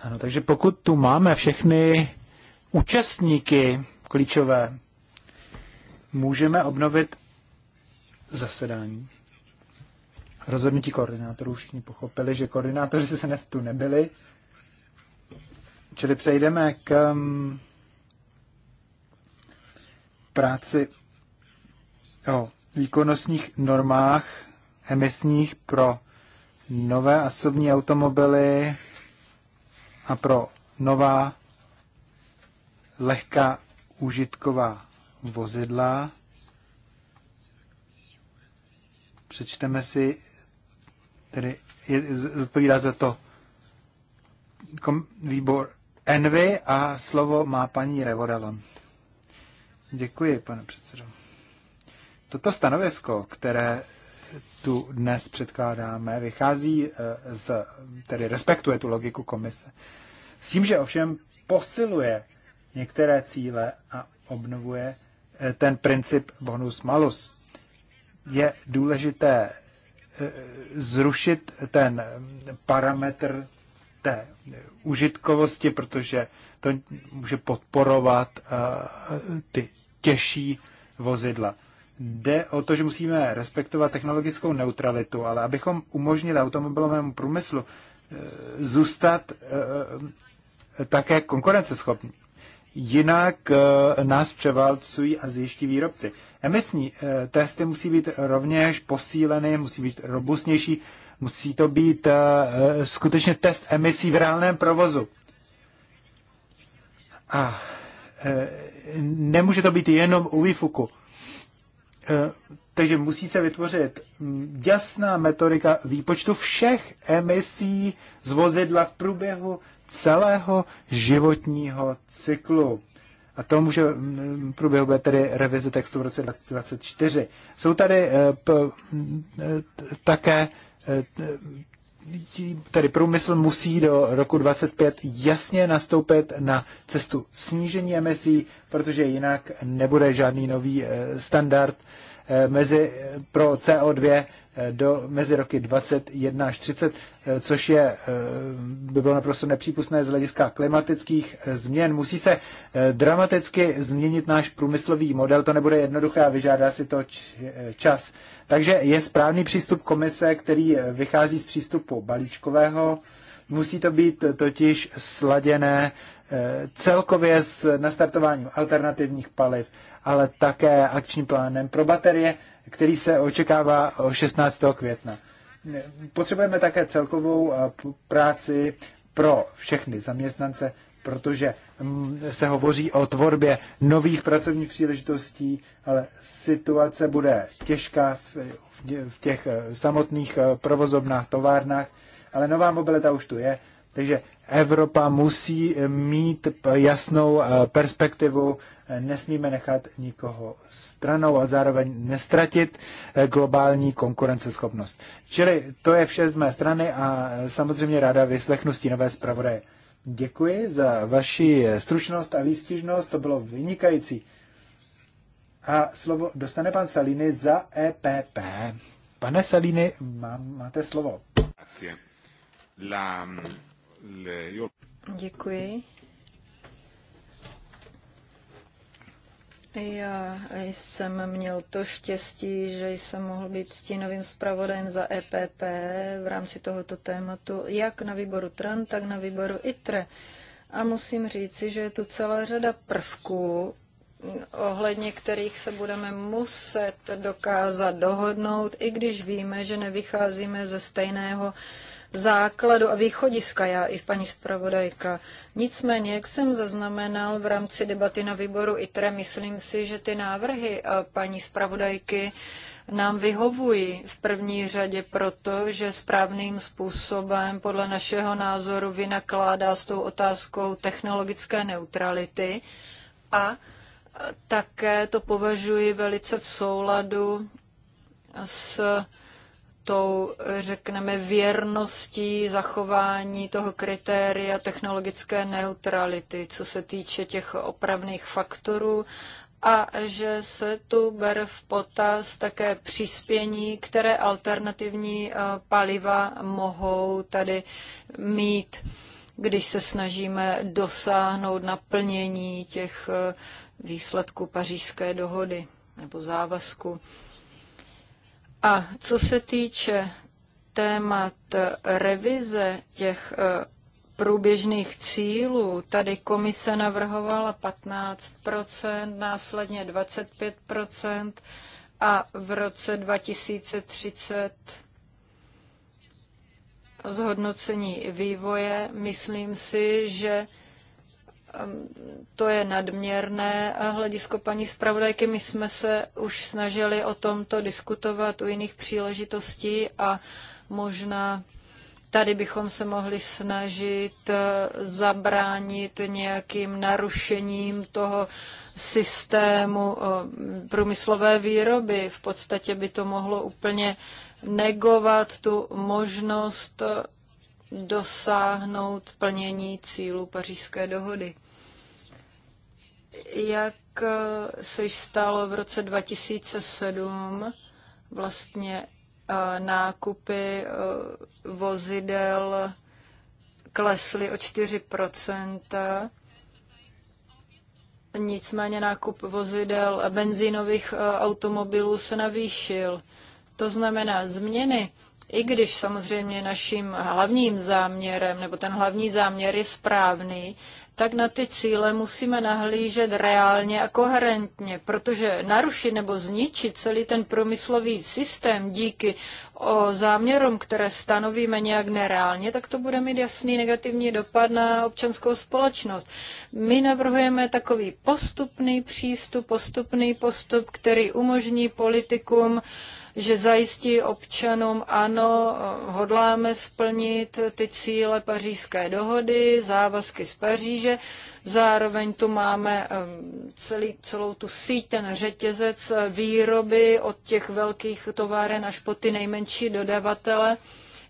Ano, takže pokud tu máme všechny účastníky klíčové, můžeme obnovit zasedání. Rozhodnutí koordinátorů všichni pochopili, že koordinátoři se tu nebyli, čili přejdeme k um, práci o výkonnostních normách emisních pro nové osobní automobily a pro nová lehká užitková vozidla. Přečteme si, tedy je, zodpovídá za to kom, výbor Envy a slovo má paní Revodalon. Děkuji, pane předsedo. Toto stanovisko, které tu dnes předkládáme, vychází eh, z, tedy respektuje tu logiku komise. S tím, že ovšem posiluje některé cíle a obnovuje eh, ten princip bonus malus. Je důležité eh, zrušit ten parametr té užitkovosti, protože to může podporovat ty těžší vozidla jde o to, že musíme respektovat technologickou neutralitu, ale abychom umožnili automobilovému průmyslu eh, zůstat eh, eh, také konkurenceschopný. Jinak nás převálcují zjiští výrobci. Emisní testy musí být rovněž posíleny, musí být robustnější, musí to být skutečně test emisí v reálném provozu. A nemůže to být jenom u výfuku Eh, takže musí se vytvořit jasná metodika výpočtu všech emisí z vozidla v průběhu celého životního cyklu. A to může mm, v průběhu bude tedy revize textu v roce 2024. Jsou tady eh, p, mm, eh, také tedy průmysl musí do roku 25 jasně nastoupit na cestu snížení emisí, protože jinak nebude žádný nový eh, standard eh, mezi, eh, pro CO2 Eh, do, mezi roky 21 až 30, eh, což je, eh, by bylo naprosto nepřípustné z hlediska klimatických změn. Musí se dramaticky změnit náš průmyslový model, to nebude jednoduché a vyžádá si to čas. Takže je správný přístup komise, který vychází z přístupu balíčkového. Musí to být totiž sladěné celkově s nastartováním alternativních paliv, ale také akčním plánem pro baterie který se očekává 16. května. Potřebujeme také celkovou eh, práci pro všechny zaměstnance, protože mm, se hovoří o tvorbě nových pracovních příležitostí, ale situace bude těžká v těch eh, samotných eh, provozovnách, továrnách, ale nová mobilita už tu je, takže Evropa musí mít jasnou perspektivu nesmíme nechat nikoho stranou a zároveň nestratit eh, globální konkurenceschopnost. Čili to je vše z mé strany a eh, samozřejmě ráda vyslechnu stínové zpravodaje. Děkuji za vaši stručnost a výstižnost, to bylo vynikající. A slovo dostane pan Salini za EPP. Pane Salini, má, máte slovo. Mm, Děkuji. Já jsem měl to štěstí, že jsem mohl být stínovým zpravodajem za EPP v rámci tohoto tématu, jak na výboru TRAN, tak na výboru ITRE. A musím říci, že je tu celá řada prvků, ohledně kterých se budeme muset dokázat dohodnout, i když víme, že nevycházíme ze stejného základu a východiska, já i paní zpravodajka. Nicméně, jak jsem zaznamenal v rámci debaty na výboru ITRE, myslím si, že ty návrhy paní zpravodajky nám vyhovují v první řadě proto, že správným způsobem podle našeho názoru vynakládá s tou otázkou technologické neutrality a také to považuji velice v souladu s tou, řekneme, věrností zachování toho kritéria technologické neutrality, co se týče těch opravných faktorů a že se tu bere v potaz také přispění, které alternativní eh, paliva mohou tady mít, když se snažíme dosáhnout naplnění těch eh, výsledků pařížské dohody nebo závazku. A co se týče témat revize těch e, průběžných cílů, tady komise navrhovala 15 následně 25 a v roce 2030 zhodnocení vývoje. Myslím si, že Ehm, to je nadměrné a hledisko paní zpravodajky. My jsme se už snažili o tomto diskutovat u jiných příležitostí a možná tady bychom se mohli snažit eh, zabránit nějakým narušením toho systému eh, průmyslové výroby. V podstatě by to mohlo úplně negovat tu možnost eh, dosáhnout plnění cílu pařížské dohody. Jak eh, se již stalo v roce 2007, vlastně eh, nákupy eh, vozidel klesly o 4 Nicméně nákup vozidel benzínových automobilů se navýšil. To znamená, změny i když samozřejmě naším hlavním záměrem, nebo ten hlavní záměr je správný, tak na ty cíle musíme nahlížet reálně a koherentně, protože narušit nebo zničit celý ten průmyslový systém díky o záměrům, které stanovíme nějak nereálně, tak to bude mít jasný negativní dopad na občanskou společnost. My navrhujeme takový postupný přístup, postupný postup, který umožní politikům uh, že zajistí občanům, ano, hodláme splnit ty cíle pařížské dohody, závazky z Paříže, zároveň tu máme celý, celou tu síť, ten řetězec eh, výroby od těch velkých továren až po ty nejmenší dodavatele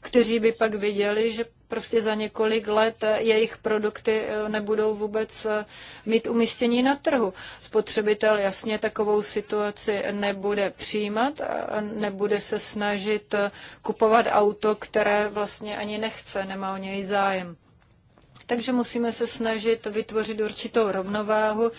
kteří by pak viděli, že prostě za několik let jejich produkty eh, nebudou vůbec eh, mít umístění na trhu. Spotřebitel jasně takovou situaci nebude přijímat a nebude se snažit eh, kupovat auto, které vlastně ani nechce, nemá o něj zájem. Takže musíme se snažit vytvořit určitou rovnováhu.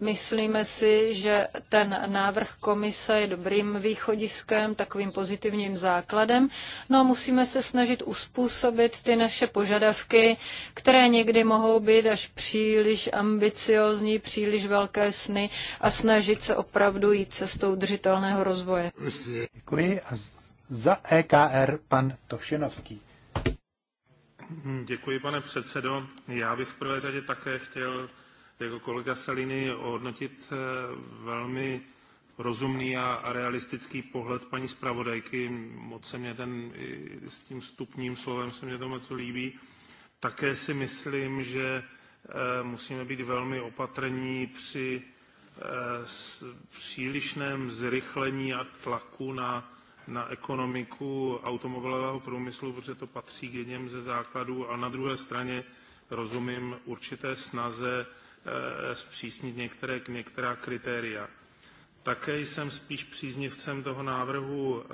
Myslíme si, že ten návrh komise je dobrým východiskem, takovým pozitivním základem. No a musíme se snažit uspůsobit ty naše požadavky, které někdy mohou být až příliš ambiciozní, příliš velké sny a snažit se opravdu jít cestou držitelného rozvoje. Děkuji a za EKR pan Tošinovský. Hmm, děkuji, pane předsedo. Já bych v prvé řadě také chtěl jako kolega Salini ohodnotit eh, velmi rozumný a realistický pohled paní zpravodajky. Moc se mě ten, s tím stupním slovem se mě to moc líbí. Také si myslím, že eh, musíme být velmi opatrní při eh, přílišném zrychlení a tlaku na na ekonomiku automobilového průmyslu, protože to patří k jedním ze základů, a na druhé straně rozumím určité snaze eh, zpřísnit některé, některá kritéria. Také jsem spíš příznivcem toho návrhu eh,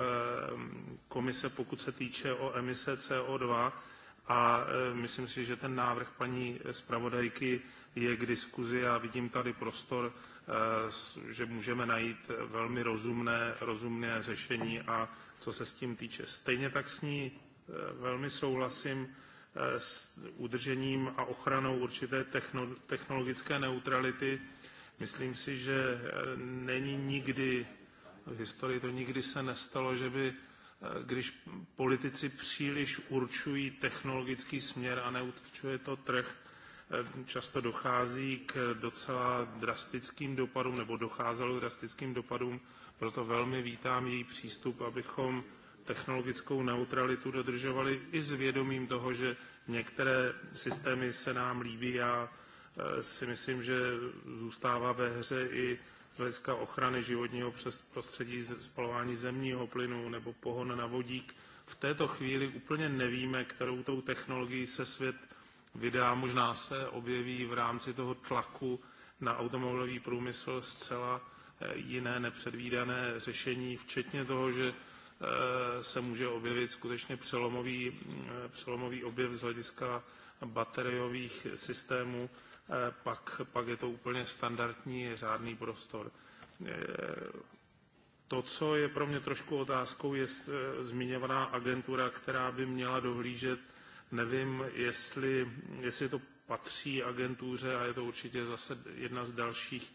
komise, pokud se týče o emise CO2 a eh, myslím si, že ten návrh paní zpravodajky je k diskuzi a vidím tady prostor Eh, že můžeme najít velmi rozumné, rozumné řešení a co se s tím týče. Stejně tak s ní eh, velmi souhlasím eh, s udržením a ochranou určité technologické neutrality. Myslím si, že není nikdy, v historii to nikdy se nestalo, že by když politici příliš určují technologický směr a neurčuje to trh, často dochází k docela drastickým dopadům, nebo docházelo k drastickým dopadům, proto velmi vítám její přístup, abychom technologickou neutralitu dodržovali i s vědomím toho, že některé systémy se nám líbí. Já eh, si myslím, že zůstává ve hře i z hlediska ochrany životního prostředí, spalování zemního plynu nebo pohon na vodík. V této chvíli úplně nevíme, kterou tou technologií se svět videa možná se objeví v rámci toho tlaku na automobilový průmysl zcela eh, jiné nepředvídané řešení, včetně toho, že eh, se může objevit skutečně přelomový, eh, přelomový objev z hlediska bateriových systémů, pak, pak je to úplně standardní řádný prostor. To, co je pro mě trošku otázkou, je zmiňovaná agentura, která by měla dohlížet Nevím, jestli, jestli to patří agentuře a je to určitě zase jedna z dalších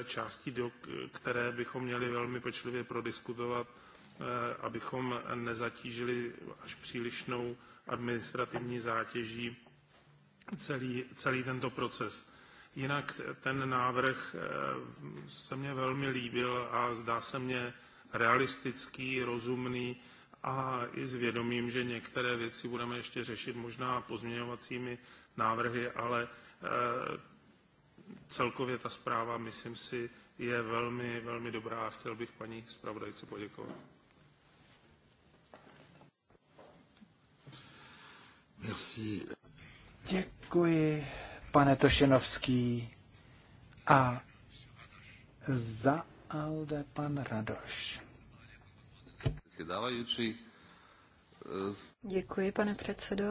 eh, částí, do které bychom měli velmi pečlivě prodiskutovat, eh, abychom nezatížili až přílišnou administrativní zátěží celý, celý tento proces. Jinak ten návrh eh, se mně velmi líbil a zdá se mně realistický, rozumný a i s vědomím, že některé věci budeme ještě řešit možná pozměňovacími návrhy, ale e, celkově ta zpráva, myslím si, je velmi, velmi dobrá a chtěl bych paní zpravodajce poděkovat. Merci. Děkuji, pane Tošenovský. A za Alde pan Radoš předsedající. Eh, Děkuji, pane předsedo.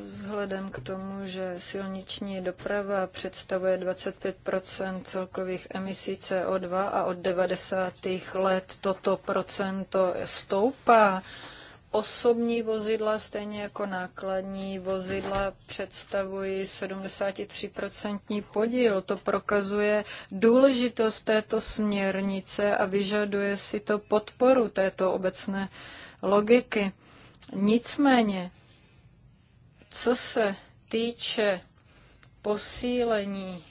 Vzhledem k tomu, že silniční doprava představuje 25 celkových emisí CO2 a od 90. let toto procento stoupá, osobní vozidla, stejně jako nákladní vozidla, představují 73% podíl. To prokazuje důležitost této směrnice a vyžaduje si to podporu této obecné logiky. Nicméně, co se týče posílení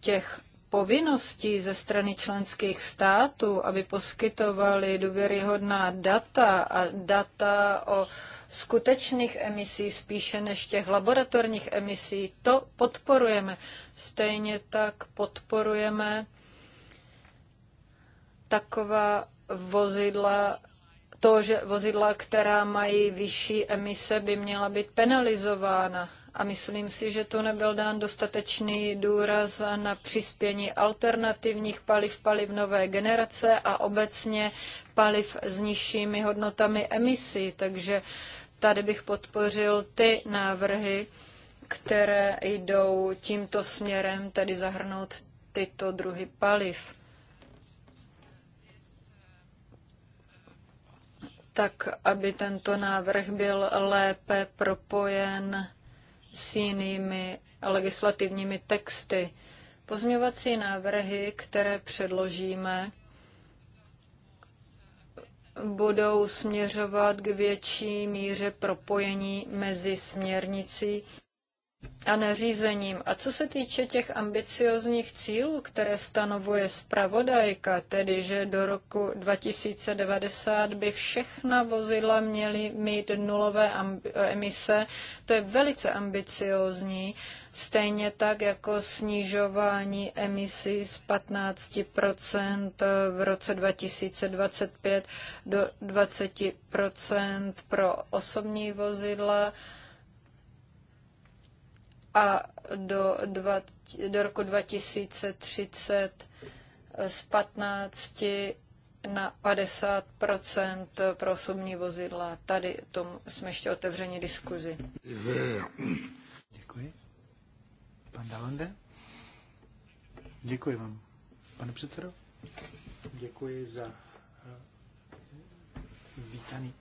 těch povinností ze strany členských států, aby poskytovali důvěryhodná data a data o skutečných emisí spíše než těch laboratorních emisí, to podporujeme. Stejně tak podporujeme taková vozidla, to, že vozidla, která mají vyšší emise, by měla být penalizována a myslím si, že tu nebyl dán dostatečný důraz na přispění alternativních paliv, paliv nové generace a obecně paliv s nižšími hodnotami emisí. Takže tady bych podpořil ty návrhy, které jdou tímto směrem, tedy zahrnout tyto druhy paliv. Tak, aby tento návrh byl lépe propojen s jinými legislativními texty. Pozměňovací návrhy, které předložíme, budou směřovat k větší míře propojení mezi směrnicí a nařízením. A co se týče těch ambiciozních cílů, které stanovuje zpravodajka, tedy že do roku 2090 by všechna vozidla měly mít nulové emise, to je velice ambiciozní, stejně tak jako snižování emisí z 15 v roce 2025 do 20 pro osobní vozidla a do, dva, do roku 2030 eh, z 15 na 50 pro osobní vozidla. Tady tomu jsme ještě otevřeni diskuzi. Děkuji. Pan Dalande? Děkuji vám. Pane předsedo? Děkuji za eh, vítaný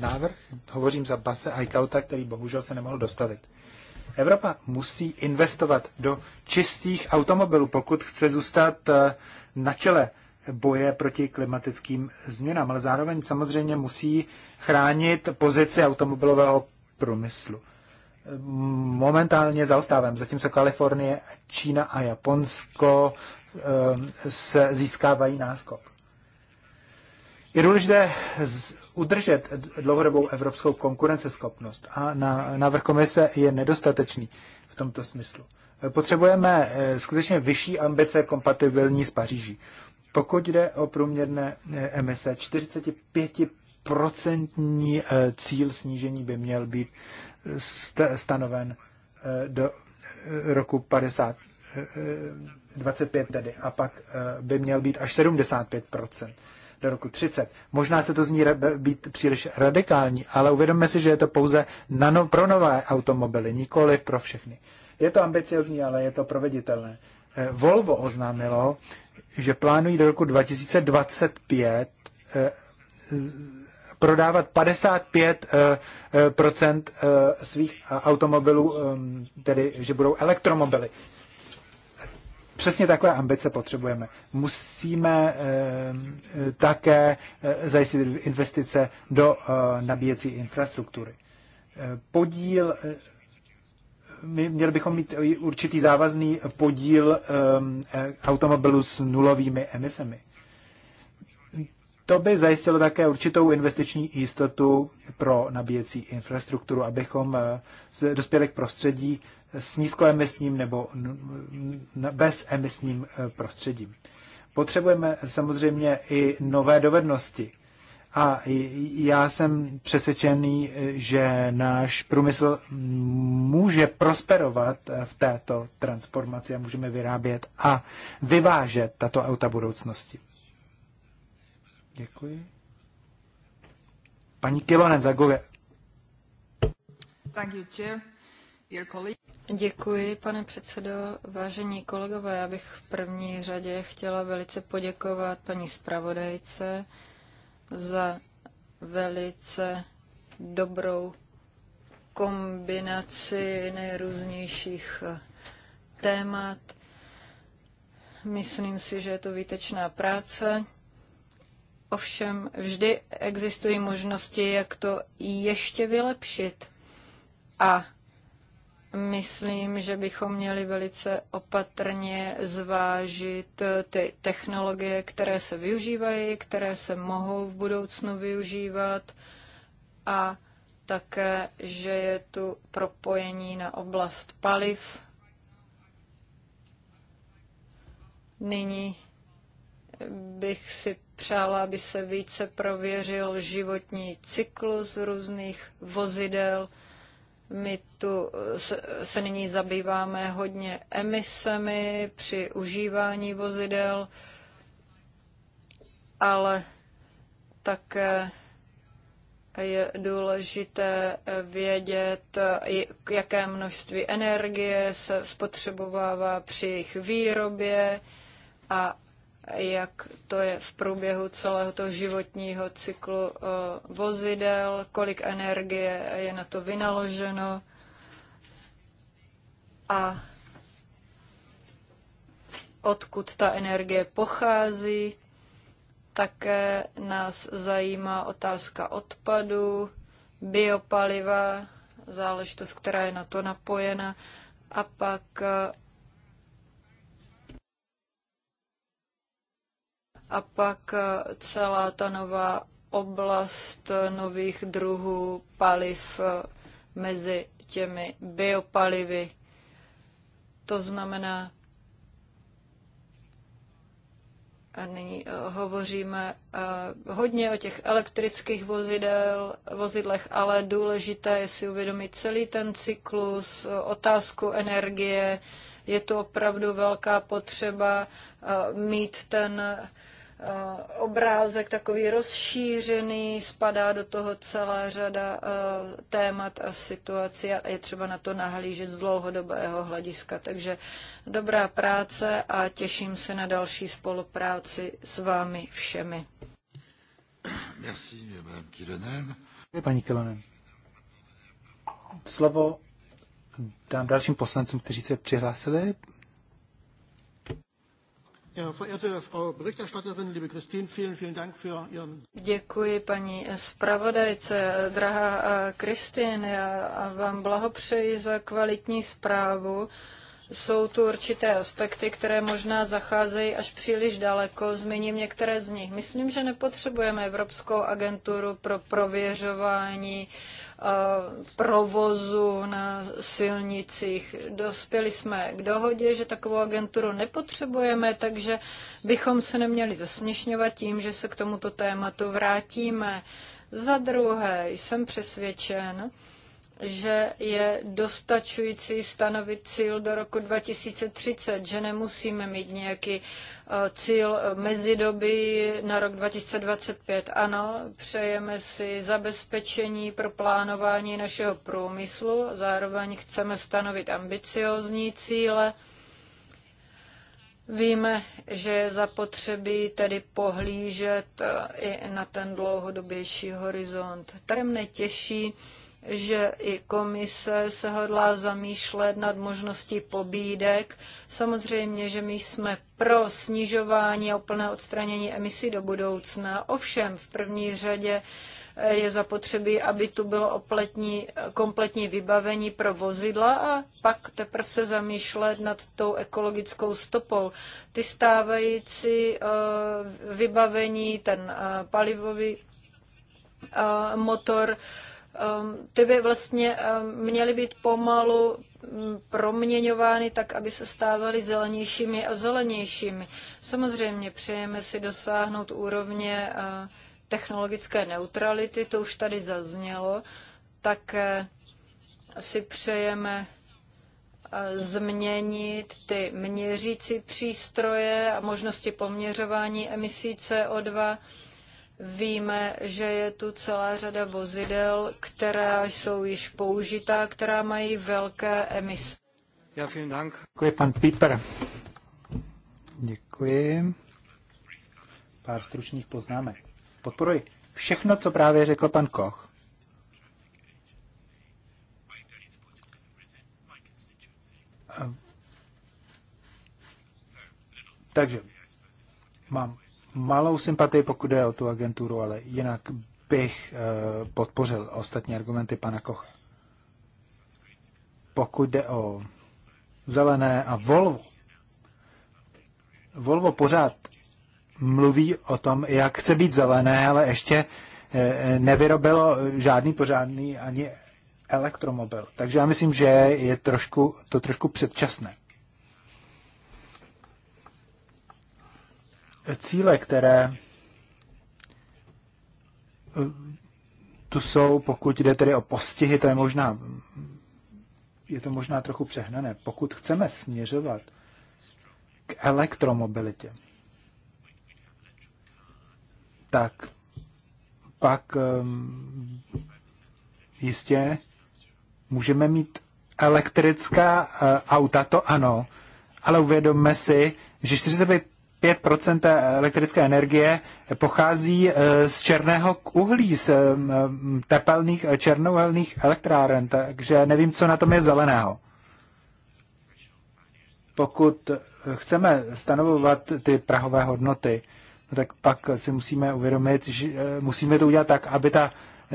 návrh. Hovořím za Base Aikauta, který bohužel se nemohl dostavit. Evropa musí investovat do čistých automobilů, pokud chce zůstat eh, na čele boje proti klimatickým změnám, ale zároveň samozřejmě musí chránit pozici automobilového průmyslu. Momentálně zaostávám, zatímco Kalifornie, Čína a Japonsko eh, se získávají náskok. Je důležité udržet dlouhodobou evropskou konkurenceschopnost a na, návrh komise je nedostatečný v tomto smyslu. Potřebujeme eh, skutečně vyšší ambice kompatibilní s Paříží. Pokud jde o průměrné eh, emise, 45% eh, cíl snížení by měl být stanoven do roku 50, 25 tedy, a pak by měl být až 75 do roku 30. Možná se to zní být příliš radikální, ale uvědomme si, že je to pouze nano, pro nové automobily, nikoli pro všechny. Je to ambiciozní, ale je to proveditelné. Eh, Volvo oznámilo, že plánují do roku 2025 eh, prodávat 55 eh, svých automobilů, ehm, tedy že budou elektromobily. Přesně takové ambice potřebujeme. Musíme eh, eh, také eh, zajistit investice do nabíjecí infrastruktury. Podíl my měli bychom mít určitý závazný podíl automobilů s nulovými emisemi. To by zajistilo také určitou investiční jistotu pro nabíjecí infrastrukturu, abychom eh, dospěli k prostředí s nízkoemisním nebo bezemisním eh, prostředím. Potřebujeme samozřejmě i nové dovednosti. A já jsem přesvědčený, eh, že náš průmysl může prosperovat v této transformaci a můžeme vyrábět a vyvážet tato auta budoucnosti. Děkuji. Paní Kilone Zagove. Thank you, chair. Děkuji, pane předsedo. Vážení kolegové, já bych v první řadě chtěla velice poděkovat paní zpravodajce za velice dobrou kombinaci nejrůznějších eh, témat. Myslím si, že je to výtečná práce. Ovšem vždy existují možnosti, jak to ještě vylepšit. A myslím, že bychom měli velice opatrně zvážit eh, ty technologie, které se využívají, které se mohou v budoucnu využívat a také, že je tu propojení na oblast paliv. Nyní bych si Přála, aby se více prověřil životní cyklus různých vozidel. My tu eh, se, se nyní zabýváme hodně emisemi při užívání vozidel, ale také je důležité vědět, eh, jaké množství energie se spotřebovává při jejich výrobě a jak to je v průběhu celého toho životního cyklu eh, vozidel, kolik energie je na to vynaloženo a odkud ta energie pochází. Také nás zajímá otázka odpadu, biopaliva, záležitost, která je na to napojena, a pak eh, A pak eh, celá ta nová oblast nových druhů paliv eh, mezi těmi biopalivy. To znamená, a nyní eh, hovoříme hodně o těch elektrických vozidel, vozidlech, ale důležité je si uvědomit celý ten cyklus, otázku energie. Je to opravdu velká potřeba mít ten Eh, obrázek takový rozšířený, spadá do toho celá řada eh, témat a situací a je třeba na to nahlížet z dlouhodobého hlediska. Takže dobrá práce a těším se na další spolupráci s vámi všemi. Merci, Madame Kilonen. Paní Kilonen. Slovo dám dalším poslancům, kteří se přihlásili. Děkuji paní zpravodajce, drahá Kristin, eh, já vám blahopřeji za kvalitní zprávu. Jsou tu určité aspekty, které možná zacházejí až příliš daleko. Zmíním některé z nich. Myslím, že nepotřebujeme Evropskou agenturu pro prověřování uh, Eh, provozu na silnicích. Dospěli jsme k dohodě, že takovou agenturu nepotřebujeme, takže bychom se neměli zasměšňovat tím, že se k tomuto tématu vrátíme. Za druhé, jsem přesvědčen, že je dostačující stanovit cíl do roku 2030, že nemusíme mít nějaký eh, cíl eh, mezidoby na rok 2025. Ano, přejeme si zabezpečení pro plánování našeho průmyslu, zároveň chceme stanovit ambiciozní cíle. Víme, že je zapotřebí tedy pohlížet eh, i na ten dlouhodobější horizont. Tak mne těší, že i komise se hodlá zamýšlet nad možností pobídek. Samozřejmě, že my jsme pro snižování a úplné odstranění emisí do budoucna. Ovšem, v první řadě eh, je zapotřebí, aby tu bylo opletní, kompletní vybavení pro vozidla a pak teprve se zamýšlet nad tou ekologickou stopou. Ty stávající eh, vybavení, ten eh, palivový motor, Um, ty by vlastně um, měly být pomalu mm, proměňovány tak, aby se stávaly zelenějšími a zelenějšími. Samozřejmě přejeme si dosáhnout úrovně uh, technologické neutrality, to už tady zaznělo, také si přejeme uh, změnit ty měřící přístroje a možnosti poměřování emisí CO2 Víme, že je tu celá řada vozidel, která jsou již použitá, která mají velké emise. Já vielen Dank. Děkuji, pan Píper. Děkuji. Pár stručných poznámek. Podporuji všechno, co právě řekl pan Koch. Takže mám malou sympatii, pokud jde o tu agenturu, ale jinak bych eh, podpořil ostatní argumenty pana Kocha. Pokud jde o zelené a Volvo, Volvo pořád mluví o tom, jak chce být zelené, ale ještě eh, nevyrobilo žádný pořádný ani elektromobil. Takže já myslím, že je trošku, to trošku předčasné. cíle, které eh, tu jsou, pokud jde tedy o postihy, to je možná, je to možná trochu přehnané. Pokud chceme směřovat k elektromobilitě, tak pak ehm, jistě můžeme mít elektrická eh, auta, to ano, ale uvědomme si, že 5 elektrické energie pochází e, z černého uhlí, z e, tepelných e, černouhelných elektráren, takže nevím, co na tom je zeleného. Pokud chceme stanovovat ty prahové hodnoty, no tak pak si musíme uvědomit, že musíme to udělat tak, aby ta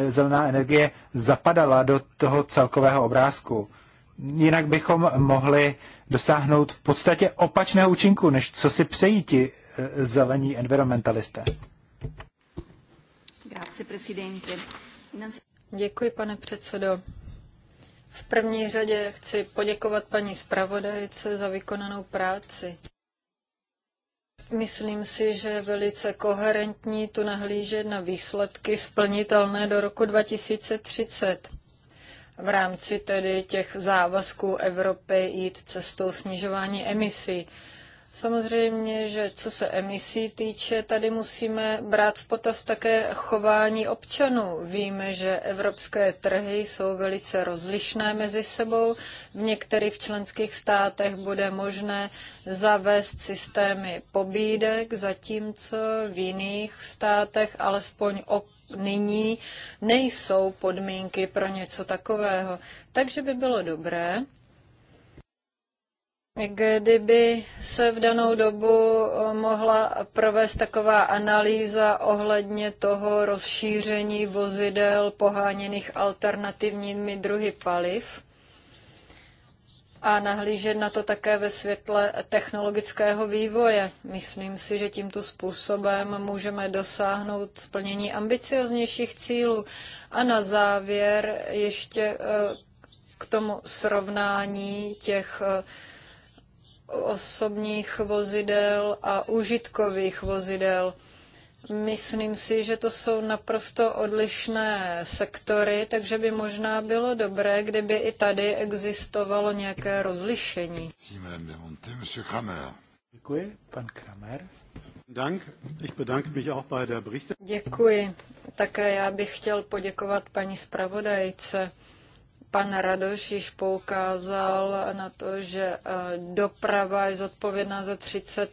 zelená energie zapadala do toho celkového obrázku jinak bychom mohli dosáhnout v podstatě opačného účinku, než co si přejí ti e, zelení environmentalisté. Děkuji, pane předsedo. V první řadě chci poděkovat paní zpravodajce za vykonanou práci. Myslím si, že je velice koherentní tu nahlížet na výsledky splnitelné do roku 2030 v rámci tedy těch závazků Evropy jít cestou snižování emisí. Samozřejmě, že co se emisí týče, tady musíme brát v potaz také chování občanů. Víme, že evropské trhy jsou velice rozlišné mezi sebou. V některých členských státech bude možné zavést systémy pobídek, zatímco v jiných státech alespoň nyní nejsou podmínky pro něco takového. Takže by bylo dobré, Kdyby se v danou dobu eh, mohla provést taková analýza ohledně toho rozšíření vozidel poháněných alternativními druhy paliv, a nahlížet na to také ve světle technologického vývoje. Myslím si, že tímto způsobem můžeme dosáhnout splnění ambicioznějších cílů. A na závěr ještě eh, k tomu srovnání těch eh, osobních vozidel a užitkových vozidel. Myslím si, že to jsou naprosto odlišné sektory, takže by možná bylo dobré, kdyby i tady existovalo nějaké rozlišení. Děkuji, pan Kramer. Děkuji. Také já bych chtěl poděkovat paní zpravodajce. Pan Radoš již poukázal na to, že eh, doprava je zodpovědná za 30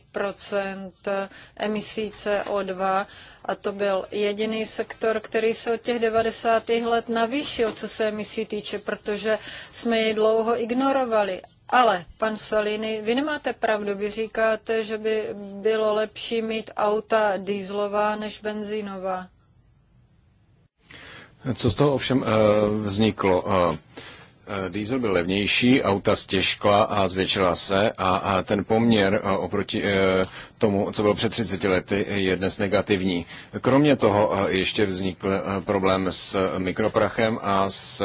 emisí CO2 a to byl jediný sektor, který se od těch 90. let navýšil, co se emisí týče, protože jsme ji dlouho ignorovali. Ale, pan Salini, vy nemáte pravdu. Vy říkáte, že by bylo lepší mít auta dýzlová než benzínová. Co z toho ovšem eh, vzniklo? Eh, Eh, diesel byl levnější, auta stěžkla a zvětšila se a, a ten poměr eh, oproti eh, tomu, co bylo před 30 lety, je dnes negativní. Kromě toho ještě vznikl problém s mikroprachem a s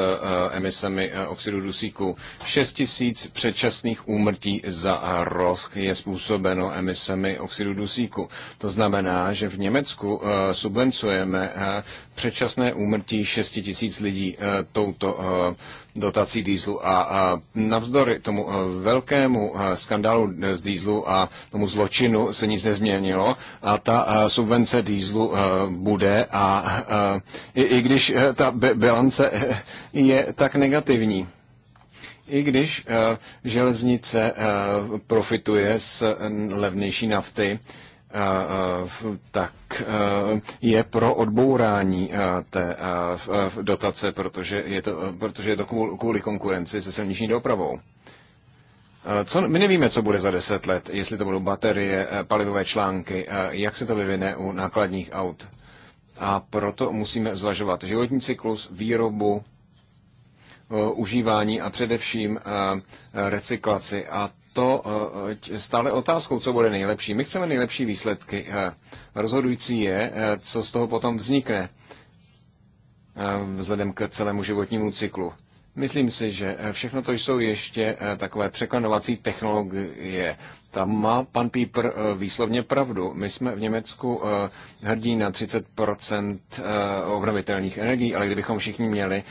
emisemi oxidu dusíku. 6 tisíc předčasných úmrtí za rok je způsobeno emisemi oxidu dusíku. To znamená, že v Německu subvencujeme předčasné úmrtí 6 tisíc lidí touto dotací dýzlu. A, a navzdory tomu eh, velkému eh, skandálu z eh, dýzlu a tomu zločinu se nic nezměnilo a ta subvence dýzlu bude a, a i, i když ta bilance je tak negativní i když železnice profituje z levnější nafty, tak je pro odbourání té dotace, protože je to, protože je to kvůli konkurenci se silniční dopravou. Co, my nevíme, co bude za deset let, jestli to budou baterie, palivové články, jak se to vyvine u nákladních aut. A proto musíme zvažovat životní cyklus, výrobu, užívání a především recyklaci. A to eh, stále otázkou, co bude nejlepší. My chceme nejlepší výsledky. Eh, rozhodující je, eh, co z toho potom vznikne vzhledem k celému životnímu cyklu. Myslím si, že všechno to jsou ještě takové překlenovací technologie. Tam má pan Pípr eh, výslovně pravdu. My jsme v Německu eh, hrdí na 30% eh, obnovitelných energií, ale kdybychom všichni měli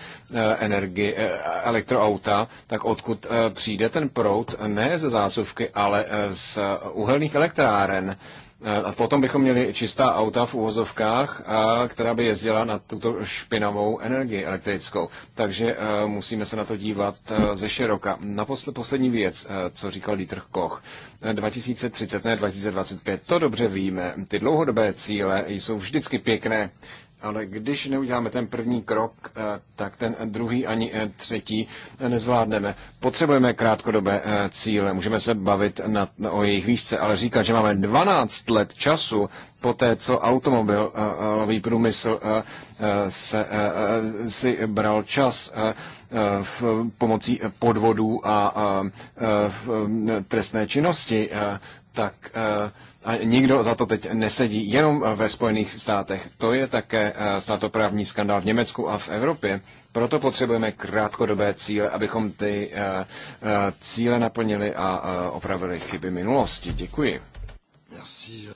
energii, elektroauta, tak odkud přijde ten prout? Ne ze zásuvky, ale z uhelných elektráren. Eh, a potom bychom měli čistá auta v úvozovkách, a která by jezdila na tuto špinavou energii elektrickou. Takže eh, musíme se na to dívat eh, ze široka. Na poslední věc, co říkal Dieter Koch, 2030, ne 2025, to dobře víme. Ty dlouhodobé cíle jsou vždycky pěkné, ale když neuděláme ten první krok, eh, tak ten druhý ani eh, třetí nezvládneme. Potřebujeme krátkodobé eh, cíle, můžeme se bavit na, o jejich výšce, ale říkat, že máme 12 let času poté, co automobilový eh, průmysl eh, eh, se, si bral čas v pomocí podvodů a v trestné činnosti, tak a nikdo za to teď nesedí, jenom ve Spojených státech. To je také státoprávní skandál v Německu a v Evropě. Proto potřebujeme krátkodobé cíle, abychom ty cíle naplnili a opravili chyby minulosti. Děkuji. Merci.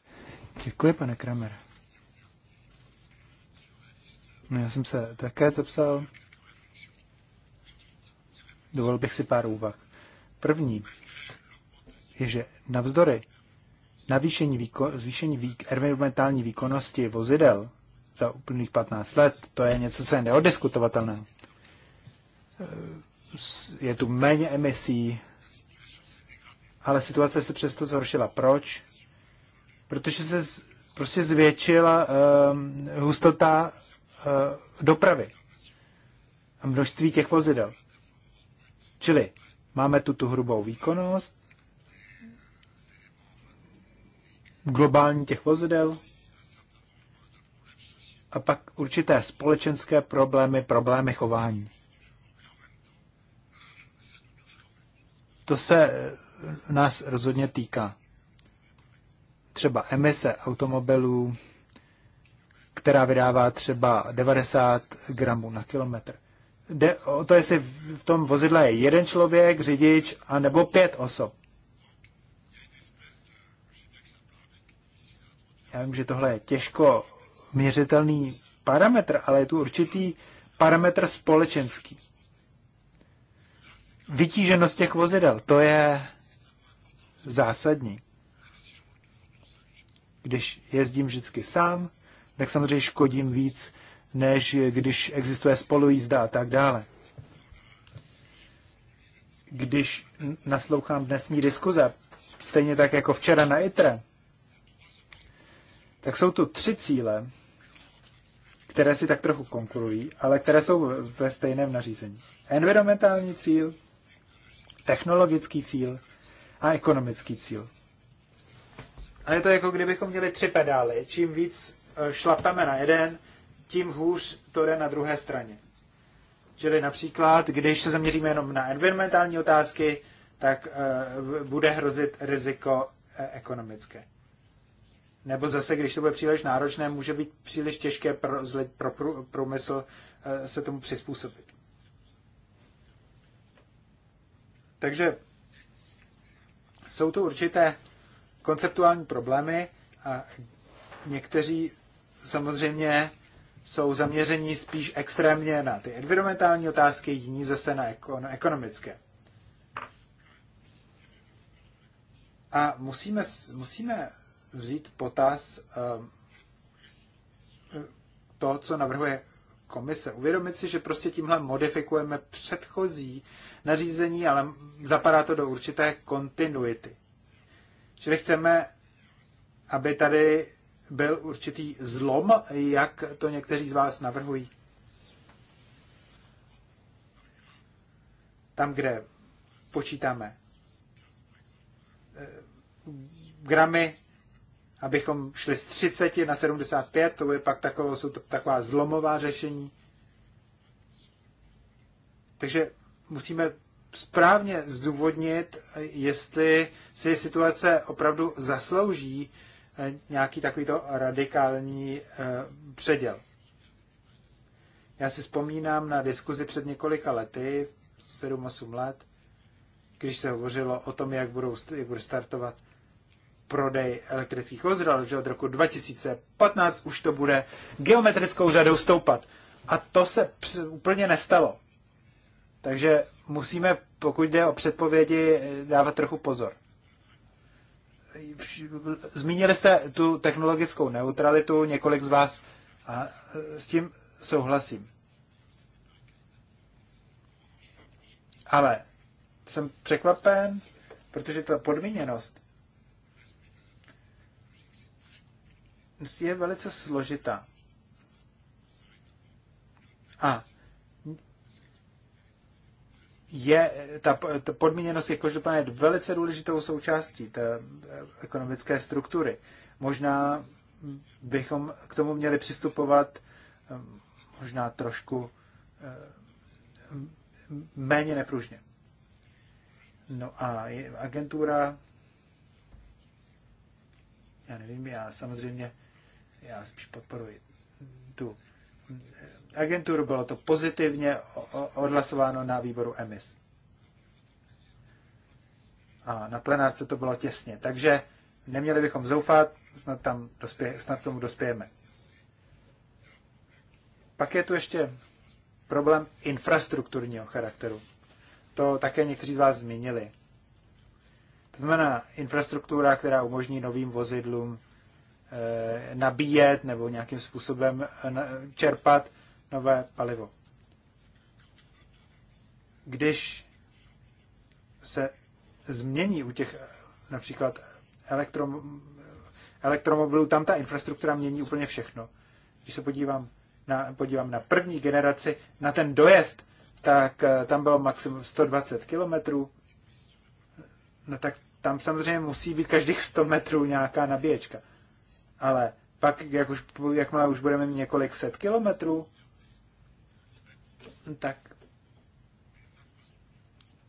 Děkuji, pane Kramer. No, já jsem se také zapsal. Dovolil bych si pár úvah. První je, že navzdory navýšení výko- zvýšení výk- environmentální výkonnosti vozidel za úplných 15 let, to je něco, co je neodiskutovatelné. Je tu méně emisí, ale situace se přesto zhoršila. Proč? protože se prostě zvětšila uh, hustota uh, dopravy a množství těch vozidel. Čili máme tu tu hrubou výkonnost, globální těch vozidel a pak určité společenské problémy, problémy chování. To se eh, nás rozhodně týká třeba emise automobilů, která vydává třeba 90 gramů na kilometr. Jde o to, jestli v tom vozidle je jeden člověk, řidič, a nebo pět osob. Já vím, že tohle je těžko měřitelný parametr, ale je tu určitý parametr společenský. Vytíženost těch vozidel, to je zásadní když jezdím vždycky sám, tak samozřejmě škodím víc, než když existuje spolujízda a tak dále. Když naslouchám dnesní diskuze, stejně tak jako včera na ITRE, tak jsou tu tři cíle, které si tak trochu konkurují, ale které jsou ve stejném nařízení. Environmentální cíl, technologický cíl a ekonomický cíl. A je to jako kdybychom měli tři pedály. Čím víc e, šlapeme na jeden, tím hůř to jde na druhé straně. Čili například, když se zaměříme jenom na environmentální otázky, tak e, bude hrozit riziko e, ekonomické. Nebo zase, když to bude příliš náročné, může být příliš těžké pro, pro průmysl se tomu přizpůsobit. Takže jsou tu určité konceptuální problémy a někteří samozřejmě jsou zaměření spíš extrémně na ty environmentální otázky, jiní zase na ekonomické. A musíme, musíme vzít potaz ehm, to, co navrhuje komise. Uvědomit si, že prostě tímhle modifikujeme předchozí nařízení, ale zapadá to do určité kontinuity. Čili chceme, aby tady byl určitý zlom, jak to někteří z vás navrhují. Tam, kde počítáme eh, gramy, abychom šli z 30 na 75, to je pak takové, jsou to taková zlomová řešení. Takže musíme správně zdůvodnit, jestli si situace opravdu zaslouží eh, nějaký takovýto radikální eh, předěl. Já si vzpomínám na diskuzi před několika lety, 7-8 let, když se hovořilo o tom, jak, budou, jak bude startovat prodej elektrických vozidel, že od roku 2015 už to bude geometrickou řadou stoupat. A to se úplně nestalo. Takže musíme, pokud jde o předpovědi, dávat trochu pozor. Zmínili jste tu technologickou neutralitu, několik z vás a e, s tím souhlasím. Ale jsem překvapen, protože ta podmíněnost je velice složitá. A je ta, ta podmíněnost je každopádně velice důležitou součástí té eh, ekonomické struktury. Možná bychom k tomu měli přistupovat eh, možná trošku eh, méně nepružně. No a agentura, já nevím, já samozřejmě, já spíš podporuji tu agenturu. Bylo to pozitivně odhlasováno na výboru EMIS. A na plenárce to bylo těsně. Takže neměli bychom zoufat, snad, tam dospě, snad tomu dospějeme. Pak je tu ještě problém infrastrukturního charakteru. To také někteří z vás zmínili. To znamená infrastruktura, která umožní novým vozidlům eh, nabíjet nebo nějakým způsobem eh, čerpat nové palivo. Když se změní u těch například elektrom, elektromobilů, tam ta infrastruktura mění úplně všechno. Když se podívám na, podívám na první generaci, na ten dojezd, tak eh, tam bylo maximum 120 kilometrů, no tak tam samozřejmě musí být každých 100 metrů nějaká nabíječka. Ale pak, jak už, jakmile už budeme mít několik set kilometrů, tak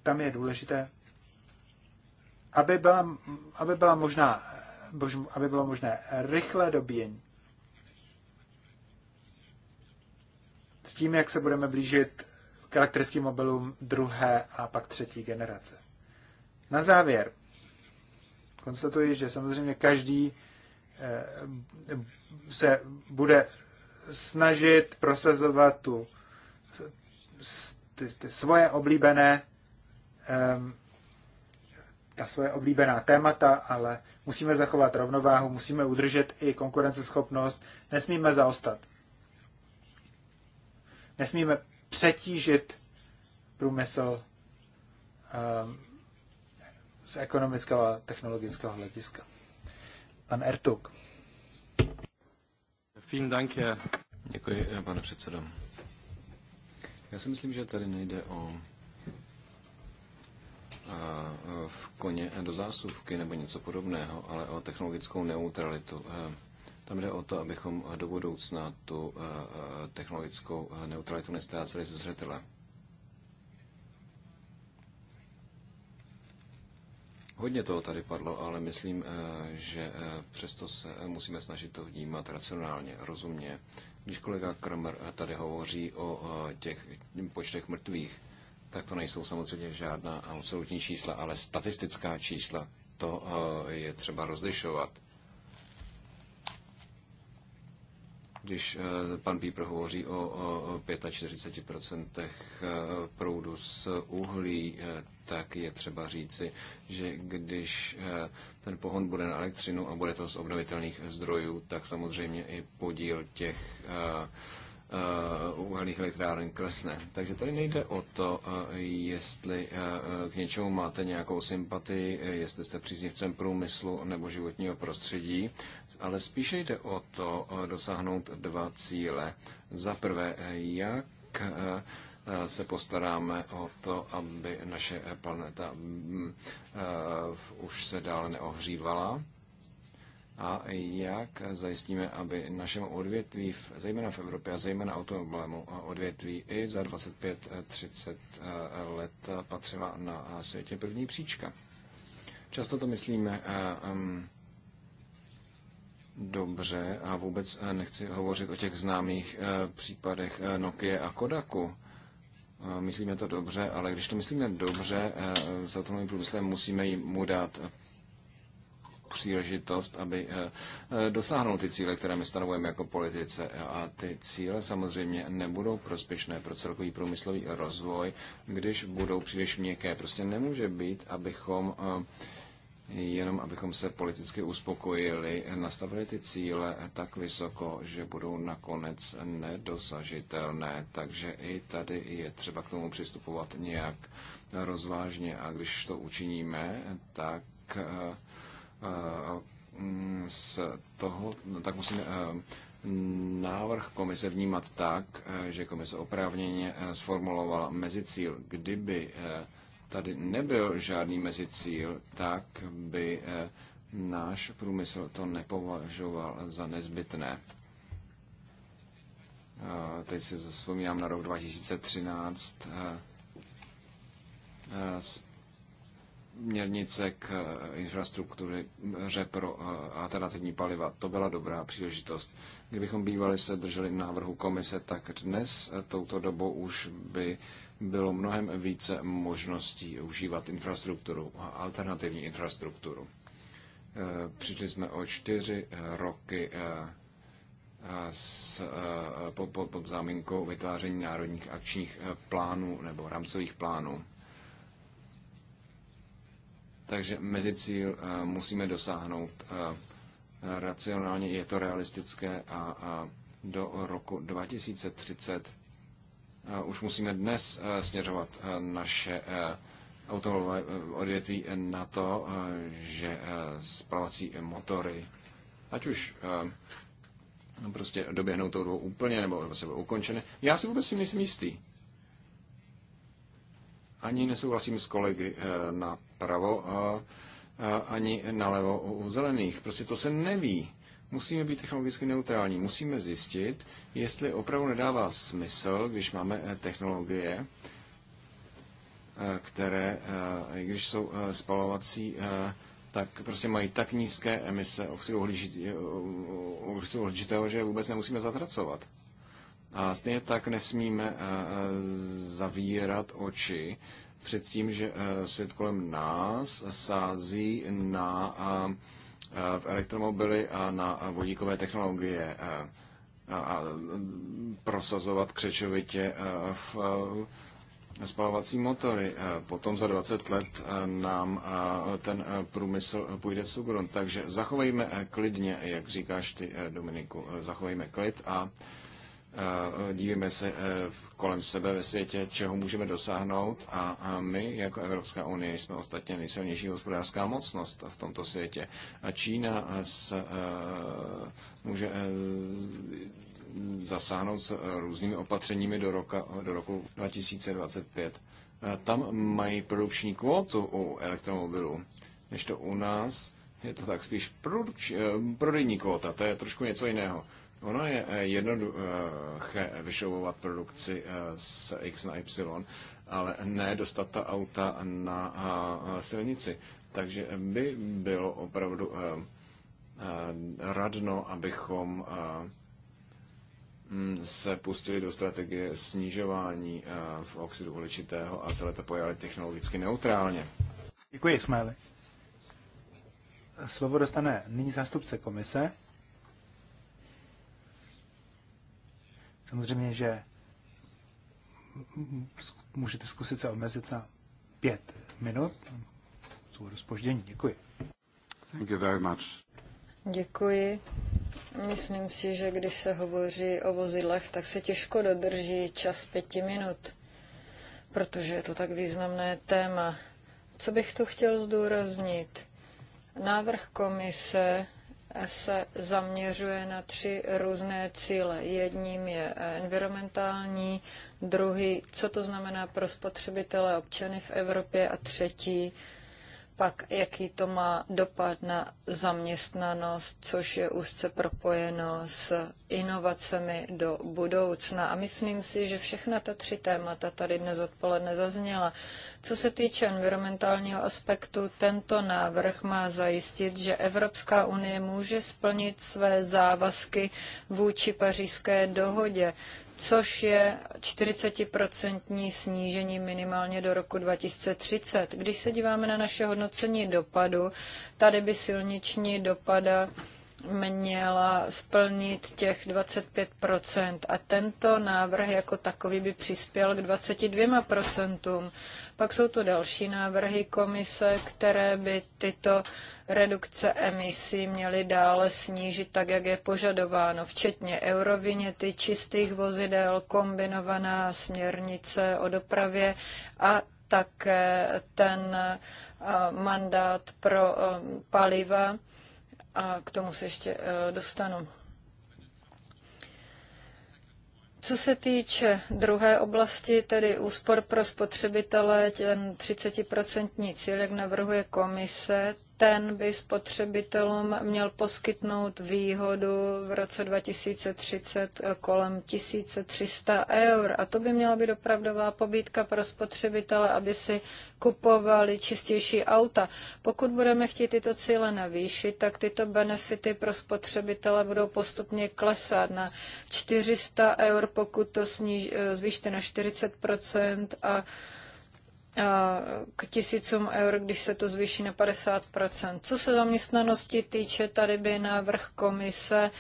tam je důležité, aby byla, aby byla možná, aby bylo možné rychlé dobíjení. S tím, jak se budeme blížit k elektrickým mobilům druhé a pak třetí generace. Na závěr konstatuji, že samozřejmě každý eh, se bude snažit prosazovat tu ty, ty svoje oblíbené um, ta svoje oblíbená témata, ale musíme zachovat rovnováhu, musíme udržet i konkurenceschopnost, nesmíme zaostat. Nesmíme přetížit průmysl um, z ekonomického a technologického hlediska. Pan Ertuk. Vielen Dank, Děkuji, eh, pane předsedo. Já si myslím, že tady nejde o v koně do zásuvky nebo něco podobného, ale o technologickou neutralitu. Tam jde o to, abychom do budoucna tu technologickou neutralitu nestráceli ze zřetele. Hodně toho tady padlo, ale myslím, že přesto se musíme snažit to vnímat racionálně, rozumně když kolega Kramer tady hovoří o těch počtech mrtvých, tak to nejsou samozřejmě žádná absolutní čísla, ale statistická čísla. To eh, je třeba rozlišovat. když eh, pan Pípr hovoří o 45% eh, proudu z uhlí, eh, tak je třeba říci, že když ten pohon bude na elektřinu a bude to z obnovitelných zdrojů, tak samozřejmě i podíl těch Eh, uhelných elektráren klesne. Takže tady nejde o to, eh, jestli eh, k něčemu máte nějakou sympatii, jestli jste příznivcem průmyslu nebo životního prostředí, ale spíše jde o to dosáhnout dva cíle. Za prvé, jak se postaráme o to, aby naše planeta mm, už se dále neohřívala a jak zajistíme, aby našemu odvětví, zejména v Evropě a zejména automobilému odvětví, i za 25-30 eh, let patřila na eh, světě první příčka. Často to myslíme eh, dobře a vůbec nechci hovořit o těch známých případech Nokia a Kodaku. Myslíme to dobře, ale když to myslíme dobře, s automobilovým průmyslem musíme mu dát příležitost, aby eh, eh, dosáhnul ty cíle, které my stanovujeme jako politice. A ty cíle samozřejmě nebudou prospěšné pro celkový průmyslový rozvoj, když budou příliš měkké. Prostě nemůže být, abychom eh, jenom abychom se politicky uspokojili, nastavili ty cíle tak vysoko, že budou nakonec nedosažitelné. Takže i tady je třeba k tomu přistupovat nějak rozvážně. A když to učiníme, tak tak Mm, z toho, no, tak musíme návrh komise vnímat tak, že komise oprávněně sformulovala mezicíl. Kdyby tady nebyl žádný mezicíl, tak by náš průmysl to nepovažoval za nezbytné. Teď si vzpomínám na rok 2013 směrnice k eh, infrastruktuře pro eh, alternativní paliva. To byla dobrá příležitost. Kdybychom bývali se drželi návrhu komise, tak dnes eh, touto dobou už by bylo mnohem více možností užívat infrastrukturu a alternativní infrastrukturu. Přišli jsme o čtyři roky s, pod, pod, pod záminkou vytváření národních akčních plánů nebo rámcových plánů. Takže mezi cíl eh, musíme dosáhnout eh, racionálně, je to realistické a, do roku 2030 eh, už musíme dnes směřovat naše automobilové odvětví na to, že spalovací motory, ať už prostě doběhnou tou dvou úplně, nebo se budou ukončeny. Já si vůbec si nejsem jistý ani nesouhlasím s kolegy eh, na pravo, eh, ani levo u zelených. Prostě to se neví. Musíme být technologicky neutrální. Musíme zjistit, jestli opravdu nedává smysl, když máme eh, technologie, které, i když jsou spalovací, tak prostě mají tak nízké emise oxidu uhličitého, že vůbec nemusíme zatracovat. A stejně tak nesmíme eh, eh, zavírat oči před tím, že eh, svět kolem nás sází na v elektromobily a na vodíkové technologie a prosazovat křečovitě v spalovací motory. Potom za 20 let nám ten průmysl půjde cukron. Takže zachovejme klidně, jak říkáš ty, Dominiku, zachovejme klid a dívíme se e, kolem sebe ve světě, čeho můžeme dosáhnout a my jako Evropská unie jsme ostatně nejsilnější hospodářská mocnost v tomto světě. A Čína s e, může e, zasáhnout s různými opatřeními do, roka, do roku 2025. Tam mají produkční kvótu u elektromobilů, než to u nás je to tak spíš produč, prodejní kvota, to je trošku něco jiného. Ono je eh, jednoduché vyšovovat produkci z eh, X na Y, ale ne dostat ta auta na eh, silnici. Takže by bylo opravdu radno, abychom mm, se pustili do strategie snižování v oxidu uhličitého a celé to pojali technologicky neutrálně. Děkuji, Smiley. Slovo dostane nyní zástupce komise. Samozřejmě, že můžete zkusit se omezit na pět minut. Jsou rozpoždění. Děkuji. Thank you very much. Děkuji. Myslím si, že když se hovoří o vozidlech, tak se těžko dodrží čas pěti minut, protože je to tak významné téma. Co bych tu chtěl zdůraznit? Návrh komise se zaměřuje na tři různé cíle. Jedním je eh, environmentální, druhý, co to znamená pro spotřebitele občany v Evropě a třetí, pak jaký to má dopad na zaměstnanost, což je úzce propojeno s inovacemi do budoucna. A myslím si, že všechna ta tři témata tady dnes odpoledne zazněla. Co se týče environmentálního aspektu, tento návrh má zajistit, že Evropská unie může splnit své závazky vůči pařížské dohodě což je 40% snížení minimálně do roku 2030. Když se díváme na naše hodnocení dopadu, tady by silniční dopada měla splnit těch 25%. A tento návrh jako takový by přispěl k 22%. Pak jsou to další návrhy komise, které by tyto redukce emisí měly dále snížit tak, jak je požadováno, včetně eurovinety, čistých vozidel, kombinovaná směrnice o dopravě a také ten eh, mandát pro eh, paliva. A k tomu se ještě eh, dostanu. Co se týče druhé oblasti, tedy úspor pro spotřebitele, ten 30% cíl, jak navrhuje komise, ten by spotřebitelům měl poskytnout výhodu v roce 2030 kolem 1300 eur. A to by měla být opravdová pobídka pro spotřebitele, aby si kupovali čistější auta. Pokud budeme chtít tyto cíle navýšit, tak tyto benefity pro spotřebitele budou postupně klesat na 400 eur, pokud to eh, zvýšte na 40 a k tisícům eur, když se to zvýší na 50 Co se zaměstnanosti týče, tady by návrh komise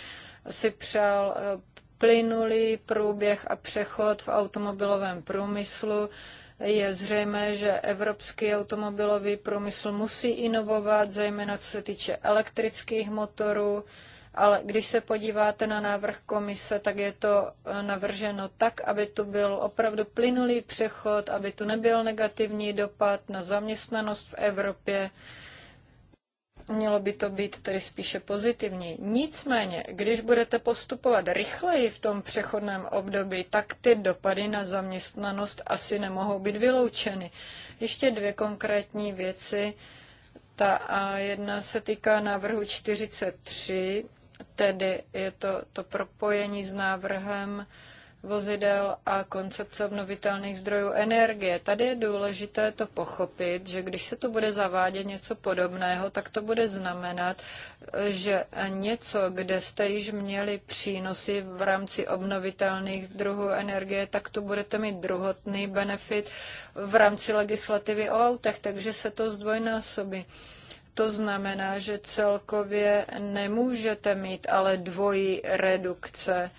si přál e, plynulý průběh a přechod v automobilovém průmyslu. Je zřejmé, že evropský automobilový průmysl musí inovovat, zejména co se týče elektrických motorů ale když se podíváte na návrh komise, tak je to eh, navrženo tak, aby tu byl opravdu plynulý přechod, aby tu nebyl negativní dopad na zaměstnanost v Evropě. Mělo by to být tedy spíše pozitivní. Nicméně, když budete postupovat rychleji v tom přechodném období, tak ty dopady na zaměstnanost asi nemohou být vyloučeny. Ještě dvě konkrétní věci. Ta a jedna se týká návrhu 43. Tedy je to to propojení s návrhem vozidel a koncepce obnovitelných zdrojů energie. Tady je důležité to pochopit, že když se to bude zavádět něco podobného, tak to bude znamenat, že něco, kde jste již měli přínosy v rámci obnovitelných druhů energie, tak tu budete mít druhotný benefit v rámci legislativy o autech, takže se to zdvojnásobí. To znamená, že celkově nemůžete mít ale dvojí redukce.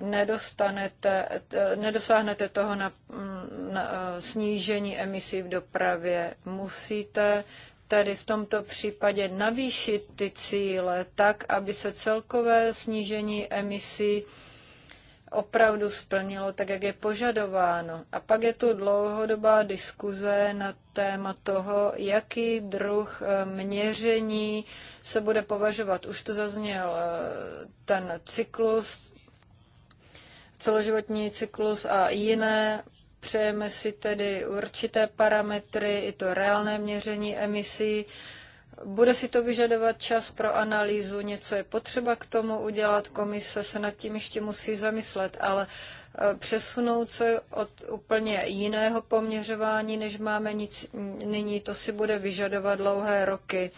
Nedostanete, nedosáhnete toho na, mm, na eh, snížení emisí v dopravě. Musíte tedy v tomto případě navýšit ty cíle tak, aby se celkové snížení emisí opravdu splnilo tak, jak je požadováno. A pak je tu dlouhodobá diskuze na téma toho, jaký druh eh, měření se bude považovat. Už to zazněl eh, ten cyklus, celoživotní cyklus a jiné. Přejeme si tedy určité parametry, i to reálné měření emisí bude si to vyžadovat čas pro analýzu, něco je potřeba k tomu udělat, komise se nad tím ještě musí zamyslet, ale e, přesunout se od úplně jiného poměřování, než máme nic, nyní, to si bude vyžadovat dlouhé roky.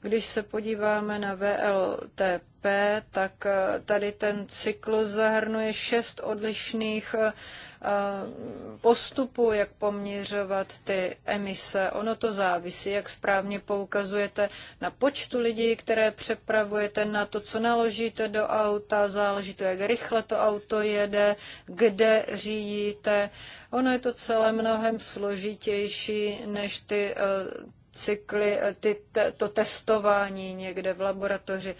Když se podíváme na VLTP, tak eh, tady ten cyklus zahrnuje šest odlišných eh, postupů, jak poměřovat ty emise. Ono to závisí, jak správně poukazujete na počtu lidí, které přepravujete, na to, co naložíte do auta, záleží to, jak rychle to auto jede, kde řídíte. Ono je to celé mnohem složitější než ty eh, cykly, eh, ty, to testování někde v laboratoři.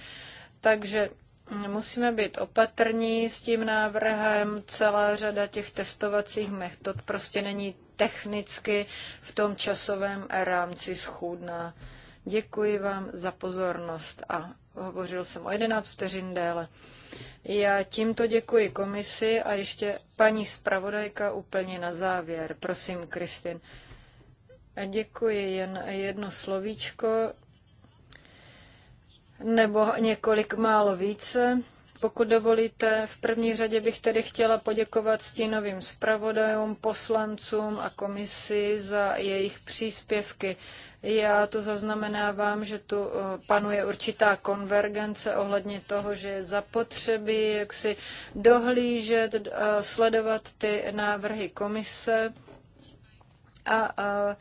Takže mm, musíme být opatrní s tím návrhem. Celá řada těch testovacích metod prostě není technicky v tom časovém rámci schůdná. Děkuji vám za pozornost a hovořil jsem o 11 vteřin déle. Já tímto děkuji komisi a ještě paní zpravodajka úplně na závěr. Prosím, Kristin. Děkuji, jen jedno slovíčko nebo několik málo více. Pokud dovolíte, v první řadě bych tedy chtěla poděkovat stínovým zpravodajům, poslancům a komisi za jejich příspěvky. Já to zaznamenávám, že tu eh, panuje určitá konvergence ohledně toho, že je zapotřebí jak si dohlížet, eh, sledovat ty návrhy komise a, a eh,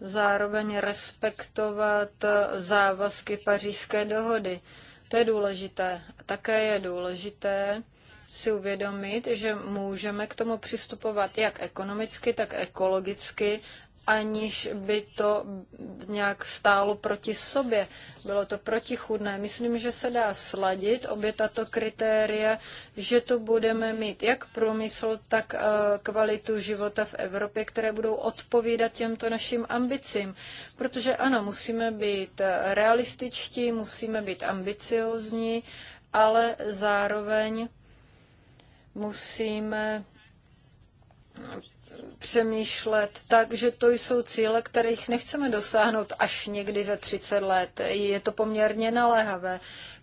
zároveň respektovat závazky pařížské dohody. To je důležité. A také je důležité si uvědomit, že můžeme k tomu přistupovat jak ekonomicky, tak ekologicky aniž by to nějak stálo proti sobě. Bylo to protichudné. Myslím, že se dá sladit obě tato kritéria, že to budeme mít jak průmysl, tak eh, kvalitu života v Evropě, které budou odpovídat těmto našim ambicím. Protože ano, musíme být eh, realističtí, musíme být ambiciozní, ale zároveň musíme přemýšlet tak, že to jsou cíle, kterých nechceme dosáhnout až někdy za 30 let. Je to poměrně naléhavé.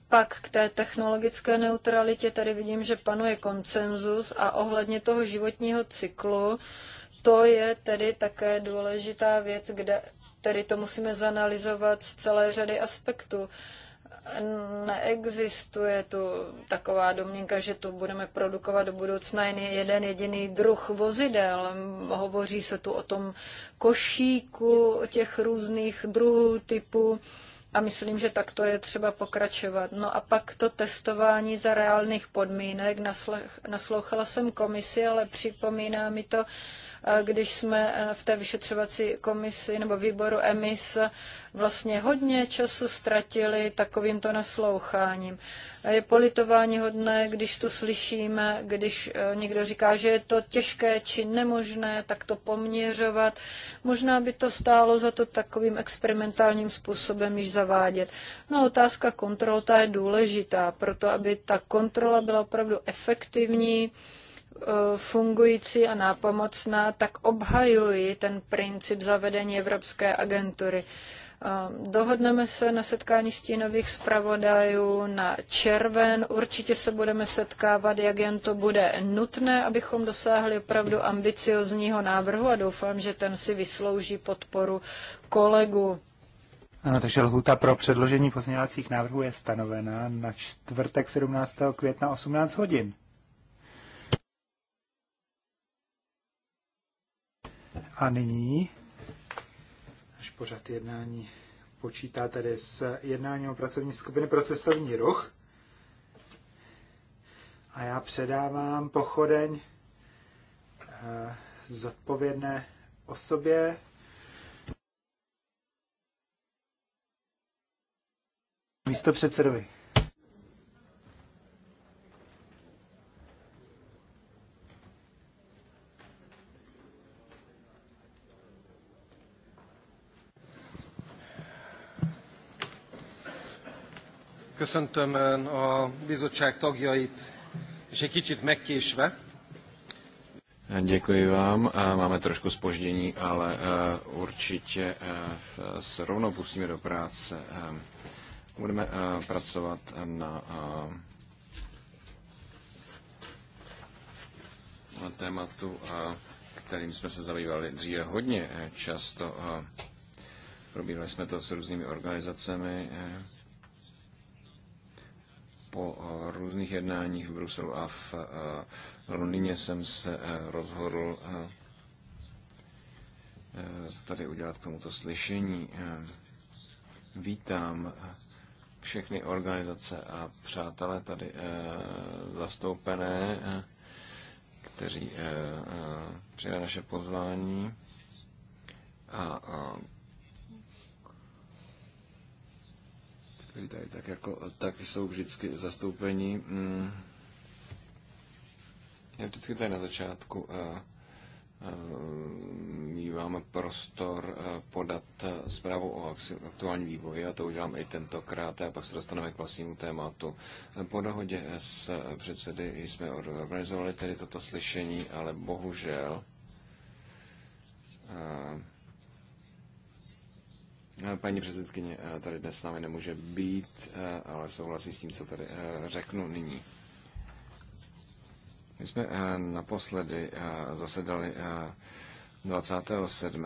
Pak k té technologické neutralitě tady vidím, že panuje konsenzus a ohledně toho životního cyklu, to je tedy také důležitá věc, kde tedy to musíme zanalizovat z celé řady aspektů neexistuje tu taková domněnka, že to budeme produkovat do budoucna jen jeden jediný druh vozidel. Hovoří se tu o tom košíku, o těch různých druhů typu a myslím, že tak to je třeba pokračovat. No a pak to testování za reálných podmínek. Naslouchala jsem komisi, ale připomíná mi to když jsme e, v té vyšetřovací komisi nebo výboru EMIS vlastně hodně času ztratili takovýmto nasloucháním. Je politování hodné, když tu slyšíme, když e, někdo říká, že je to těžké či nemožné, tak to poměřovat. Možná by to stálo za to takovým experimentálním způsobem již zavádět. No otázka kontrol, ta je důležitá, proto aby ta kontrola byla opravdu efektivní, E, fungující a nápomocná, tak obhajuji ten princip zavedení Evropské agentury. E, dohodneme se na setkání stínových zpravodajů na červen. Určitě se budeme setkávat, jak jen to bude nutné, abychom dosáhli opravdu ambiciozního návrhu a doufám, že ten si vyslouží podporu kolegů. Ano, takže lhůta pro předložení pozměňovacích návrhů je stanovena na čtvrtek 17. května 18 hodin. A nyní Až pořád jednání počítá tady s jednáním o pracovní skupiny pro cestovní ruch. A já předávám pochodeň eh, zodpovědné osobě. Místo předsedovi. Köszöntöm a bizottság tagjait, és egy kicsit megkésve. Děkuji vám. Máme trošku spoždění, ale e, určitě se rovnou pustíme do práce. E, budeme e, pracovat na tématu, kterým jsme se zabývali dříve hodně často. Probírali jsme to s různými organizacemi po eh, různých jednáních v Bruselu a v eh, Londýně jsem se eh, rozhodl tady udělat k tomuto slyšení. Vítám všechny organizace a přátelé tady zastoupené, kteří přijali naše pozvání a který tady tak, jako, tak jsou vždycky zastoupení. Mm. Já vždycky tady na začátku uh, uh, prostor eh, podat zprávu o aktuální vývoji a to udělám i tentokrát a pak se dostaneme k vlastnímu tématu. Po dohodě s předsedy jsme organizovali tedy toto slyšení, ale bohužel Eh, paní předsedkyně eh, tady dnes s námi nemůže být, eh, ale souhlasí s tím, co tady řeknu nyní. My jsme naposledy zasedali 27.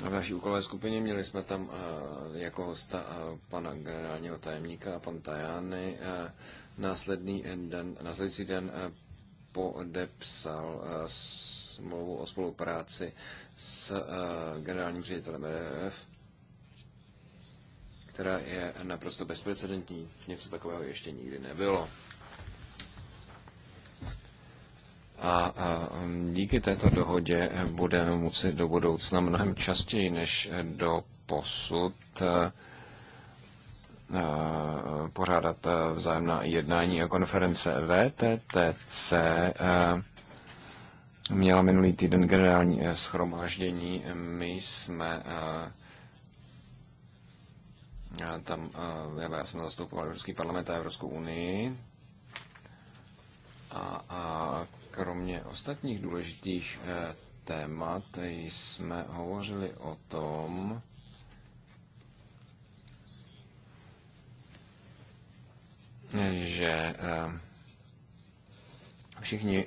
V naší úkolové skupině měli jsme tam jako hosta pana generálního tajemníka, pan Tajány. Následný den, následující den podepsal smlouvu o spolupráci s eh, generálním ředitelem RF, která je naprosto bezprecedentní. Něco takového ještě nikdy nebylo. A, a díky této dohodě budeme moci do budoucna mnohem častěji než do posud eh, eh, pořádat vzájemná jednání a konference VTTC měla minulý týden generální eh, schromáždění. My jsme eh, eh, tam, já jsem zastupoval Evropský parlament a Evropskou unii. A, a kromě ostatních důležitých témat jsme hovořili o tom, že všichni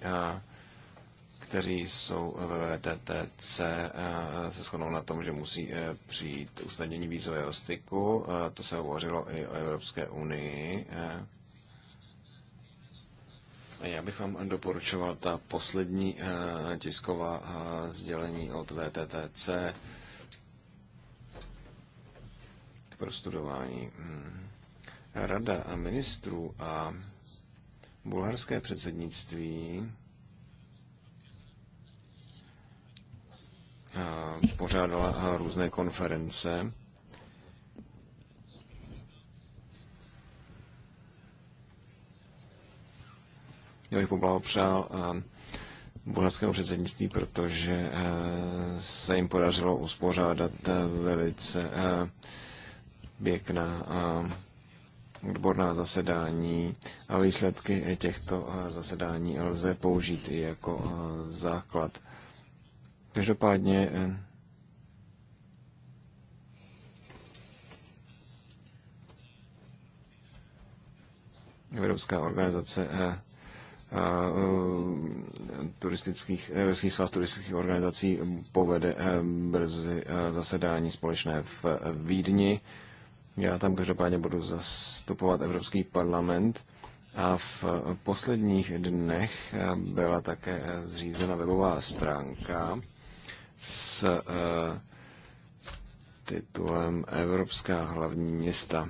kteří jsou ve VTTC, eh, se shodnou na tom, že musí eh, přijít usnadnění vízového styku. Eh, to se hovořilo i o Evropské unii. Já bych vám doporučoval ta poslední tisková sdělení od VTTC k prostudování. Hmm. Rada ministrů a bulharské předsednictví Eh, pořádala eh, různé konference. Já bych poblahopřál eh, bulharského předsednictví, protože se jim podařilo uspořádat velice pěkná odborná zasedání a výsledky těchto zasedání lze použít i jako základ Každopádně eh, Evropská organizace eh, eh, eh, turistických, Evropský svaz turistických organizací povede eh, brzy zasedání společné v Vídni. Já tam každopádně budu zastupovat Evropský parlament a v posledních dnech byla také zřízena webová stránka s eh, titulem Evropská hlavní města.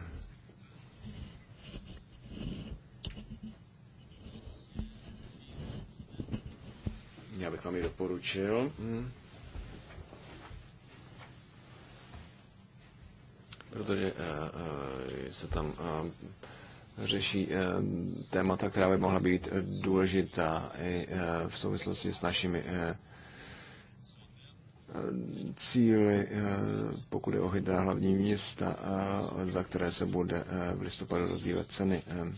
Já bych vám ji doporučil. Hmm. Protože uh, uh, se tam uh, řeší témata, která by mohla být důležitá i v souvislosti s našimi cíly, eh, pokud je o hydra hlavní města, za které se bude eh, v listopadu rozdílet ceny. Eh.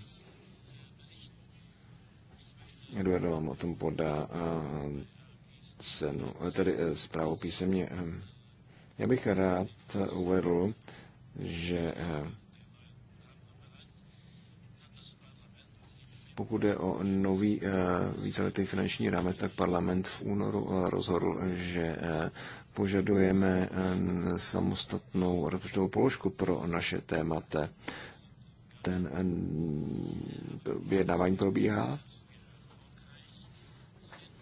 Eduard vám o tom podá cenu, tedy zprávu písemně. Já bych rád uvedl, že Pokud je o nový eh, víceletý finanční rámec, tak parlament v únoru eh, rozhodl, že eh, požadujeme samostatnou rozpočtovou položku pro naše témata. Ten vyjednávání probíhá.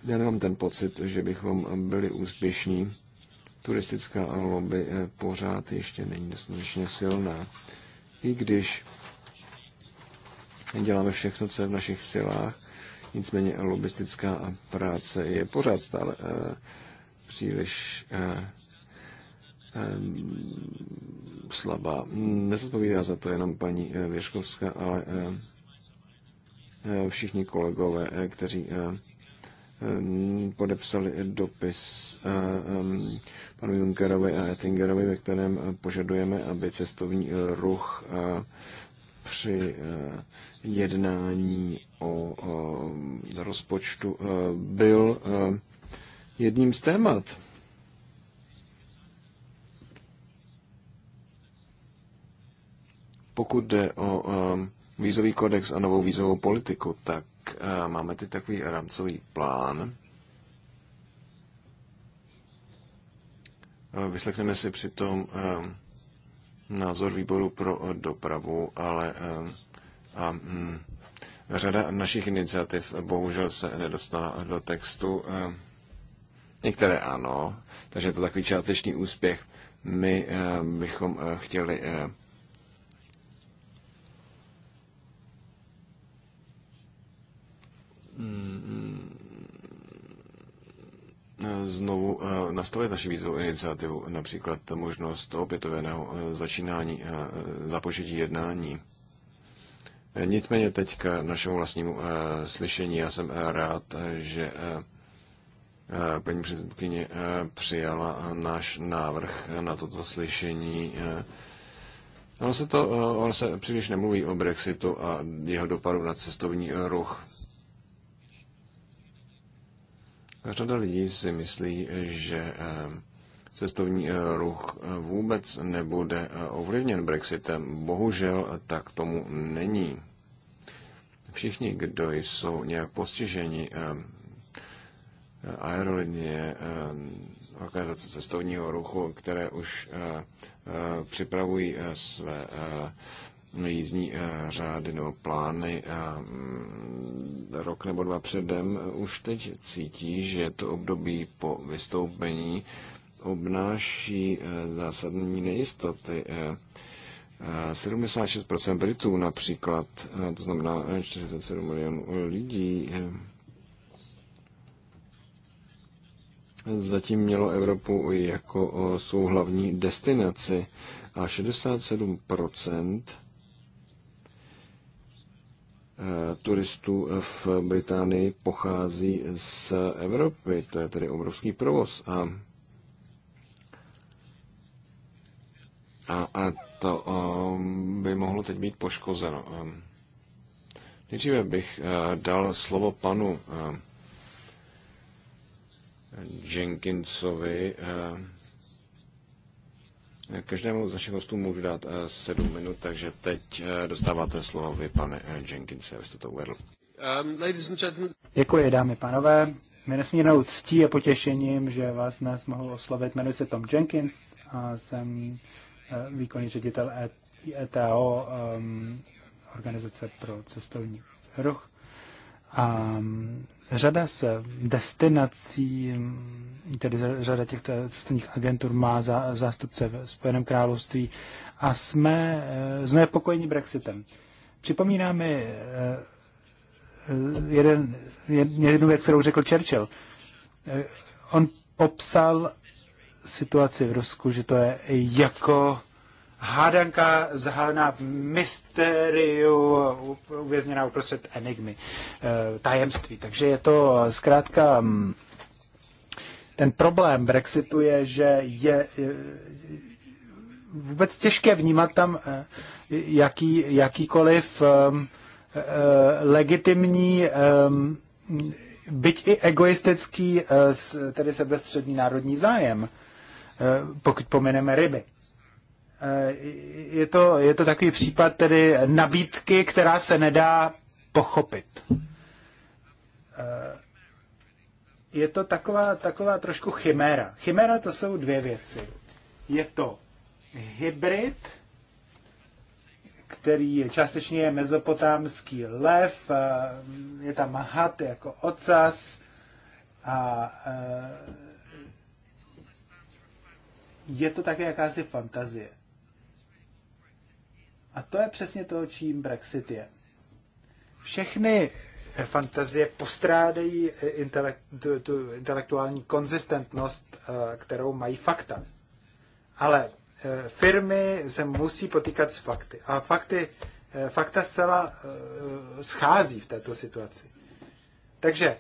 Já nemám ten pocit, že bychom byli úspěšní. Turistická lobby pořád ještě není dostatečně silná. I když Děláme všechno, co je v našich silách. Nicméně lobistická práce je pořád stále eh, příliš eh, eh, slabá. Nezodpovídá za to jenom paní eh, Věřkovská, ale eh, všichni kolegové, kteří podepsali dopis panu Junkerovi a Ettingerovi, ve kterém požadujeme, aby cestovní ruch při eh, jednání o eh, rozpočtu eh, byl jedním z témat. Pokud jde o vízový kodex a novou vízovou politiku, tak máme teď takový rámcový plán. Vyslechneme si přitom názor výboru pro dopravu, ale eh, a, hm, řada našich iniciativ bohužel se nedostala do textu. Eh, některé ano, takže je to takový částečný úspěch. My eh, bychom chtěli hm, hm, Eh, znovu eh, nastavit naši výzvu iniciativu, například možnost opětovného eh, začínání, započetí jednání. Nicméně teď k našemu vlastnímu slyšení. Já jsem rád, že paní předsedkyně přijala náš návrh na toto slyšení. Ono se, to, ono se příliš nemluví o Brexitu a jeho dopadu na cestovní ruch. Řada lidí si myslí, že eh, cestovní eh, ruch eh, vůbec nebude ovlivněn Brexitem. Bohužel tak tomu není. Všichni, kdo jsou nějak postiženi aerolinie, organizace cestovního ruchu, které už připravují své jízdní eh, řády nebo plány a eh, mm, rok nebo dva předem, eh, už teď cítí, že to období po vystoupení obnáší zásadní nejistoty. 76% Britů například, to znamená 47 milionů lidí, zatím mělo Evropu jako svou hlavní destinaci a 67% Eh, turistů eh, v Británii pochází z Evropy. To je tedy obrovský provoz. A, a, a to eh, by mohlo teď být poškozeno. Nejdříve bych dal slovo panu Jenkinsovi Každému z našich hostů můžu dát eh, sedm minut, takže teď eh, dostáváte slovo vy, pane eh, Jenkins, abyste to uvedl. Um, Děkuji, dámy pánové. Mě nesmírnou ctí a potěšením, že vás dnes mohu oslovit. Jmenuji se Tom Jenkins a jsem výkonný ředitel ETO, e um, organizace pro cestovní ruch. A řada z destinací, tedy řada těchto cestovních agentur má za, zástupce v Spojeném království a jsme znepokojeni eh, Brexitem. Připomíná mi eh, eh, jeden, jednu věc, kterou řekl Churchill. On popsal situaci v Rusku, že to je jako hádanka zahalená v mysteriu, uvězněná uprostřed enigmy, eh, tajemství. Takže je to eh, zkrátka mm, ten problém Brexitu je, že je eh, vůbec těžké vnímat tam jaký, jakýkoliv legitimní, byť i egoistický, tedy sebestřední národní zájem, pokud pomeneme ryby. Eh, je to, je to takový případ tedy nabídky, která se nedá pochopit. Eh, je to taková, taková trošku chiméra. Chiméra to jsou dvě věci. Je to hybrid, který je částečně je mezopotámský lev, eh, je tam mahat jako ocas a je to také jakási fantazie. A to je přesně to, čím Brexit je. Všechny fantazie postrádají eh, intelekt, tu, tu intelektuální konzistentnost, eh, kterou mají fakta. Ale eh, firmy se musí potýkat s fakty. A fakty, fakta zcela schází v této situaci. Takže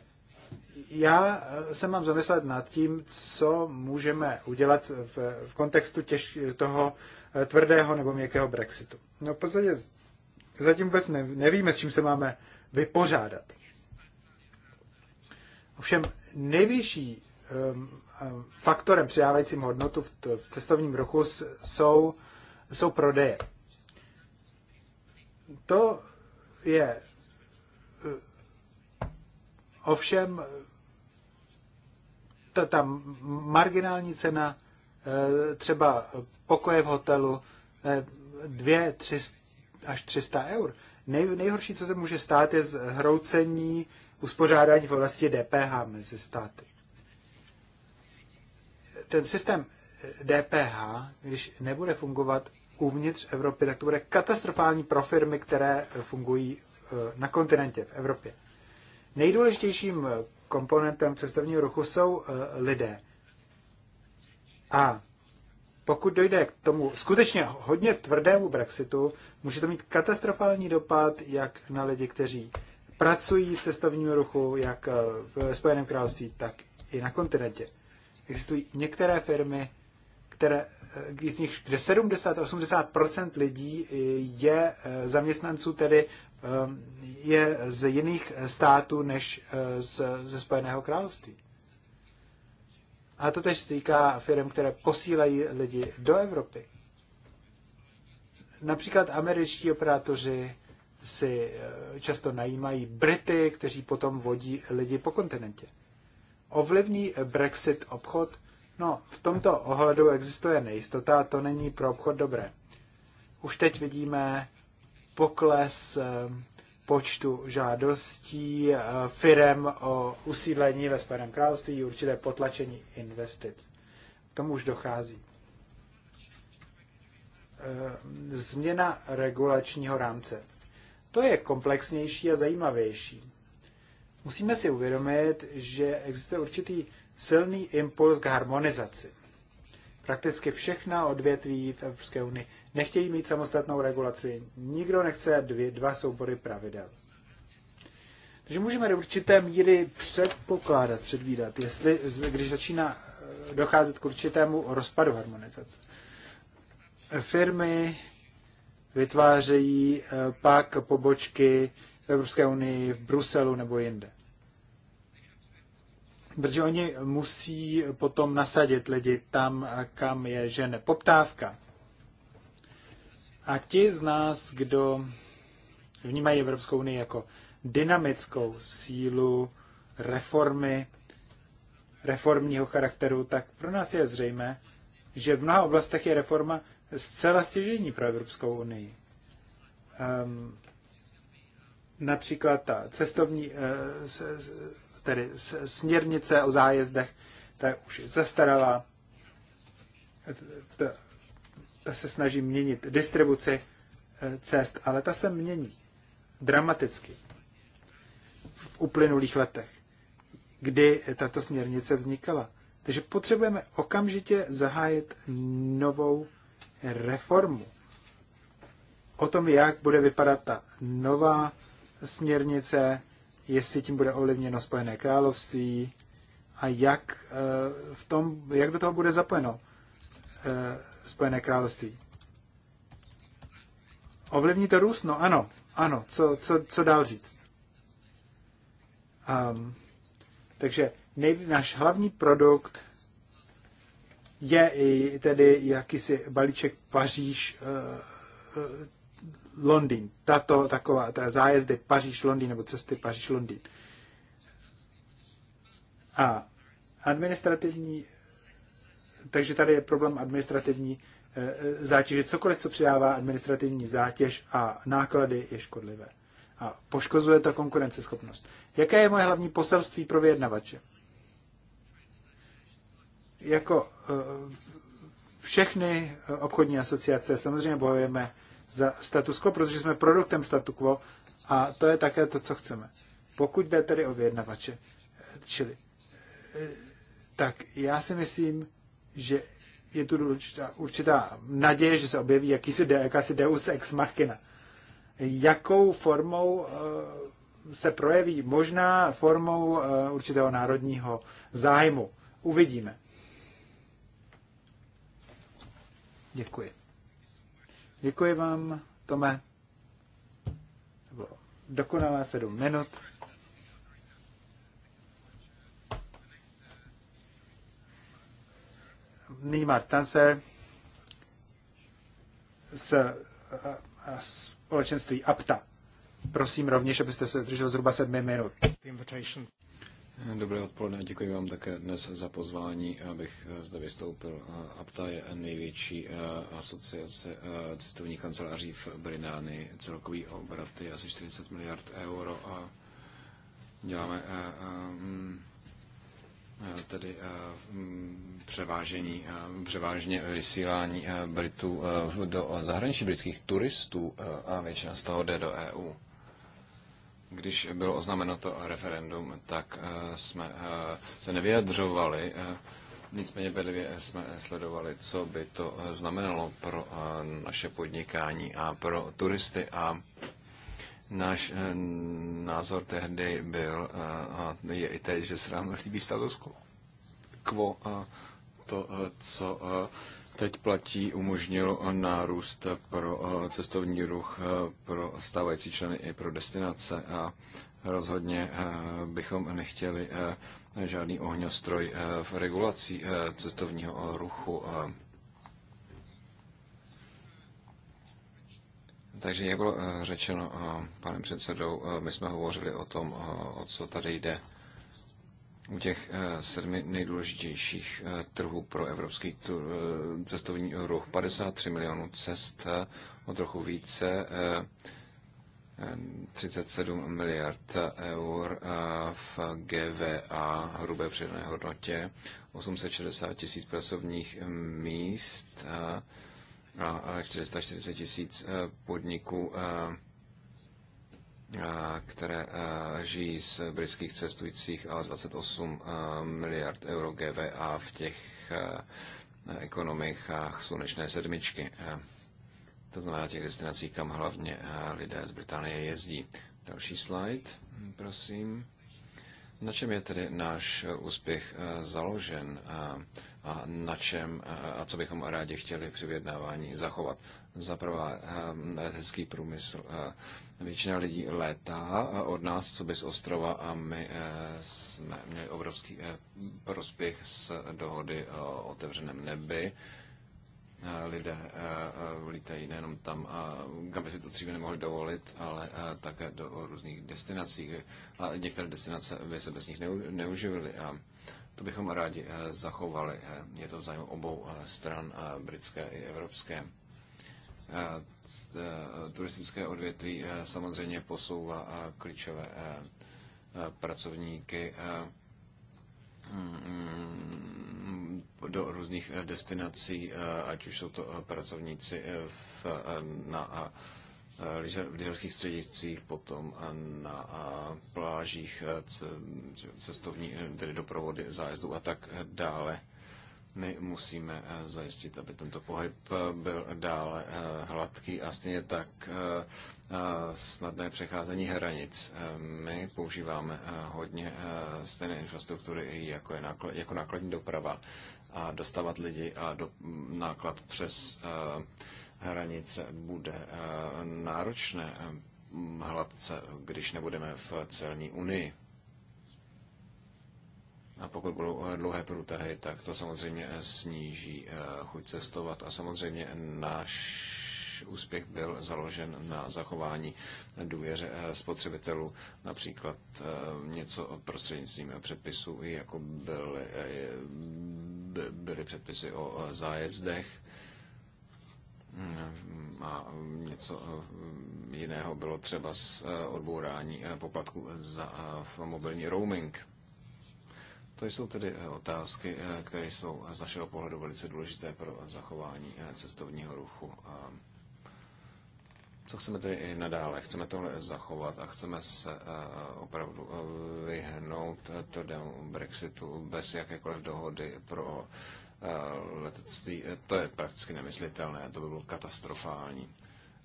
já se mám zamyslet nad tím, co můžeme udělat v, v kontextu těž, toho Eh, tvrdého nebo měkkého Brexitu. No v podstatě zatím vůbec nevíme, s čím se máme vypořádat. Ovšem nejvyšší ehm, eh, faktorem přidávajícím hodnotu v, v cestovním ruchu jsou, jsou prodeje. To je eh, ovšem ta, ta marginální cena Eh, třeba pokoje v hotelu eh, dvě, tři, až 300 eur. Nej, nejhorší, co se může stát, je zhroucení uspořádání v oblasti DPH mezi státy. Ten systém DPH, když nebude fungovat uvnitř Evropy, tak to bude katastrofální pro firmy, které fungují eh, na kontinentě, v Evropě. Nejdůležitějším komponentem cestovního ruchu jsou lidé. A pokud dojde k tomu skutečně hodně tvrdému Brexitu, může to mít katastrofální dopad jak na lidi, kteří pracují v cestovním ruchu, jak eh, v Spojeném království, tak i na kontinentě. Existují některé firmy, které, eh, z nich, kde 70-80% lidí je eh, zaměstnanců, tedy je z jiných států než z, ze Spojeného království. A to tež týká firm, které posílají lidi do Evropy. Například američtí operátoři si eh, často najímají Brity, kteří potom vodí lidi po kontinentě. Ovlivní Brexit obchod? No, v tomto ohledu existuje nejistota a to není pro obchod dobré. Už teď vidíme pokles eh, počtu žádostí eh, firem o usídlení ve Spojeném království, určité potlačení investic. K tomu už dochází. Eh, změna regulačního rámce. To je komplexnější a zajímavější. Musíme si uvědomit, že existuje určitý silný impuls k harmonizaci Prakticky všechna odvětví v Evropské unii nechtějí mít samostatnou regulaci. Nikdo nechce dvě, dva soubory pravidel. Takže můžeme do určité míry předpokládat, předvídat, jestli, když začíná eh, docházet k určitému rozpadu harmonizace. Firmy vytvářejí eh, pak pobočky v Evropské unii, v Bruselu nebo jinde protože oni musí potom nasadit lidi tam, kam je žene poptávka. A ti z nás, kdo vnímají Evropskou unii jako dynamickou sílu reformy, reformního charakteru, tak pro nás je zřejmé, že v mnoha oblastech je reforma zcela stěžení pro Evropskou unii. Um, například ta cestovní, eh, tedy směrnice o zájezdech, ta je už zastaralá. Ta, ta se snaží měnit distribuci eh, cest, ale ta se mění dramaticky v uplynulých letech, kdy tato směrnice vznikala. Takže potřebujeme okamžitě zahájit novou reformu. O tom, jak bude vypadat ta nová směrnice, jestli tím bude ovlivněno Spojené království a jak, eh, v tom, jak do toho bude zapojeno eh, Spojené království. Ovlivní to růst? No ano, ano, co, co, co dál říct? Um, takže nej, náš hlavní produkt je i tedy jakýsi balíček Paříž eh, Londýn, tato taková, ta zájezdy Paříž-Londýn nebo cesty Paříž-Londýn. A administrativní, takže tady je problém administrativní eh, zátěže. Cokoliv, co přidává administrativní zátěž a náklady, je škodlivé. A poškozuje to konkurenceschopnost. Jaké je moje hlavní poselství pro vyjednavače? Jako eh, všechny obchodní asociace samozřejmě bojujeme za status quo, protože jsme produktem statu quo a to je také to, co chceme. Pokud jde tedy o vyjednavače, čili, tak já si myslím, že je tu určitá, určitá naděje, že se objeví jakýsi de, jakási deus ex machina. Jakou formou eh, se projeví? Možná formou eh, určitého národního zájmu. Uvidíme. Děkuji. Děkuji vám, Tome. To dokonalé sedm minut. Neymar Tanser eh, eh, z společenství APTA. Prosím rovněž, abyste se držel zhruba sedmi minut. Dobré odpoledne, děkuji vám také dnes za pozvání, abych zde vystoupil. APTA je největší eh, asociace eh, cestovních kanceláří v Británii. Celkový obrat je asi 40 miliard euro a děláme eh, mm, tedy mm, převážení, převážně vysílání Britů do zahraničí britských turistů a většina z toho jde do EU když bylo oznámeno to referendum, tak eh, jsme eh, se nevyjadřovali, eh, nicméně bedlivě jsme sledovali, co by to znamenalo pro naše podnikání a pro turisty a Náš názor tehdy byl, a je i teď, že se nám líbí status quo, to, co teď platí, umožnil nárůst pro eh, cestovní ruch eh, pro stávající členy i pro destinace a rozhodně eh, bychom nechtěli žádný ohňostroj v regulací cestovního ruchu. Takže jak bylo řečeno panem předsedou, my jsme hovořili o tom, o co tady jde u těch eh, sedmi nejdůležitějších eh, trhů pro evropský eh, cestovní ruch. 53 milionů cest, o trochu více, 37 miliard eur v GVA, hrubé přidané hodnotě, 860 tisíc pracovních míst a 440 tisíc podniků které žijí z britských cestujících, a 28 miliard euro GVA v těch ekonomikách slunečné sedmičky. To znamená těch destinací, kam hlavně lidé z Británie jezdí. Další slide, prosím. Na čem je tedy náš úspěch eh, založen a, eh, a na čem eh, a co bychom rádi chtěli při vyjednávání zachovat? Za prvá, letecký průmysl. Většina lidí létá od nás, co by z ostrova, a my jsme měli obrovský prospěch z dohody o otevřeném nebi Eh, lidé eh, eh, lítají nejenom tam, kam by si to dříve nemohli dovolit, ale také do různých destinací. A některé destinace by se bez nich neuživily a to bychom rádi zachovali. Je to v zájmu obou stran, britské i evropské. Turistické odvětví samozřejmě posouvá klíčové pracovníky Mm, do různých eh, destinací, eh, ať už jsou to eh, pracovníci v, na lyžařských střediscích, potom na plážích, cestovní, tedy doprovody, zájezdu a tak dále my musíme eh, zajistit, aby tento pohyb eh, byl dále eh, hladký a stejně tak snadné přecházení hranic. My používáme hodně stejné infrastruktury jako, je náklad, jako nákladní doprava a dostávat lidi a do, mm, náklad přes hranice bude náročné hladce, když nebudeme v celní unii. A pokud budou eh, dlouhé průtahy, tak to samozřejmě eh, sníží eh, chuť cestovat. A samozřejmě náš úspěch byl založen na zachování důvěře spotřebitelů, například něco prostřednictvím předpisů, jako byly, byly předpisy o zájezdech mm, a něco jiného bylo třeba s odbourání poplatku za mobilní roaming. To jsou tedy eh, otázky, eh, které jsou eh, z našeho pohledu velice důležité pro zachování cestovního ruchu. Co chceme tedy i nadále? Chceme tohle zachovat a chceme se opravdu vyhnout tvrdému Brexitu bez jakékoliv dohody pro letectví. To je prakticky nemyslitelné, to by bylo katastrofální.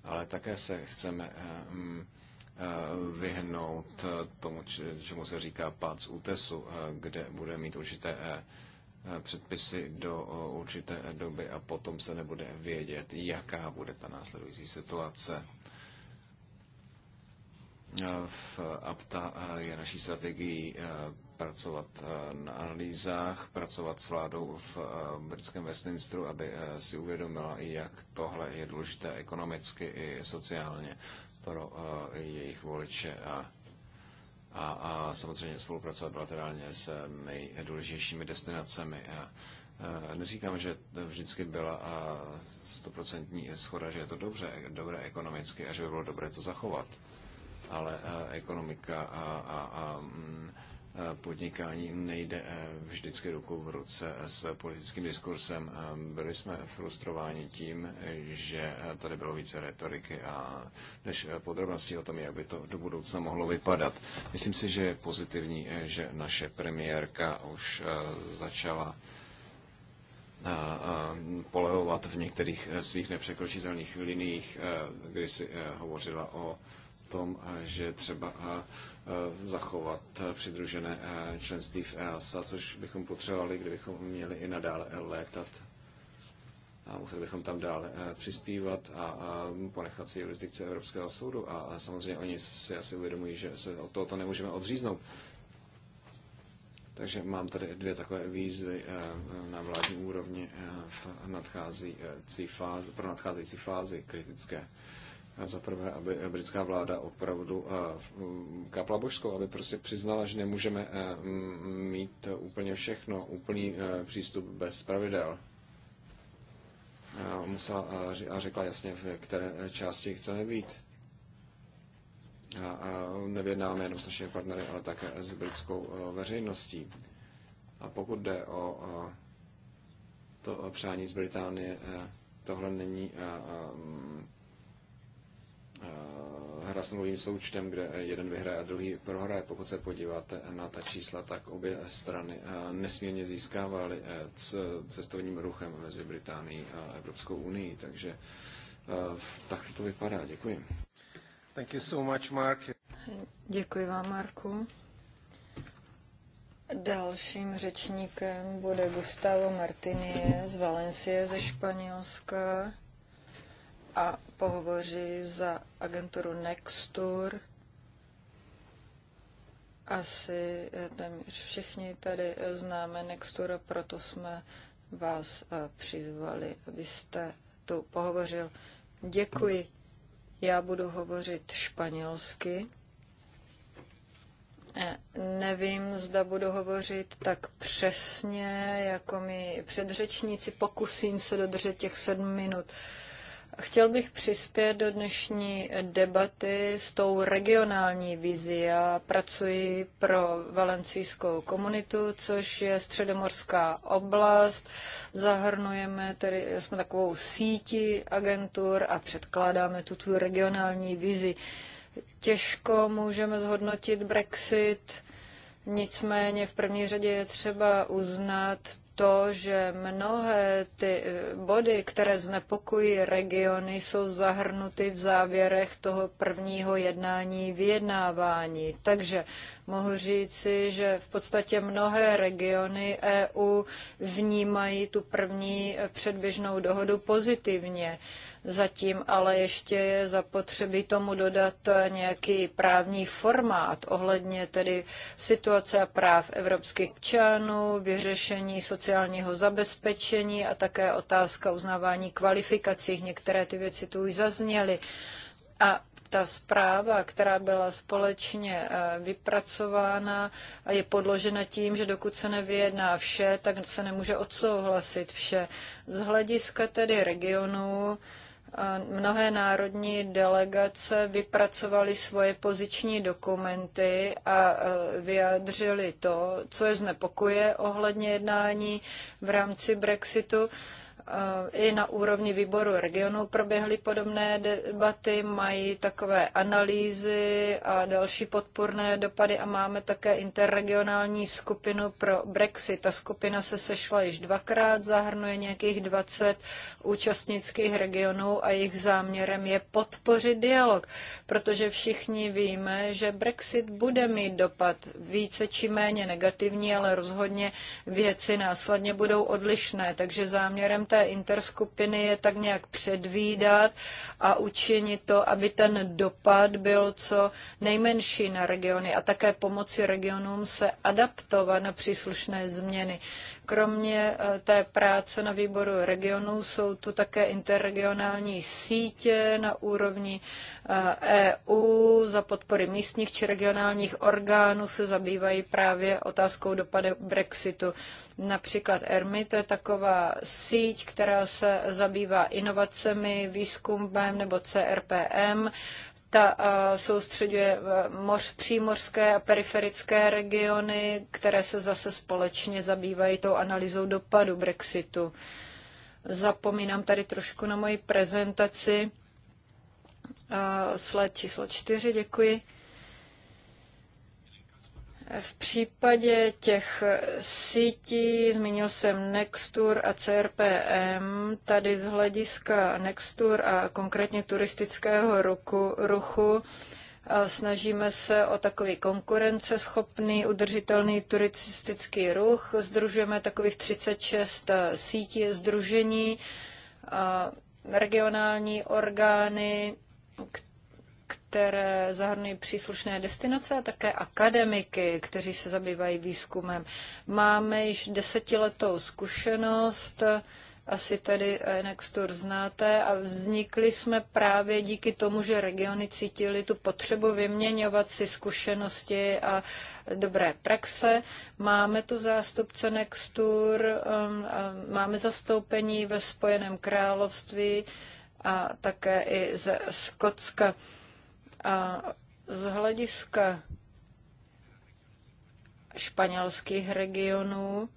Ale také se chceme mm, Eh, vyhnout eh, tomu, čemu se říká pád z útesu, eh, kde bude mít určité předpisy do určité doby a potom se nebude vědět, jaká bude ta následující situace. V APTA je naší strategií pracovat na analýzách, pracovat s vládou v britském Westminsteru, aby si uvědomila, jak tohle je důležité ekonomicky i sociálně pro eh, jejich voliče a, a, a samozřejmě spolupracovat bilaterálně s nejdůležitějšími destinacemi. A, eh, Neříkám, že to vždycky byla eh, stoprocentní schoda, že je to dobře, dobré ekonomicky a že by bylo dobré to zachovat, ale ekonomika a, a, a mm, podnikání nejde eh, vždycky ruku v ruce eh, s politickým diskursem. Eh, byli jsme frustrováni tím, že tady bylo více retoriky a než podrobností o tom, jak by to do budoucna mohlo vypadat. Myslím si, že je pozitivní, že naše premiérka už začala polevovat v některých svých nepřekročitelných liniích, kdy si hovořila o tom, eh, že třeba eh, eh, zachovat přidružené členství v EASA, což bychom potřebovali, kdybychom měli i nadále létat. A museli bychom tam dále přispívat a ponechat si jurisdikce Evropského soudu. A samozřejmě oni si asi uvědomují, že se od tohoto nemůžeme odříznout. Takže mám tady dvě takové výzvy na vládní úrovni v nadcházející fázi, pro nadcházející fázi kritické za prvé, aby britská vláda opravdu eh, kapla božskou, aby prostě přiznala, že nemůžeme eh, mít úplně všechno, úplný eh, přístup bez pravidel. Musela a řekla jasně, v které části chceme být. A, a nevědnáme jenom s našimi partnery, ale také s britskou veřejností. A pokud jde o to přání z Británie, tohle není Eh, hra s nulovým součtem, kde jeden vyhraje a druhý prohraje. Pokud se podíváte na ta čísla, tak obě strany eh, nesmírně získávaly eh, cestovním ruchem mezi Británií a Evropskou unii. Takže tak to vypadá. Děkuji. Thank you so much, Mark. Děkuji vám, Marku. Dalším řečníkem bude Gustavo Martinie z Valencie ze Španělska a pohovoří za agenturu Nextur. Asi eh, téměř všichni tady eh, známe Nextur, proto jsme vás eh, přizvali, abyste tu pohovořil. Děkuji. Já budu hovořit španělsky. Nevím, zda budu hovořit tak přesně, jako mi předřečníci. Pokusím se dodržet těch sedm minut. Uh, Chtěl bych přispět do dnešní debaty s tou regionální vizí. Já pracuji pro valencijskou komunitu, což je středomorská oblast. Zahrnujeme tedy, jsme takovou síti agentur a předkládáme tuto regionální vizi. Těžko můžeme zhodnotit Brexit, nicméně v první řadě je třeba uznat to, že mnohé ty eh, body, které znepokojí regiony, jsou zahrnuty v závěrech toho prvního jednání vyjednávání. Takže mohu říci, že v podstatě mnohé regiony EU vnímají tu první předběžnou dohodu pozitivně. Zatím ale ještě je zapotřebí tomu dodat nějaký právní formát ohledně tedy situace a práv evropských občanů, vyřešení sociálního zabezpečení a také otázka uznávání kvalifikací. Některé ty věci tu už zazněly. A ta zpráva, která byla společně eh, vypracována a je podložena tím, že dokud se nevyjedná vše, tak se nemůže odsouhlasit vše. Z hlediska tedy regionu, eh, mnohé národní delegace vypracovaly svoje poziční dokumenty a eh, vyjádřili to, co je znepokuje ohledně jednání v rámci Brexitu. Eh, I na úrovni výboru regionu proběhly podobné debaty, mají takové analýzy a další podporné dopady a máme také interregionální skupinu pro Brexit. Ta skupina se sešla již dvakrát, zahrnuje nějakých 20 účastnických regionů a jejich záměrem je podpořit dialog, protože všichni víme, že Brexit bude mít dopad více či méně negativní, ale rozhodně věci následně budou odlišné, takže záměrem té interskupiny je tak nějak předvídat a učinit to, aby ten dopad byl co nejmenší na regiony a také pomoci regionům se adaptovat na příslušné změny. Kromě eh, té práce na výboru regionů jsou tu také interregionální sítě na úrovni EU eh, e za podpory místních či regionálních orgánů se zabývají právě otázkou dopadu Brexitu. Například ERMI, to je taková síť, která se zabývá inovacemi, výzkumem nebo CRPM, ta eh, soustředuje eh, moř, přímořské a periferické regiony, které se zase společně zabývají tou analýzou dopadu Brexitu. Zapomínám tady trošku na moji prezentaci. Eh, sled číslo čtyři, děkuji. V případě těch sítí, zmínil jsem Nextur a CRPM, tady z hlediska Nextur a konkrétně turistického ruku, ruchu, Snažíme se o takový konkurenceschopný, udržitelný turistický ruch. Združujeme takových 36 eh, sítí združení, regionální orgány, které zahrnují příslušné destinace a také akademiky, kteří se zabývají výzkumem. Máme již desetiletou zkušenost, asi tady Nextur znáte, a vznikli jsme právě díky tomu, že regiony cítili tu potřebu vyměňovat si zkušenosti a dobré praxe. Máme tu zástupce Nextur, um, máme zastoupení ve Spojeném království a také i ze Skotska. A z hlediska španělských regionů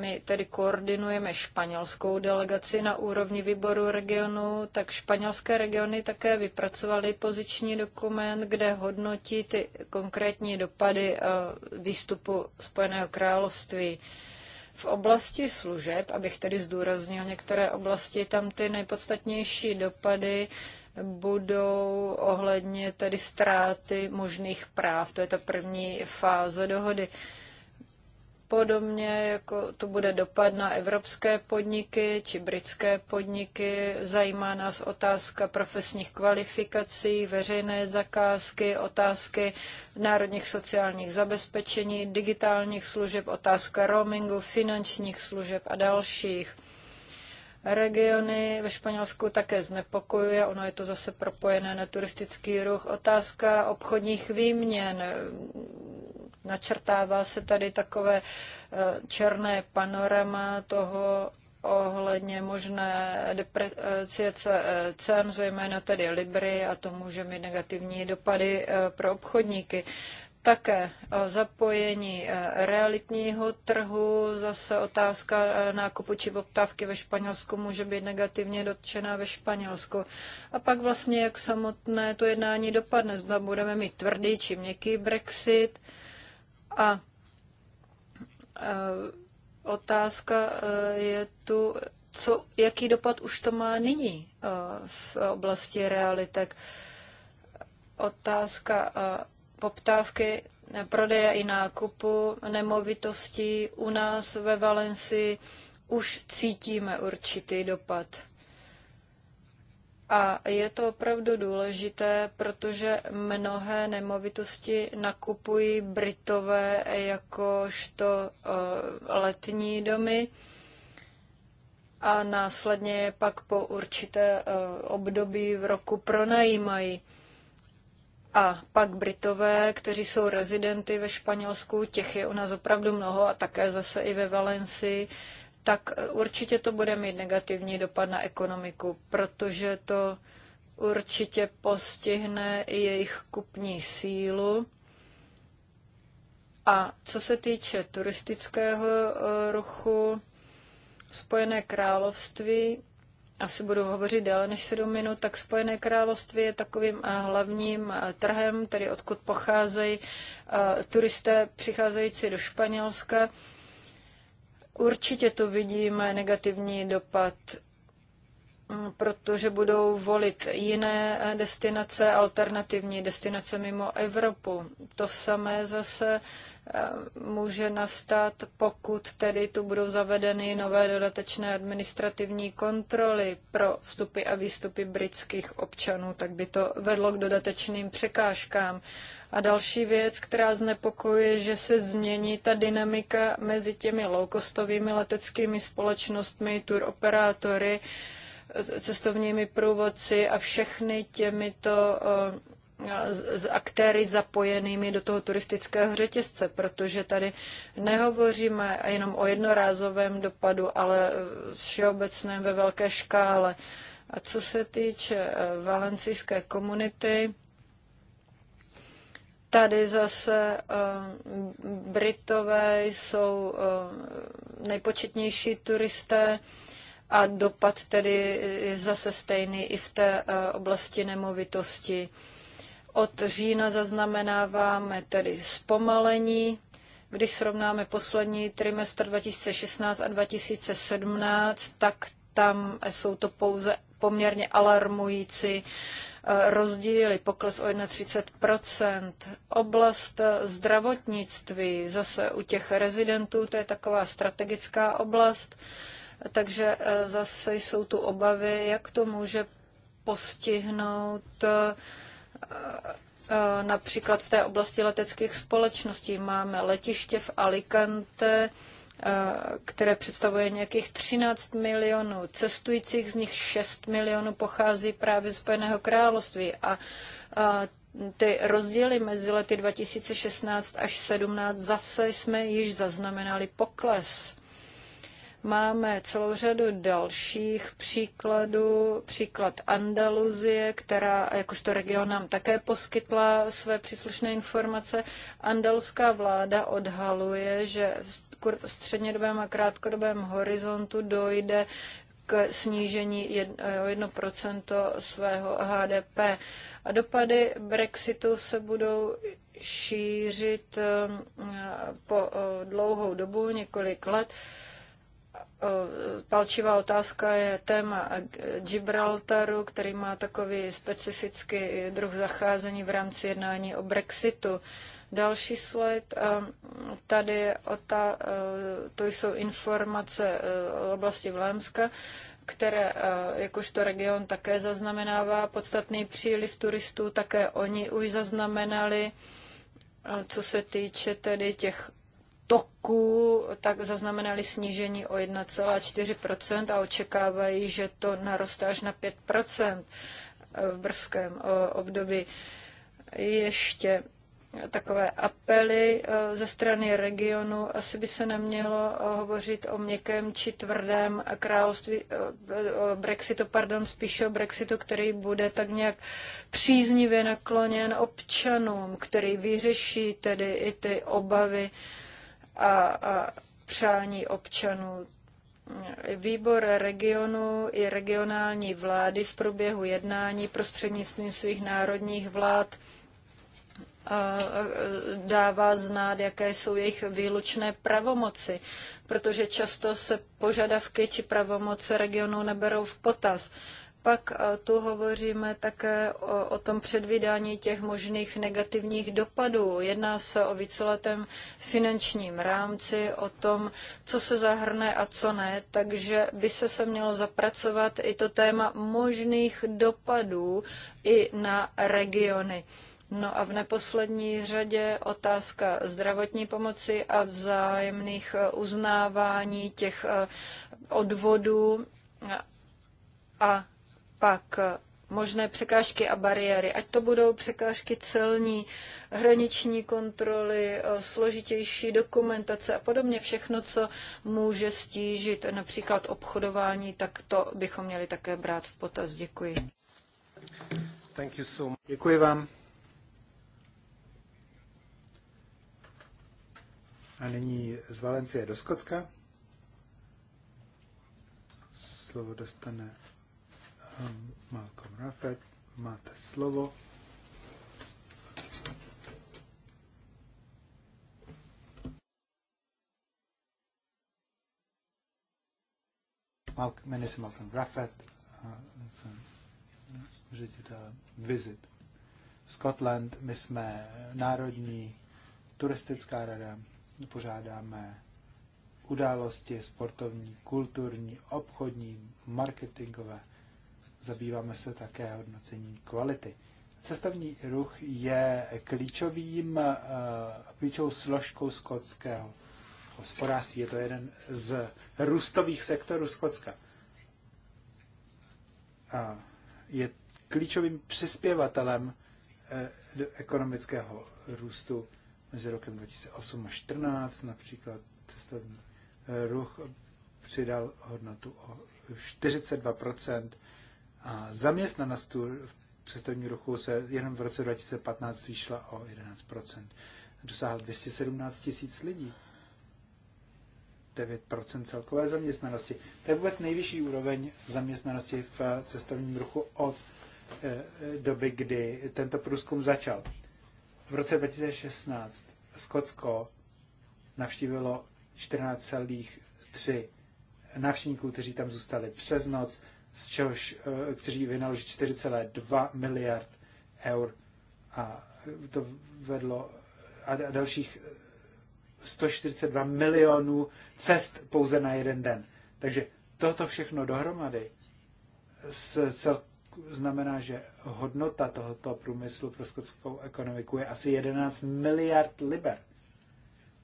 my tedy koordinujeme španělskou delegaci na úrovni výboru regionu, tak španělské regiony také vypracovaly poziční dokument, kde hodnotí ty konkrétní dopady výstupu Spojeného království. V oblasti služeb, abych tedy zdůraznil některé oblasti, tam ty nejpodstatnější dopady budou ohledně tedy ztráty možných práv. To je ta první fáze dohody. Podobně jako to bude dopad na evropské podniky či britské podniky, zajímá nás otázka profesních kvalifikací, veřejné zakázky, otázky národních sociálních zabezpečení, digitálních služeb, otázka roamingu, finančních služeb a dalších regiony ve Španělsku také znepokojuje. Ono je to zase propojené na turistický ruch. Otázka obchodních výměn. Načrtává se tady takové eh, černé panorama toho, ohledně možné depreciace eh, cen, zejména tedy Libry, a to může mít negativní dopady eh, pro obchodníky. Také eh, zapojení eh, realitního trhu, zase otázka eh, nákupu či poptávky ve Španělsku může být negativně dotčená ve Španělsku. A pak vlastně, jak samotné to jednání dopadne, zda budeme mít tvrdý či měkký Brexit. A otázka je tu, co, jaký dopad už to má nyní v oblasti realitek. Otázka poptávky prodeje i nákupu nemovitostí u nás ve Valenci už cítíme určitý dopad. A je to opravdu důležité, protože mnohé nemovitosti nakupují Britové jakožto eh, letní domy a následně je pak po určité eh, období v roku pronajímají. A pak Britové, kteří jsou rezidenty ve Španělsku, těch je u nás opravdu mnoho a také zase i ve Valencii, tak určitě to bude mít negativní dopad na ekonomiku, protože to určitě postihne i jejich kupní sílu. A co se týče turistického eh, ruchu, Spojené království asi budu hovořit déle než 7 minut, tak Spojené království je takovým eh, hlavním eh, trhem, tedy odkud pocházejí eh, turisté přicházející do Španělska. Určitě tu vidíme negativní dopad Mm, protože budou volit jiné eh, destinace, alternativní destinace mimo Evropu. To samé zase eh, může nastat, pokud tedy tu budou zavedeny nové dodatečné administrativní kontroly pro vstupy a výstupy britských občanů, tak by to vedlo k dodatečným překážkám. A další věc, která znepokojuje, že se změní ta dynamika mezi těmi loukostovými leteckými společnostmi, tur operátory, cestovními průvodci a všechny těmito s eh, aktéry zapojenými do toho turistického řetězce, protože tady nehovoříme jenom o jednorázovém dopadu, ale všeobecném ve velké škále. A co se týče eh, valencijské komunity, tady zase eh, Britové jsou nejpočetnější turisté, a dopad tedy je zase stejný i v té eh, oblasti nemovitosti. Od října zaznamenáváme tedy zpomalení. Když srovnáme poslední trimestr 2016 a 2017, tak tam jsou to pouze poměrně alarmující eh, rozdíly, pokles o 31%. Oblast eh, zdravotnictví, zase u těch rezidentů, to je taková strategická oblast, takže eh, zase jsou tu obavy, jak to může postihnout eh, eh, například v té oblasti leteckých společností. Máme letiště v Alicante, které představuje nějakých 13 milionů cestujících, z nich 6 milionů pochází právě z Spojeného království. A ty rozdíly mezi lety 2016 až 17 zase jsme již zaznamenali pokles. Máme celou řadu dalších příkladů, příklad Andaluzie, která jakožto region nám také poskytla své příslušné informace. Andaluská vláda odhaluje, že v střednědobém a krátkodobém horizontu dojde k snížení o 1% svého HDP. A dopady Brexitu se budou šířit eh, po eh, dlouhou dobu, několik let. Eh, palčivá otázka je téma Gibraltaru, který má takový specifický druh zacházení v rámci jednání o Brexitu. Další slide, eh, tady je ta, eh, to jsou informace o oblasti Vlémska které jakožto region také zaznamenává podstatný příliv turistů, také oni už zaznamenali, co se týče tedy těch toku tak zaznamenali snížení o 1,4 a očekávají, že to naroste až na 5 v brzkém eh, období. Ještě takové apely eh, ze strany regionu. Asi by se nemělo eh, hovořit o měkkém či tvrdém království, o Brexitu, pardon, spíše o Brexitu, který bude tak nějak příznivě nakloněn občanům, který vyřeší tedy i ty obavy a, a přání občanů. Výbor regionu i regionální vlády v průběhu jednání prostřednictvím svých národních vlád dává znát, jaké jsou jejich výlučné pravomoci, protože často se požadavky či pravomoce regionu neberou v potaz. Pak tu hovoříme také o, o tom předvídání těch možných negativních dopadů. Jedná se o víceletém finančním rámci, o tom, co se zahrne a co ne, takže by se se mělo zapracovat i to téma možných dopadů i na regiony. No a v neposlední řadě otázka zdravotní pomoci a vzájemných e, uznávání těch e, odvodů a pak možné překážky a bariéry, ať to budou překážky celní, hraniční kontroly, eh, složitější dokumentace a podobně, všechno, co může stížit například obchodování, tak to bychom měli také brát v potaz. Děkuji. Thank you so much. Děkuji vám. A nyní z Valencie do Skocka. Slovo dostane Malcolm Raffet, máte slovo. Malcolm, jmenuji se Malcolm Raffet a jsem ředitel Visit Scotland. My jsme národní turistická rada, pořádáme události sportovní, kulturní, obchodní, marketingové zabýváme se také hodnocením kvality. Cestovní ruch je klíčovým, eh, klíčovou složkou skotského hospodářství. Je to jeden z růstových sektorů Skotska. A je klíčovým přispěvatelem eh, do ekonomického růstu mezi rokem 2008 a 2014. Například cestovní ruch přidal hodnotu o 42 a zaměstnanost v cestovním ruchu se jenom v roce 2015 zvýšila o 11 Dosáhl 217 tisíc lidí. 9 celkové zaměstnanosti. To je vůbec nejvyšší úroveň zaměstnanosti v eh, cestovním ruchu od eh, eh, doby, kdy tento průzkum začal. V roce 2016 Skotsko navštívilo 14,3 návštěvníků, kteří tam zůstali přes noc z čehož, eh, kteří vynaložili 4,2 miliard eur a eh, to vedlo a dalších 142 eh, milionů cest pouze na jeden den. Takže toto všechno dohromady s cel, znamená, že hodnota tohoto průmyslu pro skotskou ekonomiku je asi 11 miliard liber.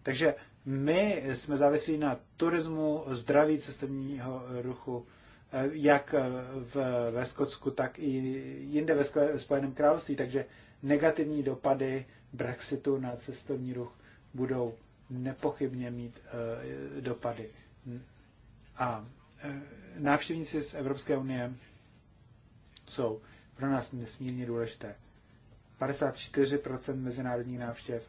Takže my jsme závislí na turismu, zdraví cestovního ruchu, Eh, jak eh, v, ve Skotsku, tak i jinde ve Spojeném království. Takže negativní dopady Brexitu na cestovní ruch budou nepochybně mít uh, dopady. A uh, návštěvníci z Evropské unie jsou pro nás nesmírně důležité. 54% mezinárodních návštěv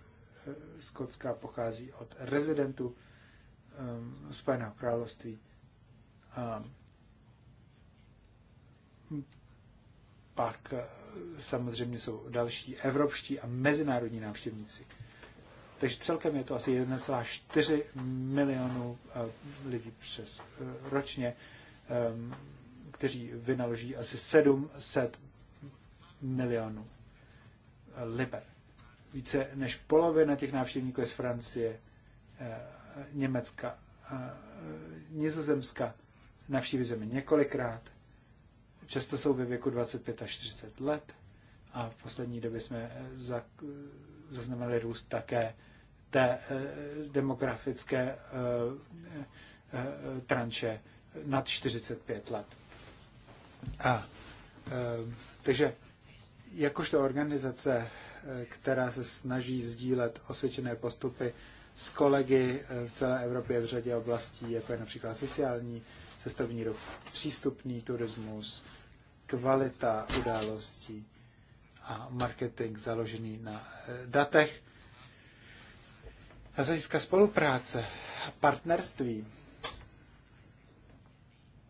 e, Skotska pochází od rezidentů um, Spojeného království. Um, pak eh, samozřejmě jsou další evropští a mezinárodní návštěvníci. Takže celkem je to asi 1,4 milionů eh, lidí přes eh, ročně, kteří vynaloží asi 700 milionů liber. Více než polovina těch návštěvníků je z Francie, Německa, Nizozemska, navštíví zemi několikrát Často jsou ve věku 25 až 40 let a v poslední době jsme eh, eh, zaznamenali růst také té eh, demografické tranše nad 45 let. A, takže jakožto organizace, která se snaží sdílet osvědčené postupy s kolegy v celé Evropě v řadě oblastí, jako je například sociální cestovní ruch, přístupný turismus, kvalita událostí a marketing založený na eh, datech. A z hlediska spolupráce a partnerství,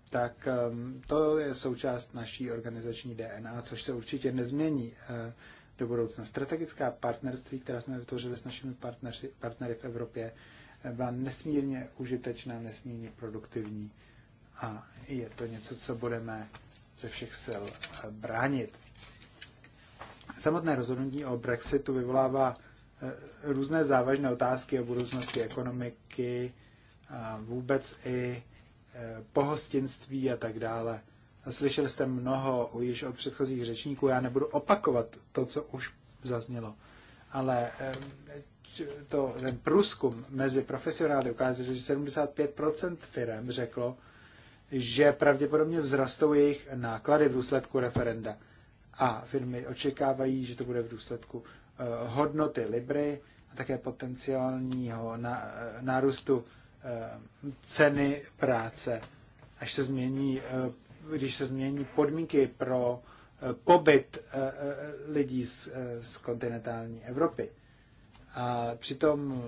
tak ehm, to je součást naší organizační DNA, což se určitě nezmění eh, do budoucna. Strategická partnerství, která jsme vytvořili s našimi partneři, partnery v Evropě, eh, byla nesmírně užitečná, nesmírně produktivní a je to něco, co budeme ze všech sil eh, bránit. Samotné rozhodnutí o Brexitu vyvolává eh, různé závažné otázky o budoucnosti ekonomiky, vůbec i eh, pohostinství a tak dále. Slyšeli jste mnoho již od předchozích řečníků, já nebudu opakovat to, co už zaznělo, ale to, ten průzkum mezi profesionály ukázal, že 75% firm řeklo, že pravděpodobně vzrastou jejich náklady v důsledku referenda. A firmy očekávají, že to bude v důsledku eh, hodnoty Libry a také potenciálního eh, nárůstu eh, ceny práce, až se změní, když se změní podmínky pro pobyt lidí z, z kontinentální Evropy. A přitom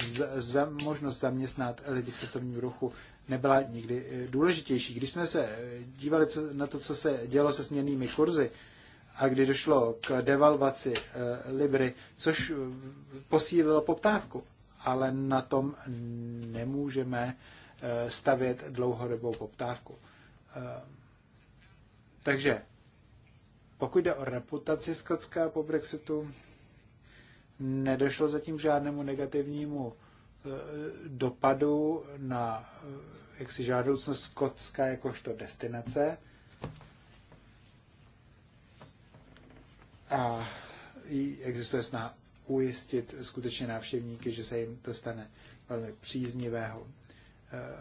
z, za možnost zaměstnat lidi v cestovním ruchu nebyla nikdy eh, důležitější. Když jsme se eh, dívali co, na to, co se dělo se směnými kurzy, a kdy došlo k devalvaci e, Libry, což posílilo poptávku. Ale na tom nemůžeme e, stavět dlouhodobou poptávku. E, takže pokud jde o reputaci Skotska po Brexitu, nedošlo zatím k žádnému negativnímu e, dopadu na e, jaksi žádoucnost Skotska jakožto destinace. A existuje snaha ujistit skutečně návštěvníky, že se jim dostane velmi příznivého, e,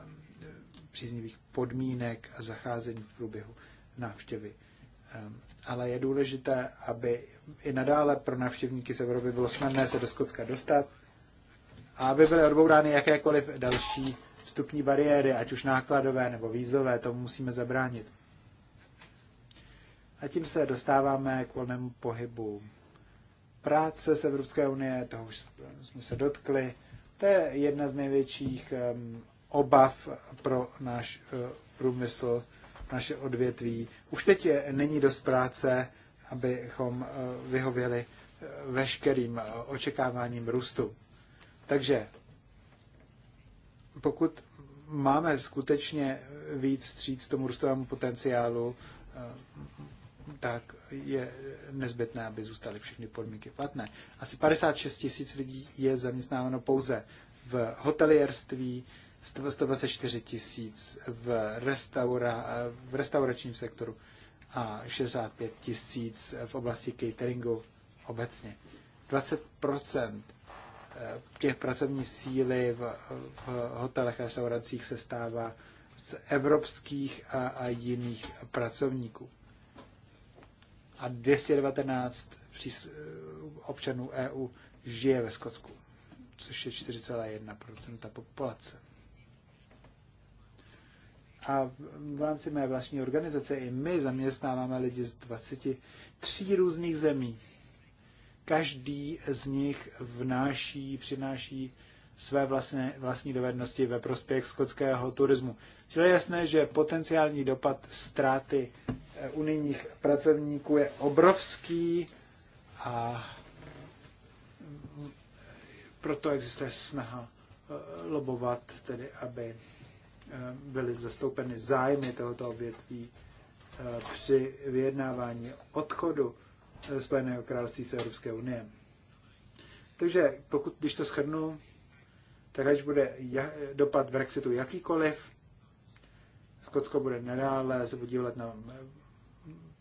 příznivých podmínek a zacházení v průběhu návštěvy. Ehm, ale je důležité, aby i nadále pro návštěvníky z Evropy bylo snadné se do Skotska dostat a aby byly odbourány jakékoliv další vstupní bariéry, ať už nákladové nebo vízové, tomu musíme zabránit. A tím se dostáváme k volnému pohybu práce z Evropské unie, toho už jsme se dotkli. To je jedna z největších ehm, obav pro náš eh, průmysl naše odvětví. Už teď je, není dost práce, abychom eh, vyhověli eh, veškerým eh, očekáváním růstu. Takže pokud máme skutečně víc stříc tomu růstovému potenciálu, tak je nezbytné, aby zůstaly všechny podmínky platné. Asi 56 tisíc lidí je zaměstnáno pouze v hotelierství, 124 tisíc v, restaura, v restauračním sektoru a 65 tisíc v oblasti cateringu obecně. 20 eh, těch pracovní síly v, v hotelech a restauracích se stává z evropských a, a jiných pracovníků. A 219 přís, eh, občanů EU žije ve Skotsku, což je 4,1 populace. A v rámci mé vlastní organizace i my zaměstnáváme lidi z 23 různých zemí. Každý z nich vnáší, přináší své vlastné, vlastní dovednosti ve prospěch skotského turismu. Čili je jasné, že potenciální dopad ztráty eh, unijních pracovníků je obrovský a proto existuje snaha eh, lobovat, tedy aby Eh, byly zastoupeny zájmy tohoto odvětví eh, při vyjednávání odchodu eh, Spojeného království z Evropské unie. Takže pokud, když to shrnu, tak až bude dopad Brexitu jakýkoliv, Skotsko bude nadále se podívat na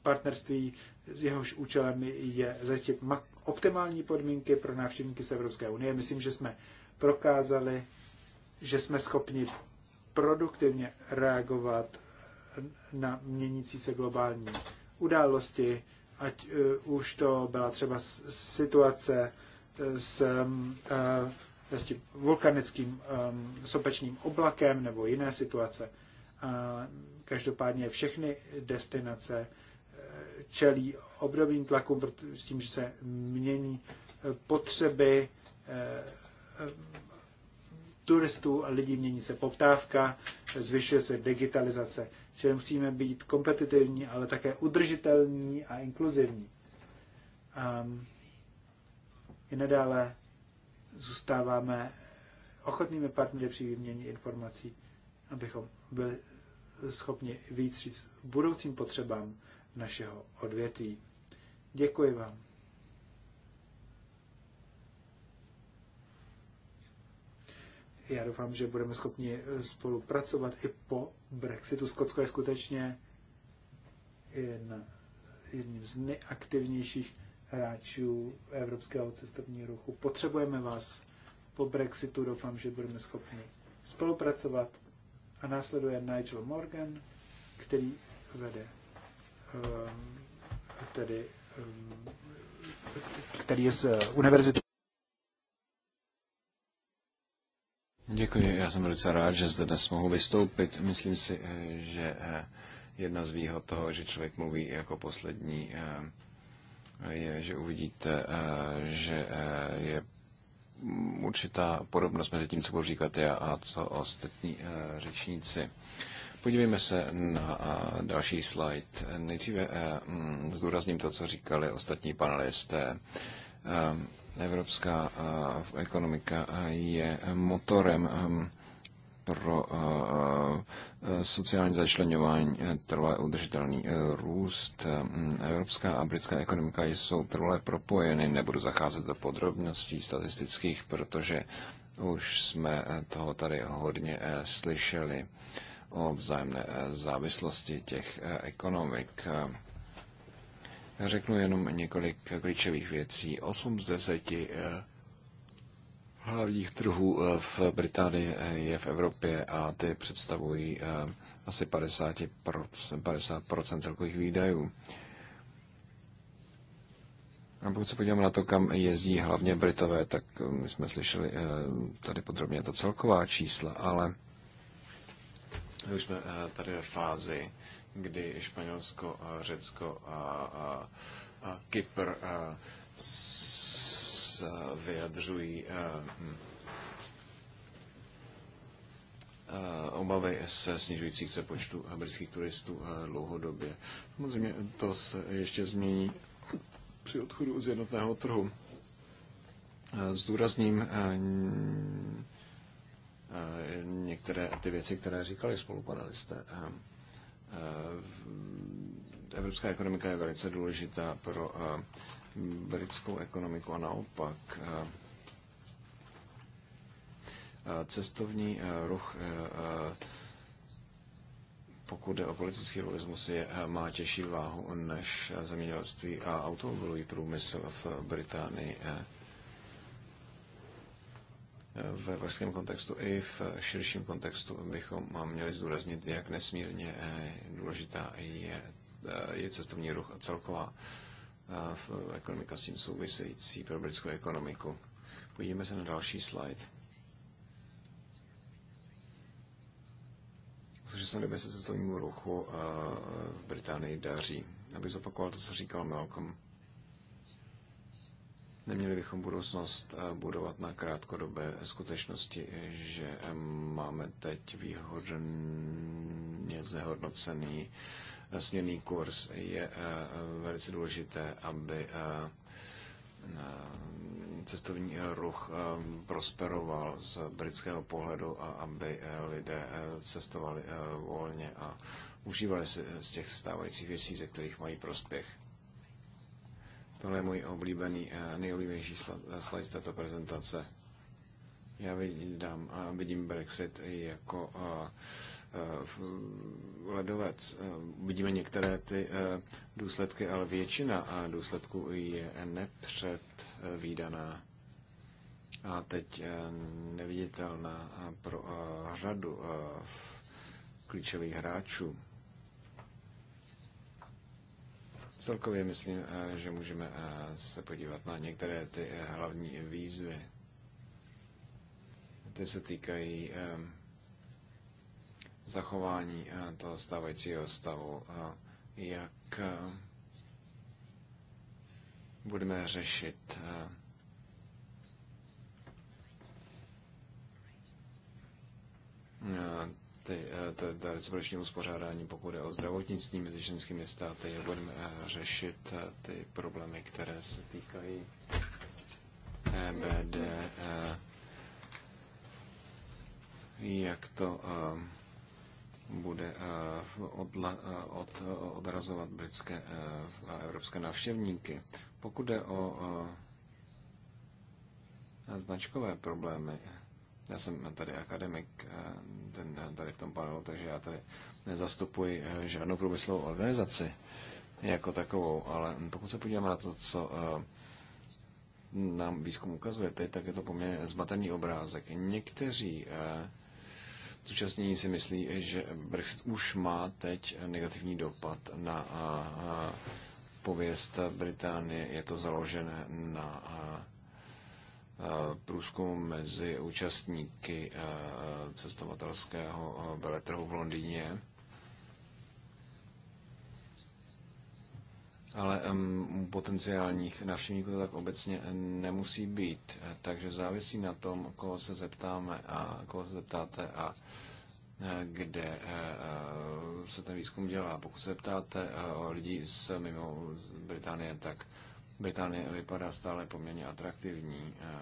partnerství, jehož účelem je zajistit optimální podmínky pro návštěvníky z Evropské unie. Myslím, že jsme prokázali, že jsme schopni produktivně reagovat na měnící se globální události, ať eh, už to byla třeba situace eh, s, eh, s tím vulkanickým sopečným oblakem nebo jiné situace. A každopádně všechny destinace čelí obrovým tlakům s tím, že se mění potřeby turistů a lidí, mění se poptávka, zvyšuje se digitalizace. Čili musíme být kompetitivní, ale také udržitelní a inkluzivní. Um, I nadále zůstáváme ochotnými partnery při výměně informací, abychom byli schopni víc říct budoucím potřebám našeho odvětví. Děkuji vám. já doufám, že budeme schopni eh, spolupracovat i po Brexitu. Skotsko je skutečně jen, jedním z nejaktivnějších hráčů evropského cestovního ruchu. Potřebujeme vás po Brexitu, doufám, že budeme schopni spolupracovat. A následuje Nigel Morgan, který vede um, tedy um, který je z eh, univerzity Děkuji, já jsem velice rád, že zde dnes mohu vystoupit. Myslím si, eh, že eh, jedna z výhod toho, že člověk mluví jako poslední, eh, je, že uvidíte, že je určitá podobnost mezi tím, co budu říkat já a co ostatní řečníci. Podívejme se na další slide. Nejdříve mm, zdůrazním to, co říkali ostatní panelisté. Evropská ekonomika je motorem pro sociální začlenování, trvalé udržitelný růst. Evropská a britská ekonomika jsou trvalé propojeny. Nebudu zacházet do podrobností statistických, protože už jsme toho tady hodně slyšeli o vzájemné závislosti těch ekonomik. Řeknu jenom několik klíčových věcí. 8 z 10 eh, hlavních trhů eh, v Británii eh, je v Evropě a ty představují asi 50%, 50% celkových výdajů. A pokud se podíváme na to, kam jezdí hlavně Britové, tak my jsme slyšeli tady podrobně to celková čísla, ale už jsme tady ve fázi, kdy Španělsko, eh, Řecko a, a, a Kypr a, eh, s, vyjadřují a, eh, hm, obavy se snižujících se počtu britských turistů dlouhodobě. Samozřejmě to se ještě změní při odchodu z jednotného trhu. Zdůrazním některé ty věci, které říkali spolupanelisté. Eh, evropská ekonomika je velice důležitá pro eh, britskou ekonomiku a naopak eh, cestovní ruch pokud jde o politický realismus, je, má těžší váhu než zemědělství a automobilový průmysl v Británii v evropském kontextu i v širším kontextu bychom měli zdůraznit, jak nesmírně eh, důležitá je, eh, je cestovní ruch a celková eh, ekonomika s tím související pro britskou ekonomiku. Podívejme se na další slide. Což se nebe se cestovnímu ruchu v Británii daří. Abych zopakoval to, co říkal Malcolm Neměli bychom budoucnost eh, budovat na krátkodobé skutečnosti, že eh, máme teď výhodně znehodnocený eh, směrný kurz. Je velice důležité, aby cestovní ruch prosperoval z britského pohledu a aby lidé cestovali volně a užívali se z těch stávajících věcí, ze kterých mají prospěch. Tohle je můj oblíbený, eh, nejoblíbenější eh, slide z této prezentace. Já vidím, eh, vidím Brexit jako ledovec. Vidíme některé ty důsledky, ale většina a důsledků je nepředvídaná a teď neviditelná pro řadu klíčových hráčů. Celkově myslím, eh, že můžeme eh, se podívat na některé ty eh, hlavní výzvy. Ty se týkají zachování toho stávajícího stavu, jak budeme řešit ty, eh, to, to reciproční uspořádání, pokud je o zdravotnictví mezi členskými státy, jak budeme eh, řešit eh, ty problémy, které se týkají EBD, jak to bude odla, od, odrazovat britské a evropské návštěvníky. Pokud je o značkové problémy, já jsem tady akademik, eh, ten, tady v tom panelu, takže já tady nezastupuji eh, žádnou průmyslovou organizaci jako takovou, ale pokud se podíváme na to, co eh, nám výzkum ukazuje teď, tak je to poměrně zmatený obrázek. Někteří zúčastnění si myslí, že Brexit už má teď negativní dopad na pověst Británie. Je to založené na Eh, průzkum mezi účastníky eh, cestovatelského eh, veletrhu v Londýně. Ale um, potenciálních návštěvníků to tak obecně nemusí být, takže závisí na tom, koho se zeptáme a koho se zeptáte a kde se ten výzkum dělá. Pokud se ptáte lidí z mimo Británie, tak Británie vypadá stále poměrně atraktivní, eh,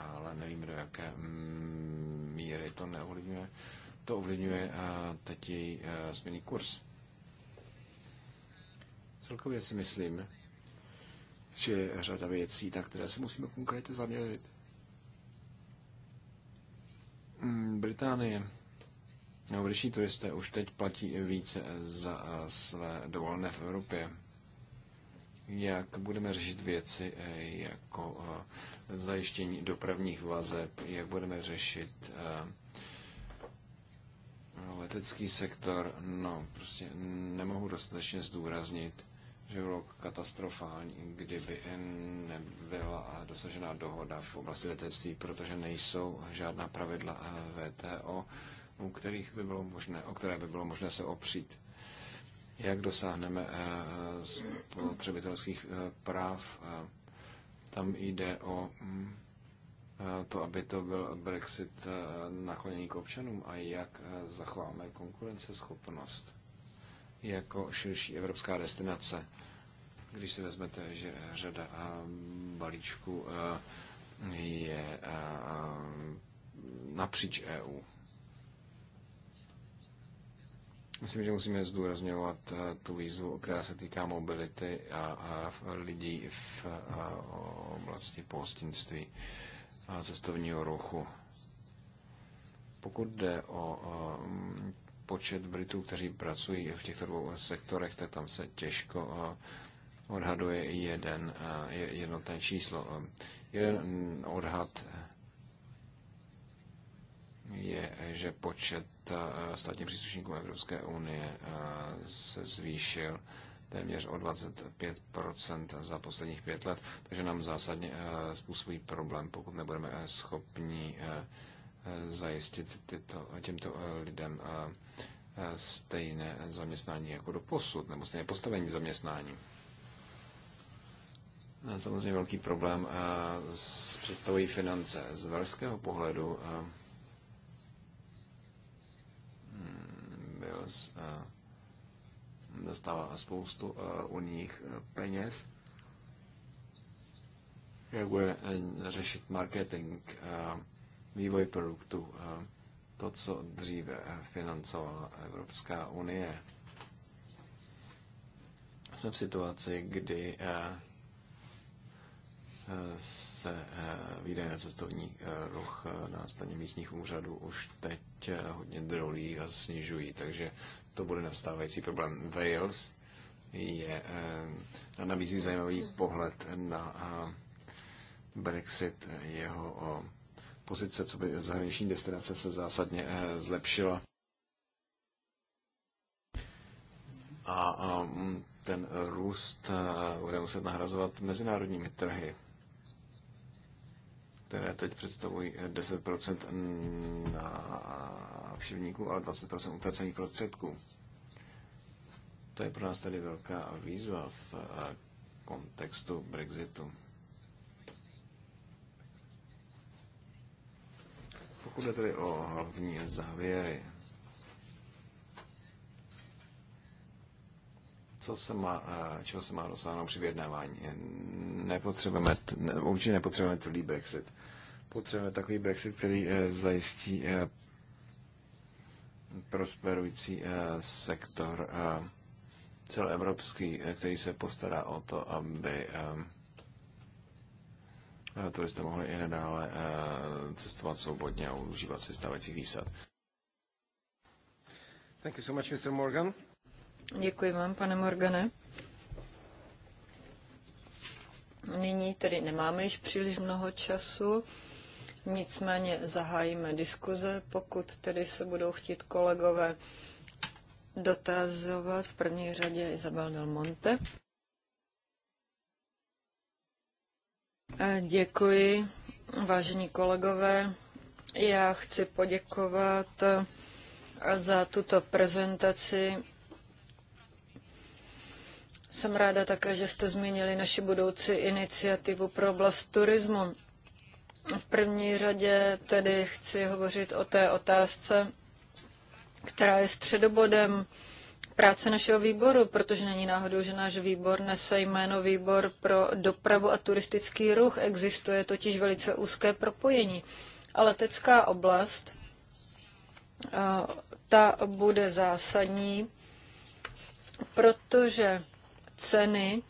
ale nevíme, do jaké míry to neovlivňuje. To ovlivňuje eh, teď její směný eh, kurz. Celkově si myslím, že je řada věcí, na které se musíme konkrétně zaměřit. Hmm, Británie nebo turisté už teď platí více za své dovolené v Evropě jak budeme řešit věci eh, jako eh, zajištění dopravních vazeb, jak budeme řešit eh, letecký sektor. No, prostě nemohu dostatečně zdůraznit, že bylo katastrofální, kdyby nebyla dosažená dohoda v oblasti letectví, protože nejsou žádná pravidla VTO, u kterých by bylo možné, o které by bylo možné se opřít jak dosáhneme eh, spotřebitelských eh, práv. Eh, tam jde o hm, to, aby to byl Brexit nakloněný k občanům a jak zachováme konkurenceschopnost jako širší evropská destinace. Když si vezmete, že řada balíčků je napříč EU. Myslím, že musíme zdůrazňovat eh, tu výzvu, která se týká mobility a, a lidí v a, oblasti pohostinství a cestovního ruchu. Pokud jde o počet Britů, kteří pracují v těchto dvou sektorech, tak tam se těžko odhaduje jeden, jednotné číslo. Jeden odhad je, že počet eh, státních příslušníků Evropské unie eh, se zvýšil téměř o 25% za posledních pět let, takže nám zásadně eh, způsobí problém, pokud nebudeme schopni zajistit tyto, těmto lidem stejné zaměstnání jako do posud, nebo stejné postavení zaměstnání. Samozřejmě velký problém představují finance. Z velského pohledu Bills eh, dostává spoustu eh, nich eh, peněz. Jak bude řešit marketing, vývoj produktu, to, co dříve financovala Evropská unie. Jsme v situaci, kdy se eh, výdaje na cestovní eh, ruch eh, na straně místních úřadů už teď hodně drolí a snižují, takže to bude nastávající problém. Wales je, nabízí zajímavý hmm. pohled na Brexit, jeho pozice, co by zahraniční destinace se zásadně zlepšila. A ten růst bude muset nahrazovat mezinárodními trhy které teď představují 10% na všivníku a 20% utracených prostředků. To je pro nás tady velká výzva v eh, kontextu Brexitu. Pokud je tedy o hlavní závěry, co se má, eh, čeho se má dosáhnout při vyjednávání. Nepotřebujeme, ne, určitě nepotřebujeme tvrdý Brexit. Potřebujeme takový Brexit, který eh, zajistí eh, prosperující sektor celoevropský, který se postará o to, aby turisté mohli i nadále cestovat svobodně a užívat si stávajících výsad. Thank you so much, Mr. Morgan. Děkuji vám, pane Morgane. Nyní tedy nemáme již příliš mnoho času, nicméně zahájíme diskuze, pokud tedy se budou chtít kolegové dotazovat v první řadě Isabel Del Monte. Děkuji, vážení kolegové. Já chci poděkovat za tuto prezentaci jsem ráda také, že jste zmínili naši budoucí iniciativu pro oblast turismu. V první řadě tedy chci hovořit o té otázce, která je středobodem práce našeho výboru, protože není náhodou, že náš výbor nese jméno Výbor pro dopravu a turistický ruch. Existuje totiž velice úzké propojení. A letecká oblast, eh, ta bude zásadní, protože ceny.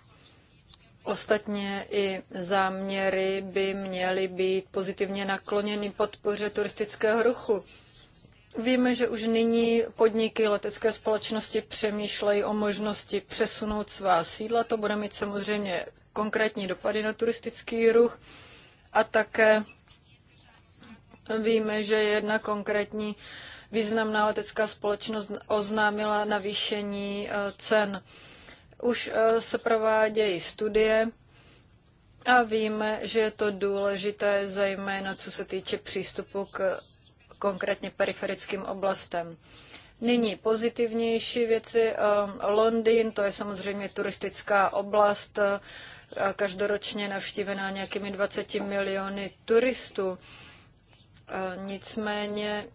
Ostatně i záměry by měly být pozitivně nakloněny podpoře turistického ruchu. Víme, že už nyní podniky letecké společnosti přemýšlejí o možnosti přesunout svá sídla. To bude mít samozřejmě konkrétní dopady na turistický ruch a také víme, že jedna konkrétní významná letecká společnost oznámila navýšení eh, cen. Už eh, se provádějí studie a víme, že je to důležité, zejména co se týče přístupu k konkrétně periferickým oblastem. Nyní pozitivnější věci. Eh, Londýn, to je samozřejmě turistická oblast, eh, každoročně navštívená nějakými 20 miliony turistů. Nicméně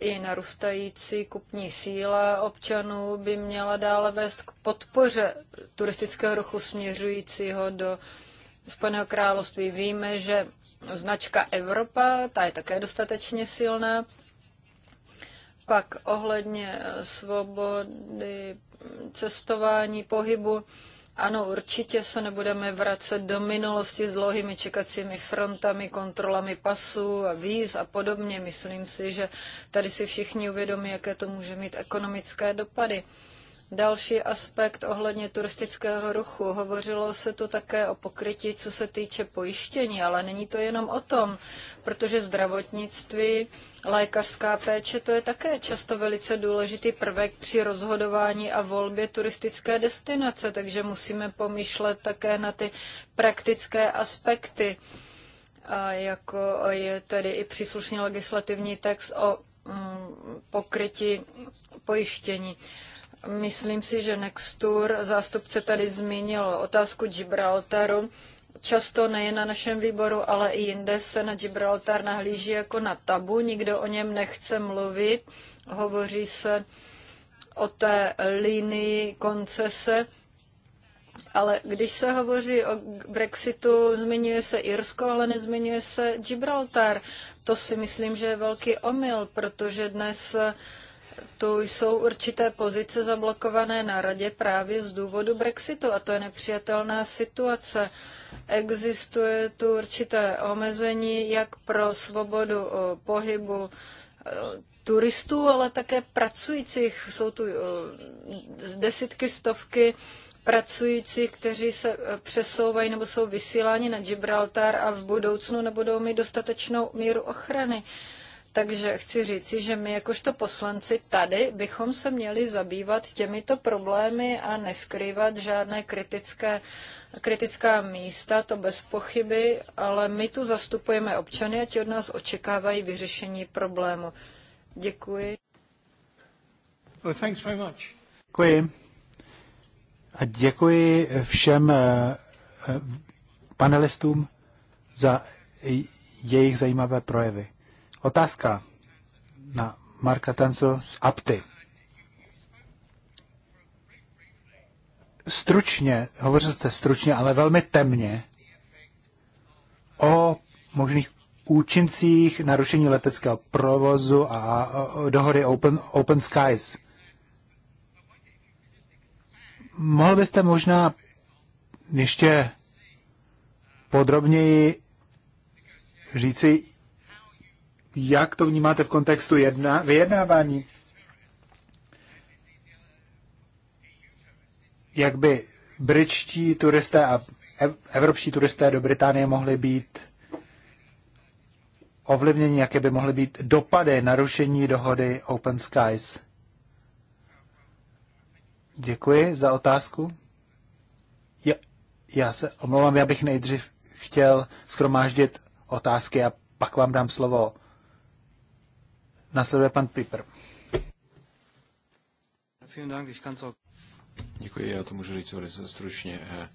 i narůstající kupní síla občanů by měla dále vést k podpoře turistického ruchu směřujícího do Spojeného království. Víme, že značka Evropa, ta je také dostatečně silná. Pak ohledně svobody cestování, pohybu, ano, určitě se nebudeme vracet do minulosti s dlouhými čekacími frontami, kontrolami pasů a víz a podobně. Myslím si, že tady si všichni uvědomí, jaké to může mít ekonomické dopady. Další aspekt ohledně turistického ruchu. Hovořilo se tu také o pokrytí, co se týče pojištění, ale není to jenom o tom, protože zdravotnictví, lékařská péče, to je také často velice důležitý prvek při rozhodování a volbě turistické destinace, takže musíme pomýšlet také na ty praktické aspekty, jako je tedy i příslušný legislativní text o mm, pokrytí pojištění. Myslím si, že Nextur, zástupce tady zmínil otázku Gibraltaru. Často nejen na našem výboru, ale i jinde se na Gibraltar nahlíží jako na tabu, nikdo o něm nechce mluvit, hovoří se o té linii koncese, ale když se hovoří o Brexitu, zmiňuje se Irsko, ale nezmiňuje se Gibraltar. To si myslím, že je velký omyl, protože dnes uh, tu jsou určité pozice zablokované na radě právě z důvodu Brexitu a to je nepřijatelná situace. Existuje tu určité omezení jak pro svobodu eh, pohybu eh, turistů, ale také pracujících. Jsou tu eh, desítky, stovky pracujících, kteří se přesouvají nebo jsou vysíláni na Gibraltar a v budoucnu nebudou mít dostatečnou míru ochrany. Takže chci říci, že my jakožto poslanci tady bychom se měli zabývat těmito problémy a neskrývat žádné kritické, kritická místa, to bez pochyby, ale my tu zastupujeme občany a ti od nás očekávají vyřešení problému. Děkuji. Well, thanks very much. Děkuji. A děkuji všem eh, eh, panelistům za jejich zajímavé projevy. Otázka na Marka Tanco z Apty. Stručně, hovořil jste stručně, ale velmi temně o možných účincích narušení leteckého provozu a dohody Open, open Skies. Mohl byste možná ještě podrobněji říci, jak to vnímáte v kontextu jedna, vyjednávání? Jak by britští turisté a evropští turisté do Británie mohli být ovlivněni, jaké by mohly být dopady narušení dohody Open Skies? Děkuji za otázku. Já, já se omlouvám, já bych nejdřív chtěl schromáždit otázky a pak vám dám slovo Následuje pan Piper. Děkuji, já to můžu říct velice stručně. Eh,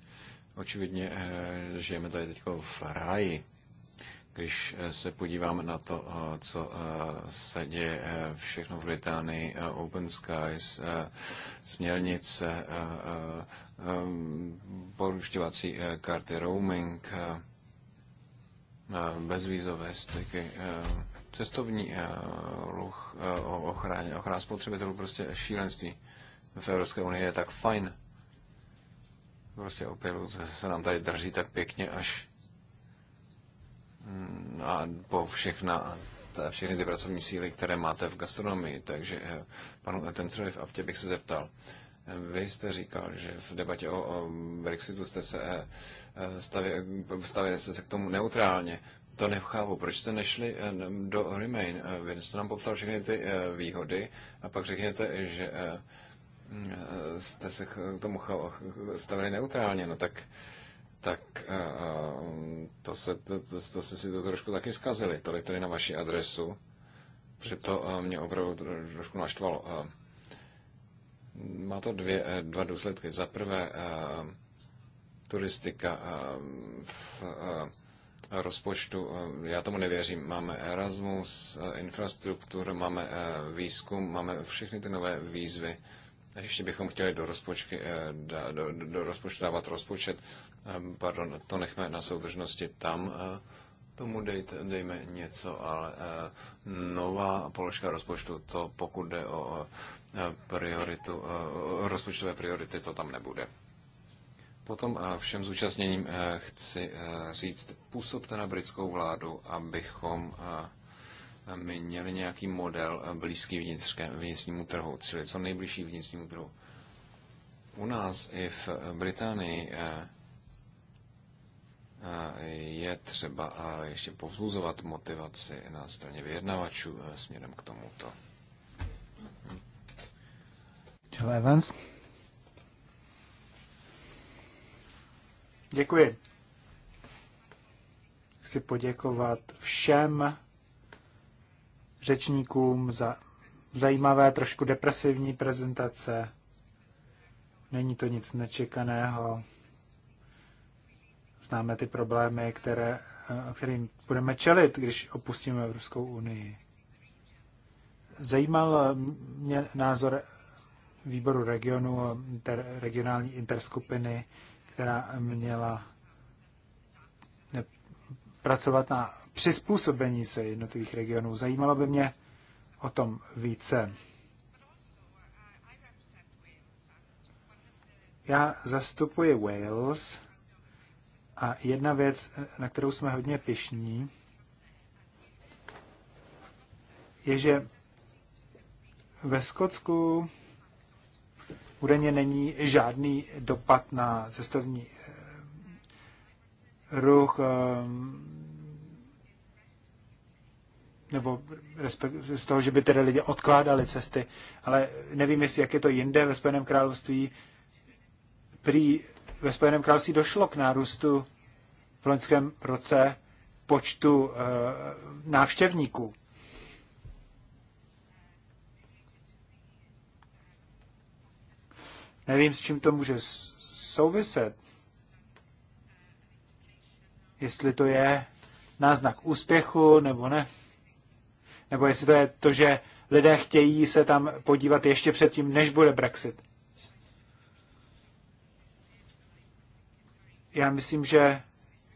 očividně eh, žijeme tady teď v ráji, když eh, se podívám na to, co se děje všechno v Británii, Open Skies, směrnice, porušťovací karty roaming, bezvízové styky, cestovní eh, luch, eh, ochraně, ochrana spotřebitelů, prostě šílenství v Evropské unii je tak fajn. Prostě opět se nám tady drží tak pěkně až mm, a po všechna, ta, všechny ty pracovní síly, které máte v gastronomii. Takže eh, panu Tentrovi v aptě bych se zeptal. Vy jste říkal, že v debatě o, o Brexitu jste se stavě, stavě se k tomu neutrálně to nechápu, proč jste nešli eh, do Remain. Eh, vy jste nám popsal všechny ty eh, výhody a pak řekněte, že mm, jste se k tomu stavili neutrálně, no tak, tak to, se, to, to, to se si to trošku taky zkazili, tolik tady na vaši adresu, protože to mě opravdu trošku naštvalo. Má to dvě, dva důsledky. Za prvé, turistika v rozpočtu. Eh, já tomu nevěřím. Máme Erasmus, eh, infrastrukturu, máme eh, výzkum, máme všechny ty nové výzvy. ještě bychom chtěli do, rozpočky, do, do, do rozpočtu dávat rozpočet. Pardon, to nechme na soudržnosti tam. Tomu dejte, dejme něco, ale nová položka rozpočtu, to pokud jde o prioritu, rozpočtové priority, to tam nebude. Potom eh, všem zúčastněním eh, chci eh, říct, působte na britskou vládu, abychom měli nějaký model blízký vnitřnímu trhu, čili co nejbližší vnitřnímu trhu. U nás i v Británii je třeba ještě povzbuzovat motivaci na straně vyjednavačů směrem k tomuto. Čau, Evans. Děkuji. Chci poděkovat všem řečníkům za zajímavé, trošku depresivní prezentace. Není to nic nečekaného. Známe ty problémy, které, kterým budeme čelit, když opustíme Evropskou unii. Zajímal mě názor výboru regionu, inter, regionální interskupiny která měla pracovat na přizpůsobení se jednotlivých regionů. Zajímalo by mě o tom více. Já zastupuji Wales a jedna věc, na kterou jsme hodně pišní, je, že ve Skotsku údajně není žádný dopad na cestovní eh, ruch eh, nebo z toho, že by tedy lidé odkládali cesty, ale nevím, jestli jak je to jinde ve Spojeném království. Prý ve Spojeném království došlo k nárůstu v loňském roce počtu eh, návštěvníků. Nevím, s čím to může souviset. Jestli to je náznak úspěchu nebo ne. Nebo jestli to je to, že lidé chtějí se tam podívat ještě předtím, než bude Brexit. Já myslím, že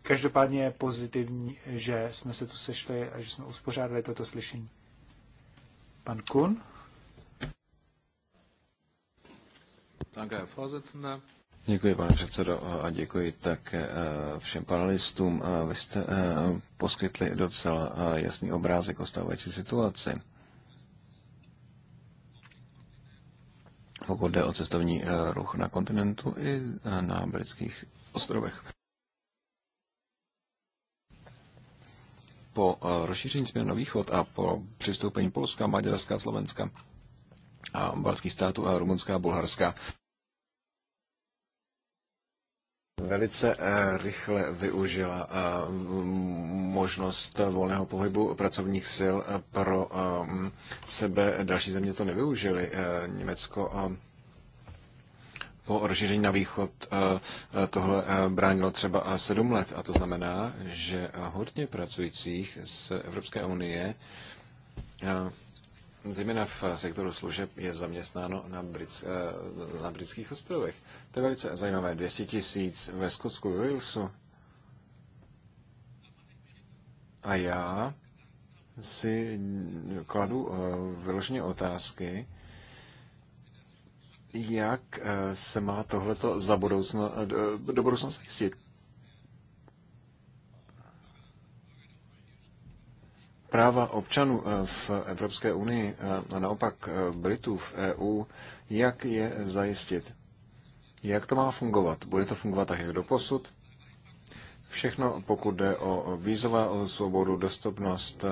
každopádně je pozitivní, že jsme se tu sešli a že jsme uspořádali toto slyšení. Pan Kun? Děkuji, pane předsedo, a děkuji také eh, všem panelistům. Eh, vy jste eh, poskytli docela jasný obrázek o stávající situaci. Pokud jde o cestovní ruch na kontinentu i na britských ostrovech. Po rozšíření směr na východ a po přistoupení Polska, Maďarska, Slovenska a balských států a Rumunská a Bulharska velice eh, rychle využila eh, možnost volného pohybu pracovních sil eh, pro sebe. Další země to nevyužily. Německo po rozšíření na východ tohle bránilo třeba sedm let. A to znamená, že hodně pracujících z Evropské unie zejména v sektoru služeb, je zaměstnáno na, Brit, eh, na britských ostrovech. To je velice zajímavé. 200 tisíc ve Skotsku, ve Walesu. A já si kladu eh, vyloženě otázky, jak eh, se má tohleto za budoucno, do budoucna zjistit. práva občanů eh, v Evropské unii eh, a naopak eh, Britů v EU, jak je zajistit? Jak to má fungovat? Bude to fungovat tak, jak do posud? Všechno, pokud jde o vízová o svobodu, dostupnost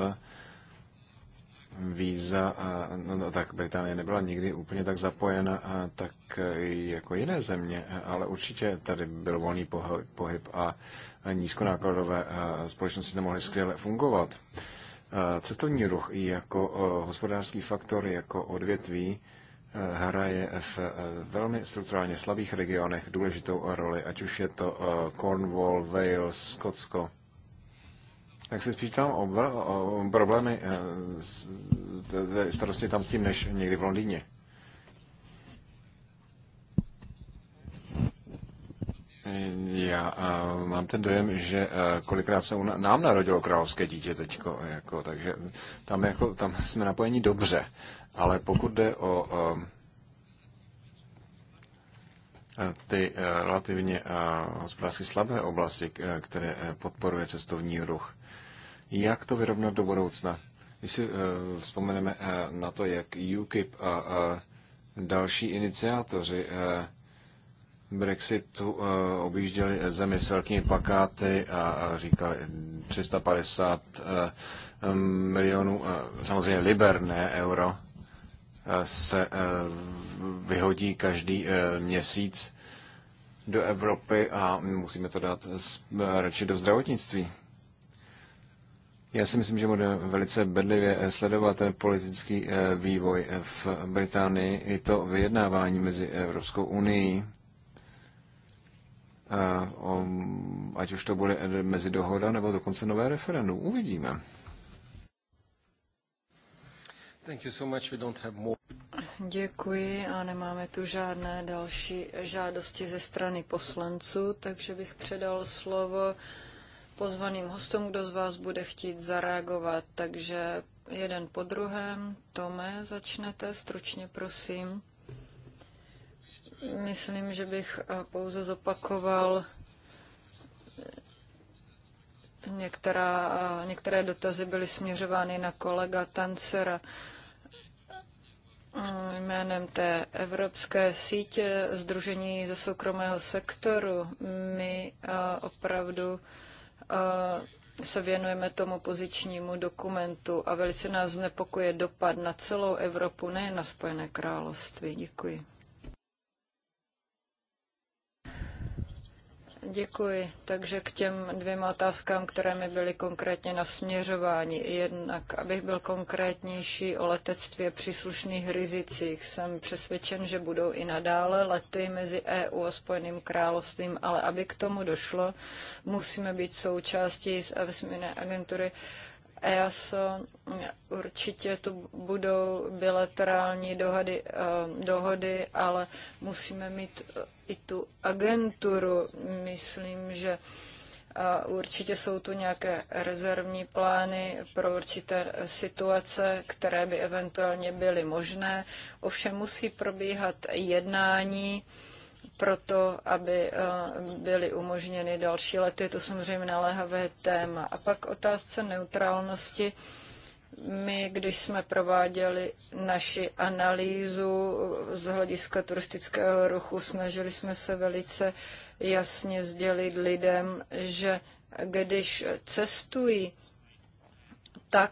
víza, a, no, no, tak Británie nebyla nikdy úplně tak zapojena, a, tak jako jiné země, ale určitě tady byl volný pohyb a nízkonákladové společnosti nemohly skvěle fungovat. Cestovní ruch jako e, hospodářský faktor, jako odvětví, e, hraje v e, velmi strukturálně slabých regionech důležitou roli, ať už je to Cornwall, Wales, Skotsko. Tak se spíš tam o, o problémy starosti tam s tím, než někdy v Londýně. Já uh, mám ten dojem, že eh, kolikrát se nám narodilo královské dítě teďko, jako, takže tam, jako, tam jsme napojeni dobře. Ale pokud jde o eh, ty relativně hospodářsky slabé oblasti, které podporuje cestovní ruch, jak to vyrovnat do budoucna? Když si vzpomeneme na to, jak UKIP a další iniciátoři Brexitu eh, objížděli zemi s velkými plakáty a říkali 350 eh, milionů, eh, samozřejmě liber, ne euro, se vyhodí každý měsíc do Evropy a musíme to dát radši do zdravotnictví. Já si myslím, že budeme velice bedlivě sledovat ten politický vývoj v Británii i to vyjednávání mezi Evropskou unii Um, ať už to bude mezi dohoda nebo dokonce nové referendum. Uvidíme. So Děkuji a nemáme tu žádné další žádosti ze strany poslanců, takže bych předal slovo pozvaným hostům, kdo z vás bude chtít zareagovat. Takže jeden po druhém. Tome, začnete stručně, prosím. Myslím, že bych eh, pouze zopakoval eh, některá, eh, některé dotazy byly směřovány na kolega Tancera jménem té Evropské sítě Združení ze soukromého sektoru. My opravdu se věnujeme tomu pozičnímu dokumentu a velice nás znepokuje dopad na celou Evropu, ne na Spojené království. Děkuji. Děkuji. Takže k těm dvěma otázkám, které mi byly konkrétně nasměřovány. Jednak, abych byl konkrétnější o letectví příslušných rizicích. Jsem přesvědčen, že budou i nadále lety mezi EU a Spojeným královstvím, ale aby k tomu došlo, musíme být součástí vesmírné agentury EASO určitě tu budou bilaterální dohody, eh, dohody ale musíme mít eh, i tu agenturu. Myslím, že určitě jsou tu nějaké rezervní plány pro určité situace, které by eventuálně byly možné. Ovšem musí probíhat jednání proto, aby byly umožněny další lety. Je to samozřejmě naléhavé téma. A pak otázce neutrálnosti. My, když jsme prováděli naši analýzu z hlediska turistického ruchu, snažili jsme se velice jasně sdělit lidem, že když cestují, tak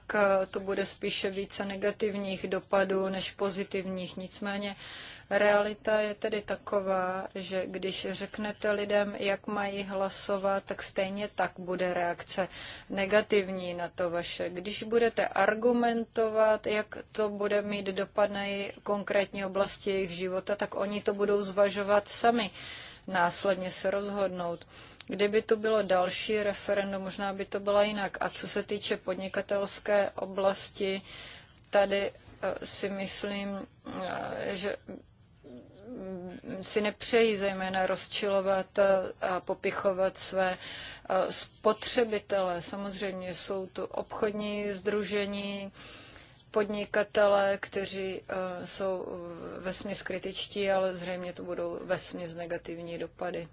to bude spíše více negativních dopadů než pozitivních. Nicméně Realita je tedy taková, že když řeknete lidem, jak mají hlasovat, tak stejně tak bude reakce negativní na to vaše. Když budete argumentovat, jak to bude mít dopad na konkrétní oblasti jejich života, tak oni to budou zvažovat sami následně se rozhodnout. Kdyby to bylo další referendum, možná by to byla jinak. A co se týče podnikatelské oblasti, tady eh, si myslím, eh, že si nepřejí zejména rozčilovat a popichovat své eh, spotřebitele. Samozřejmě jsou tu obchodní združení, podnikatele, kteří eh, jsou eh, vesměs kritičtí, ale zřejmě to budou vesměs negativní dopady.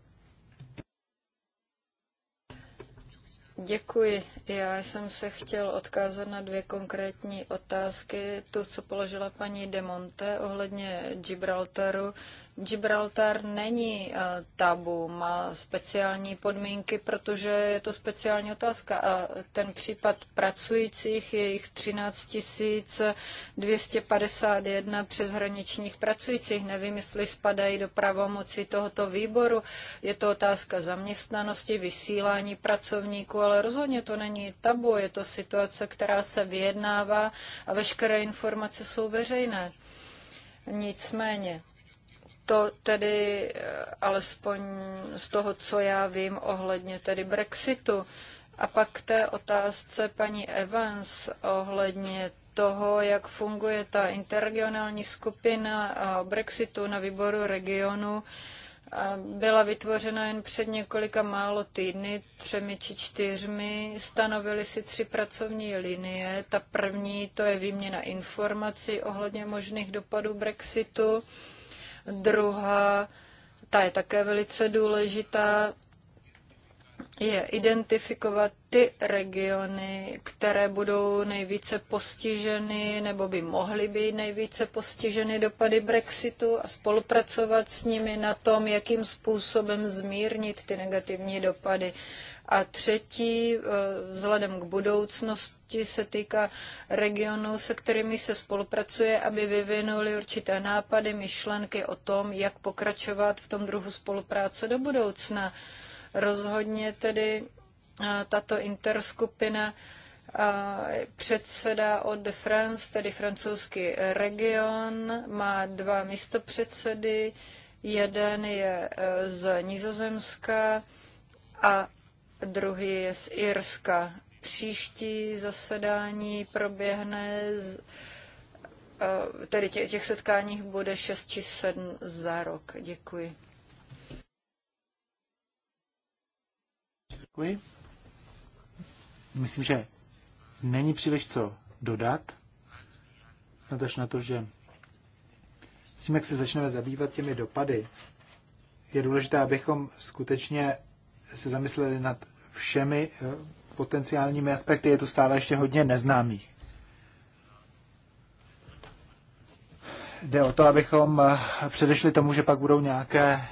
Děkuji. Já jsem se chtěl odkázat na dvě konkrétní otázky. Tu, co položila paní Demonte ohledně Gibraltaru, Gibraltar není eh, tabu, má speciální podmínky, protože je to speciální otázka. A ten případ pracujících je jich 13 251 přeshraničních pracujících. Nevím, jestli spadají do pravomoci tohoto výboru. Je to otázka zaměstnanosti, vysílání pracovníků, ale rozhodně to není tabu. Je to situace, která se vyjednává a veškeré informace jsou veřejné. Nicméně to tedy eh, alespoň z toho, co já vím ohledně tedy Brexitu. A pak té otázce paní Evans ohledně toho, jak funguje ta interregionální skupina Brexitu na výboru regionu, byla vytvořena jen před několika málo týdny, třemi či čtyřmi. Stanovili si tři pracovní linie. Ta první to je výměna informací ohledně možných dopadů Brexitu. Druhá, ta je také velice důležitá, je identifikovat ty regiony, které budou nejvíce postiženy nebo by mohly být nejvíce postiženy dopady Brexitu a spolupracovat s nimi na tom, jakým způsobem zmírnit ty negativní dopady. A třetí, eh, vzhledem k budoucnosti, se týká regionů, se kterými se spolupracuje, aby vyvinuli určité nápady, myšlenky o tom, jak pokračovat v tom druhu spolupráce do budoucna. Rozhodně tedy eh, tato interskupina eh, předseda od de France, tedy francouzský region, má dva místopředsedy, jeden je z Nizozemska a druhý je z Irska. Příští zasedání proběhne z, eh, tedy těch, setkáních bude 6 či 7 za rok. Děkuji. Děkuji. Myslím, že není příliš co dodat. Snad až na to, že s tím, jak se začneme zabývat těmi dopady, je důležité, abychom skutečně se zamysleli nad všemi eh, potenciálními aspekty, je to stále ještě hodně neznámých. Jde o to, abychom eh, předešli tomu, že pak budou nějaké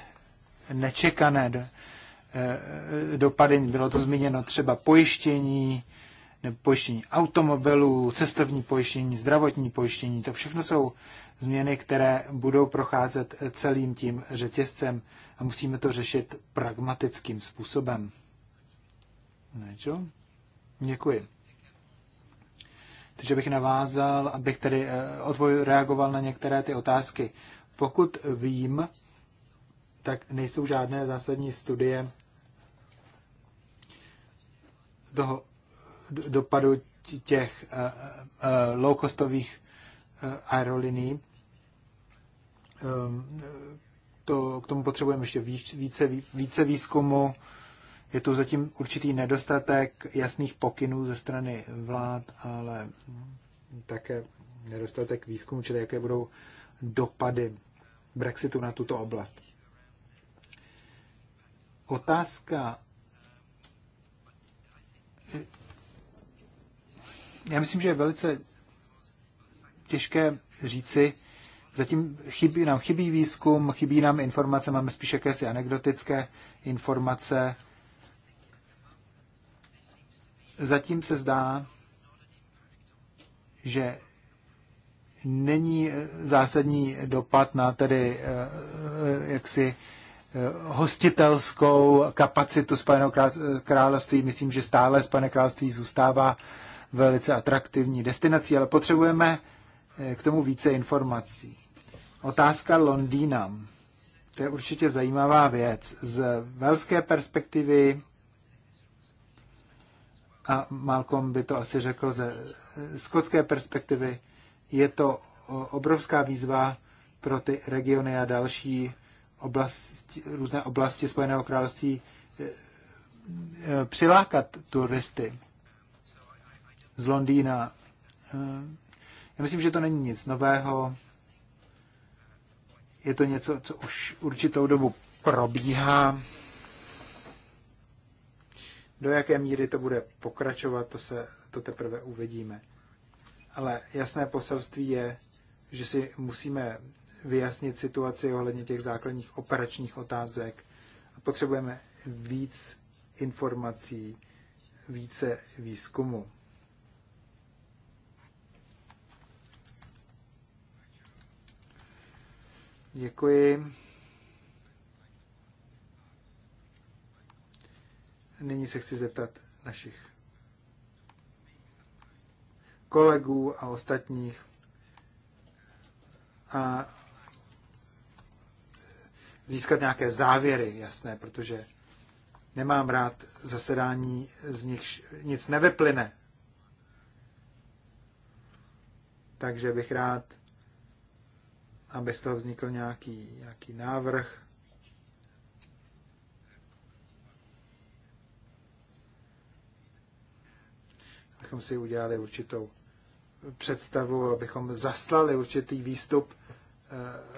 nečekané eh, dopady. Bylo to zmíněno třeba pojištění, nebo pojištění automobilů, cestovní pojištění, zdravotní pojištění. To všechno jsou změny, které budou procházet celým tím řetězcem a musíme to řešit pragmatickým způsobem. Nečo? Děkuji. Takže bych navázal, abych tedy eh, reagoval na některé ty otázky. Pokud vím, tak nejsou žádné zásadní studie toho dopadu těch eh, eh, eh, low-costových aerolinií. Ehm, to, k tomu potřebujeme ještě více, více výzkumu. Je tu zatím určitý nedostatek jasných pokynů ze strany vlád, ale také nedostatek výzkumu, čili jaké budou dopady Brexitu na tuto oblast. Otázka já myslím, že je velice těžké říci, zatím chybí, nám chybí výzkum, chybí nám informace, máme spíš jakési anekdotické informace. Zatím se zdá, že není zásadní dopad na tedy eh, eh, jaksi eh, hostitelskou kapacitu Spojeného království. Myslím, že stále Spojené království zůstává velice atraktivní destinací, ale potřebujeme eh, k tomu více informací. Otázka Londýna. To je určitě zajímavá věc. Z velské perspektivy, a Malcolm by to asi řekl ze eh, skotské perspektivy, je to obrovská výzva pro ty regiony a další oblasti, různé oblasti Spojeného království eh, přilákat turisty z Londýna. Eh, já myslím, že to není nic nového. Je to něco, co už určitou dobu probíhá. Do jaké míry to bude pokračovat, to, se, to teprve uvidíme. Ale jasné poselství je, že si musíme vyjasnit situaci ohledně těch základních operačních otázek. Potřebujeme víc informací, více výzkumu. Děkuji. Nyní se chci zeptat našich kolegů a ostatních. A získat nějaké závěry, jasné, protože nemám rád zasedání, z nich nic nevyplyne. Takže bych rád aby z toho vznikl nějaký, nějaký návrh. Abychom si udělali určitou představu, abychom zaslali určitý výstup eh,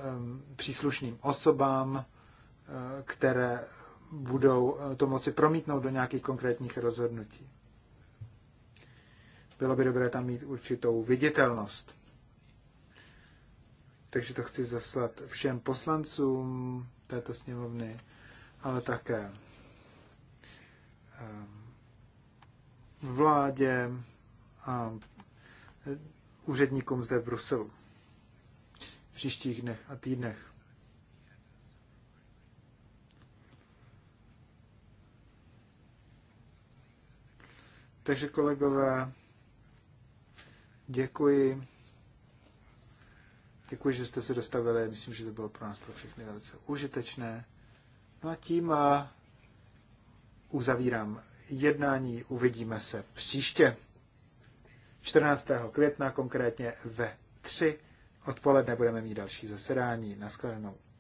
příslušným osobám, eh, které budou eh, to moci promítnout do nějakých konkrétních rozhodnutí. Bylo by dobré tam mít určitou viditelnost takže to chci zaslat všem poslancům této sněmovny, ale také eh, vládě a eh, úředníkům zde v Bruselu v příštích dnech a týdnech. Takže kolegové, děkuji Děkuji, že jste se dostavili. Myslím, že to bylo pro nás pro všechny velice užitečné. No a tím eh, uzavírám jednání. Uvidíme se příště. 14. května, konkrétně ve 3 odpoledne budeme mít další zasedání. Naschledanou.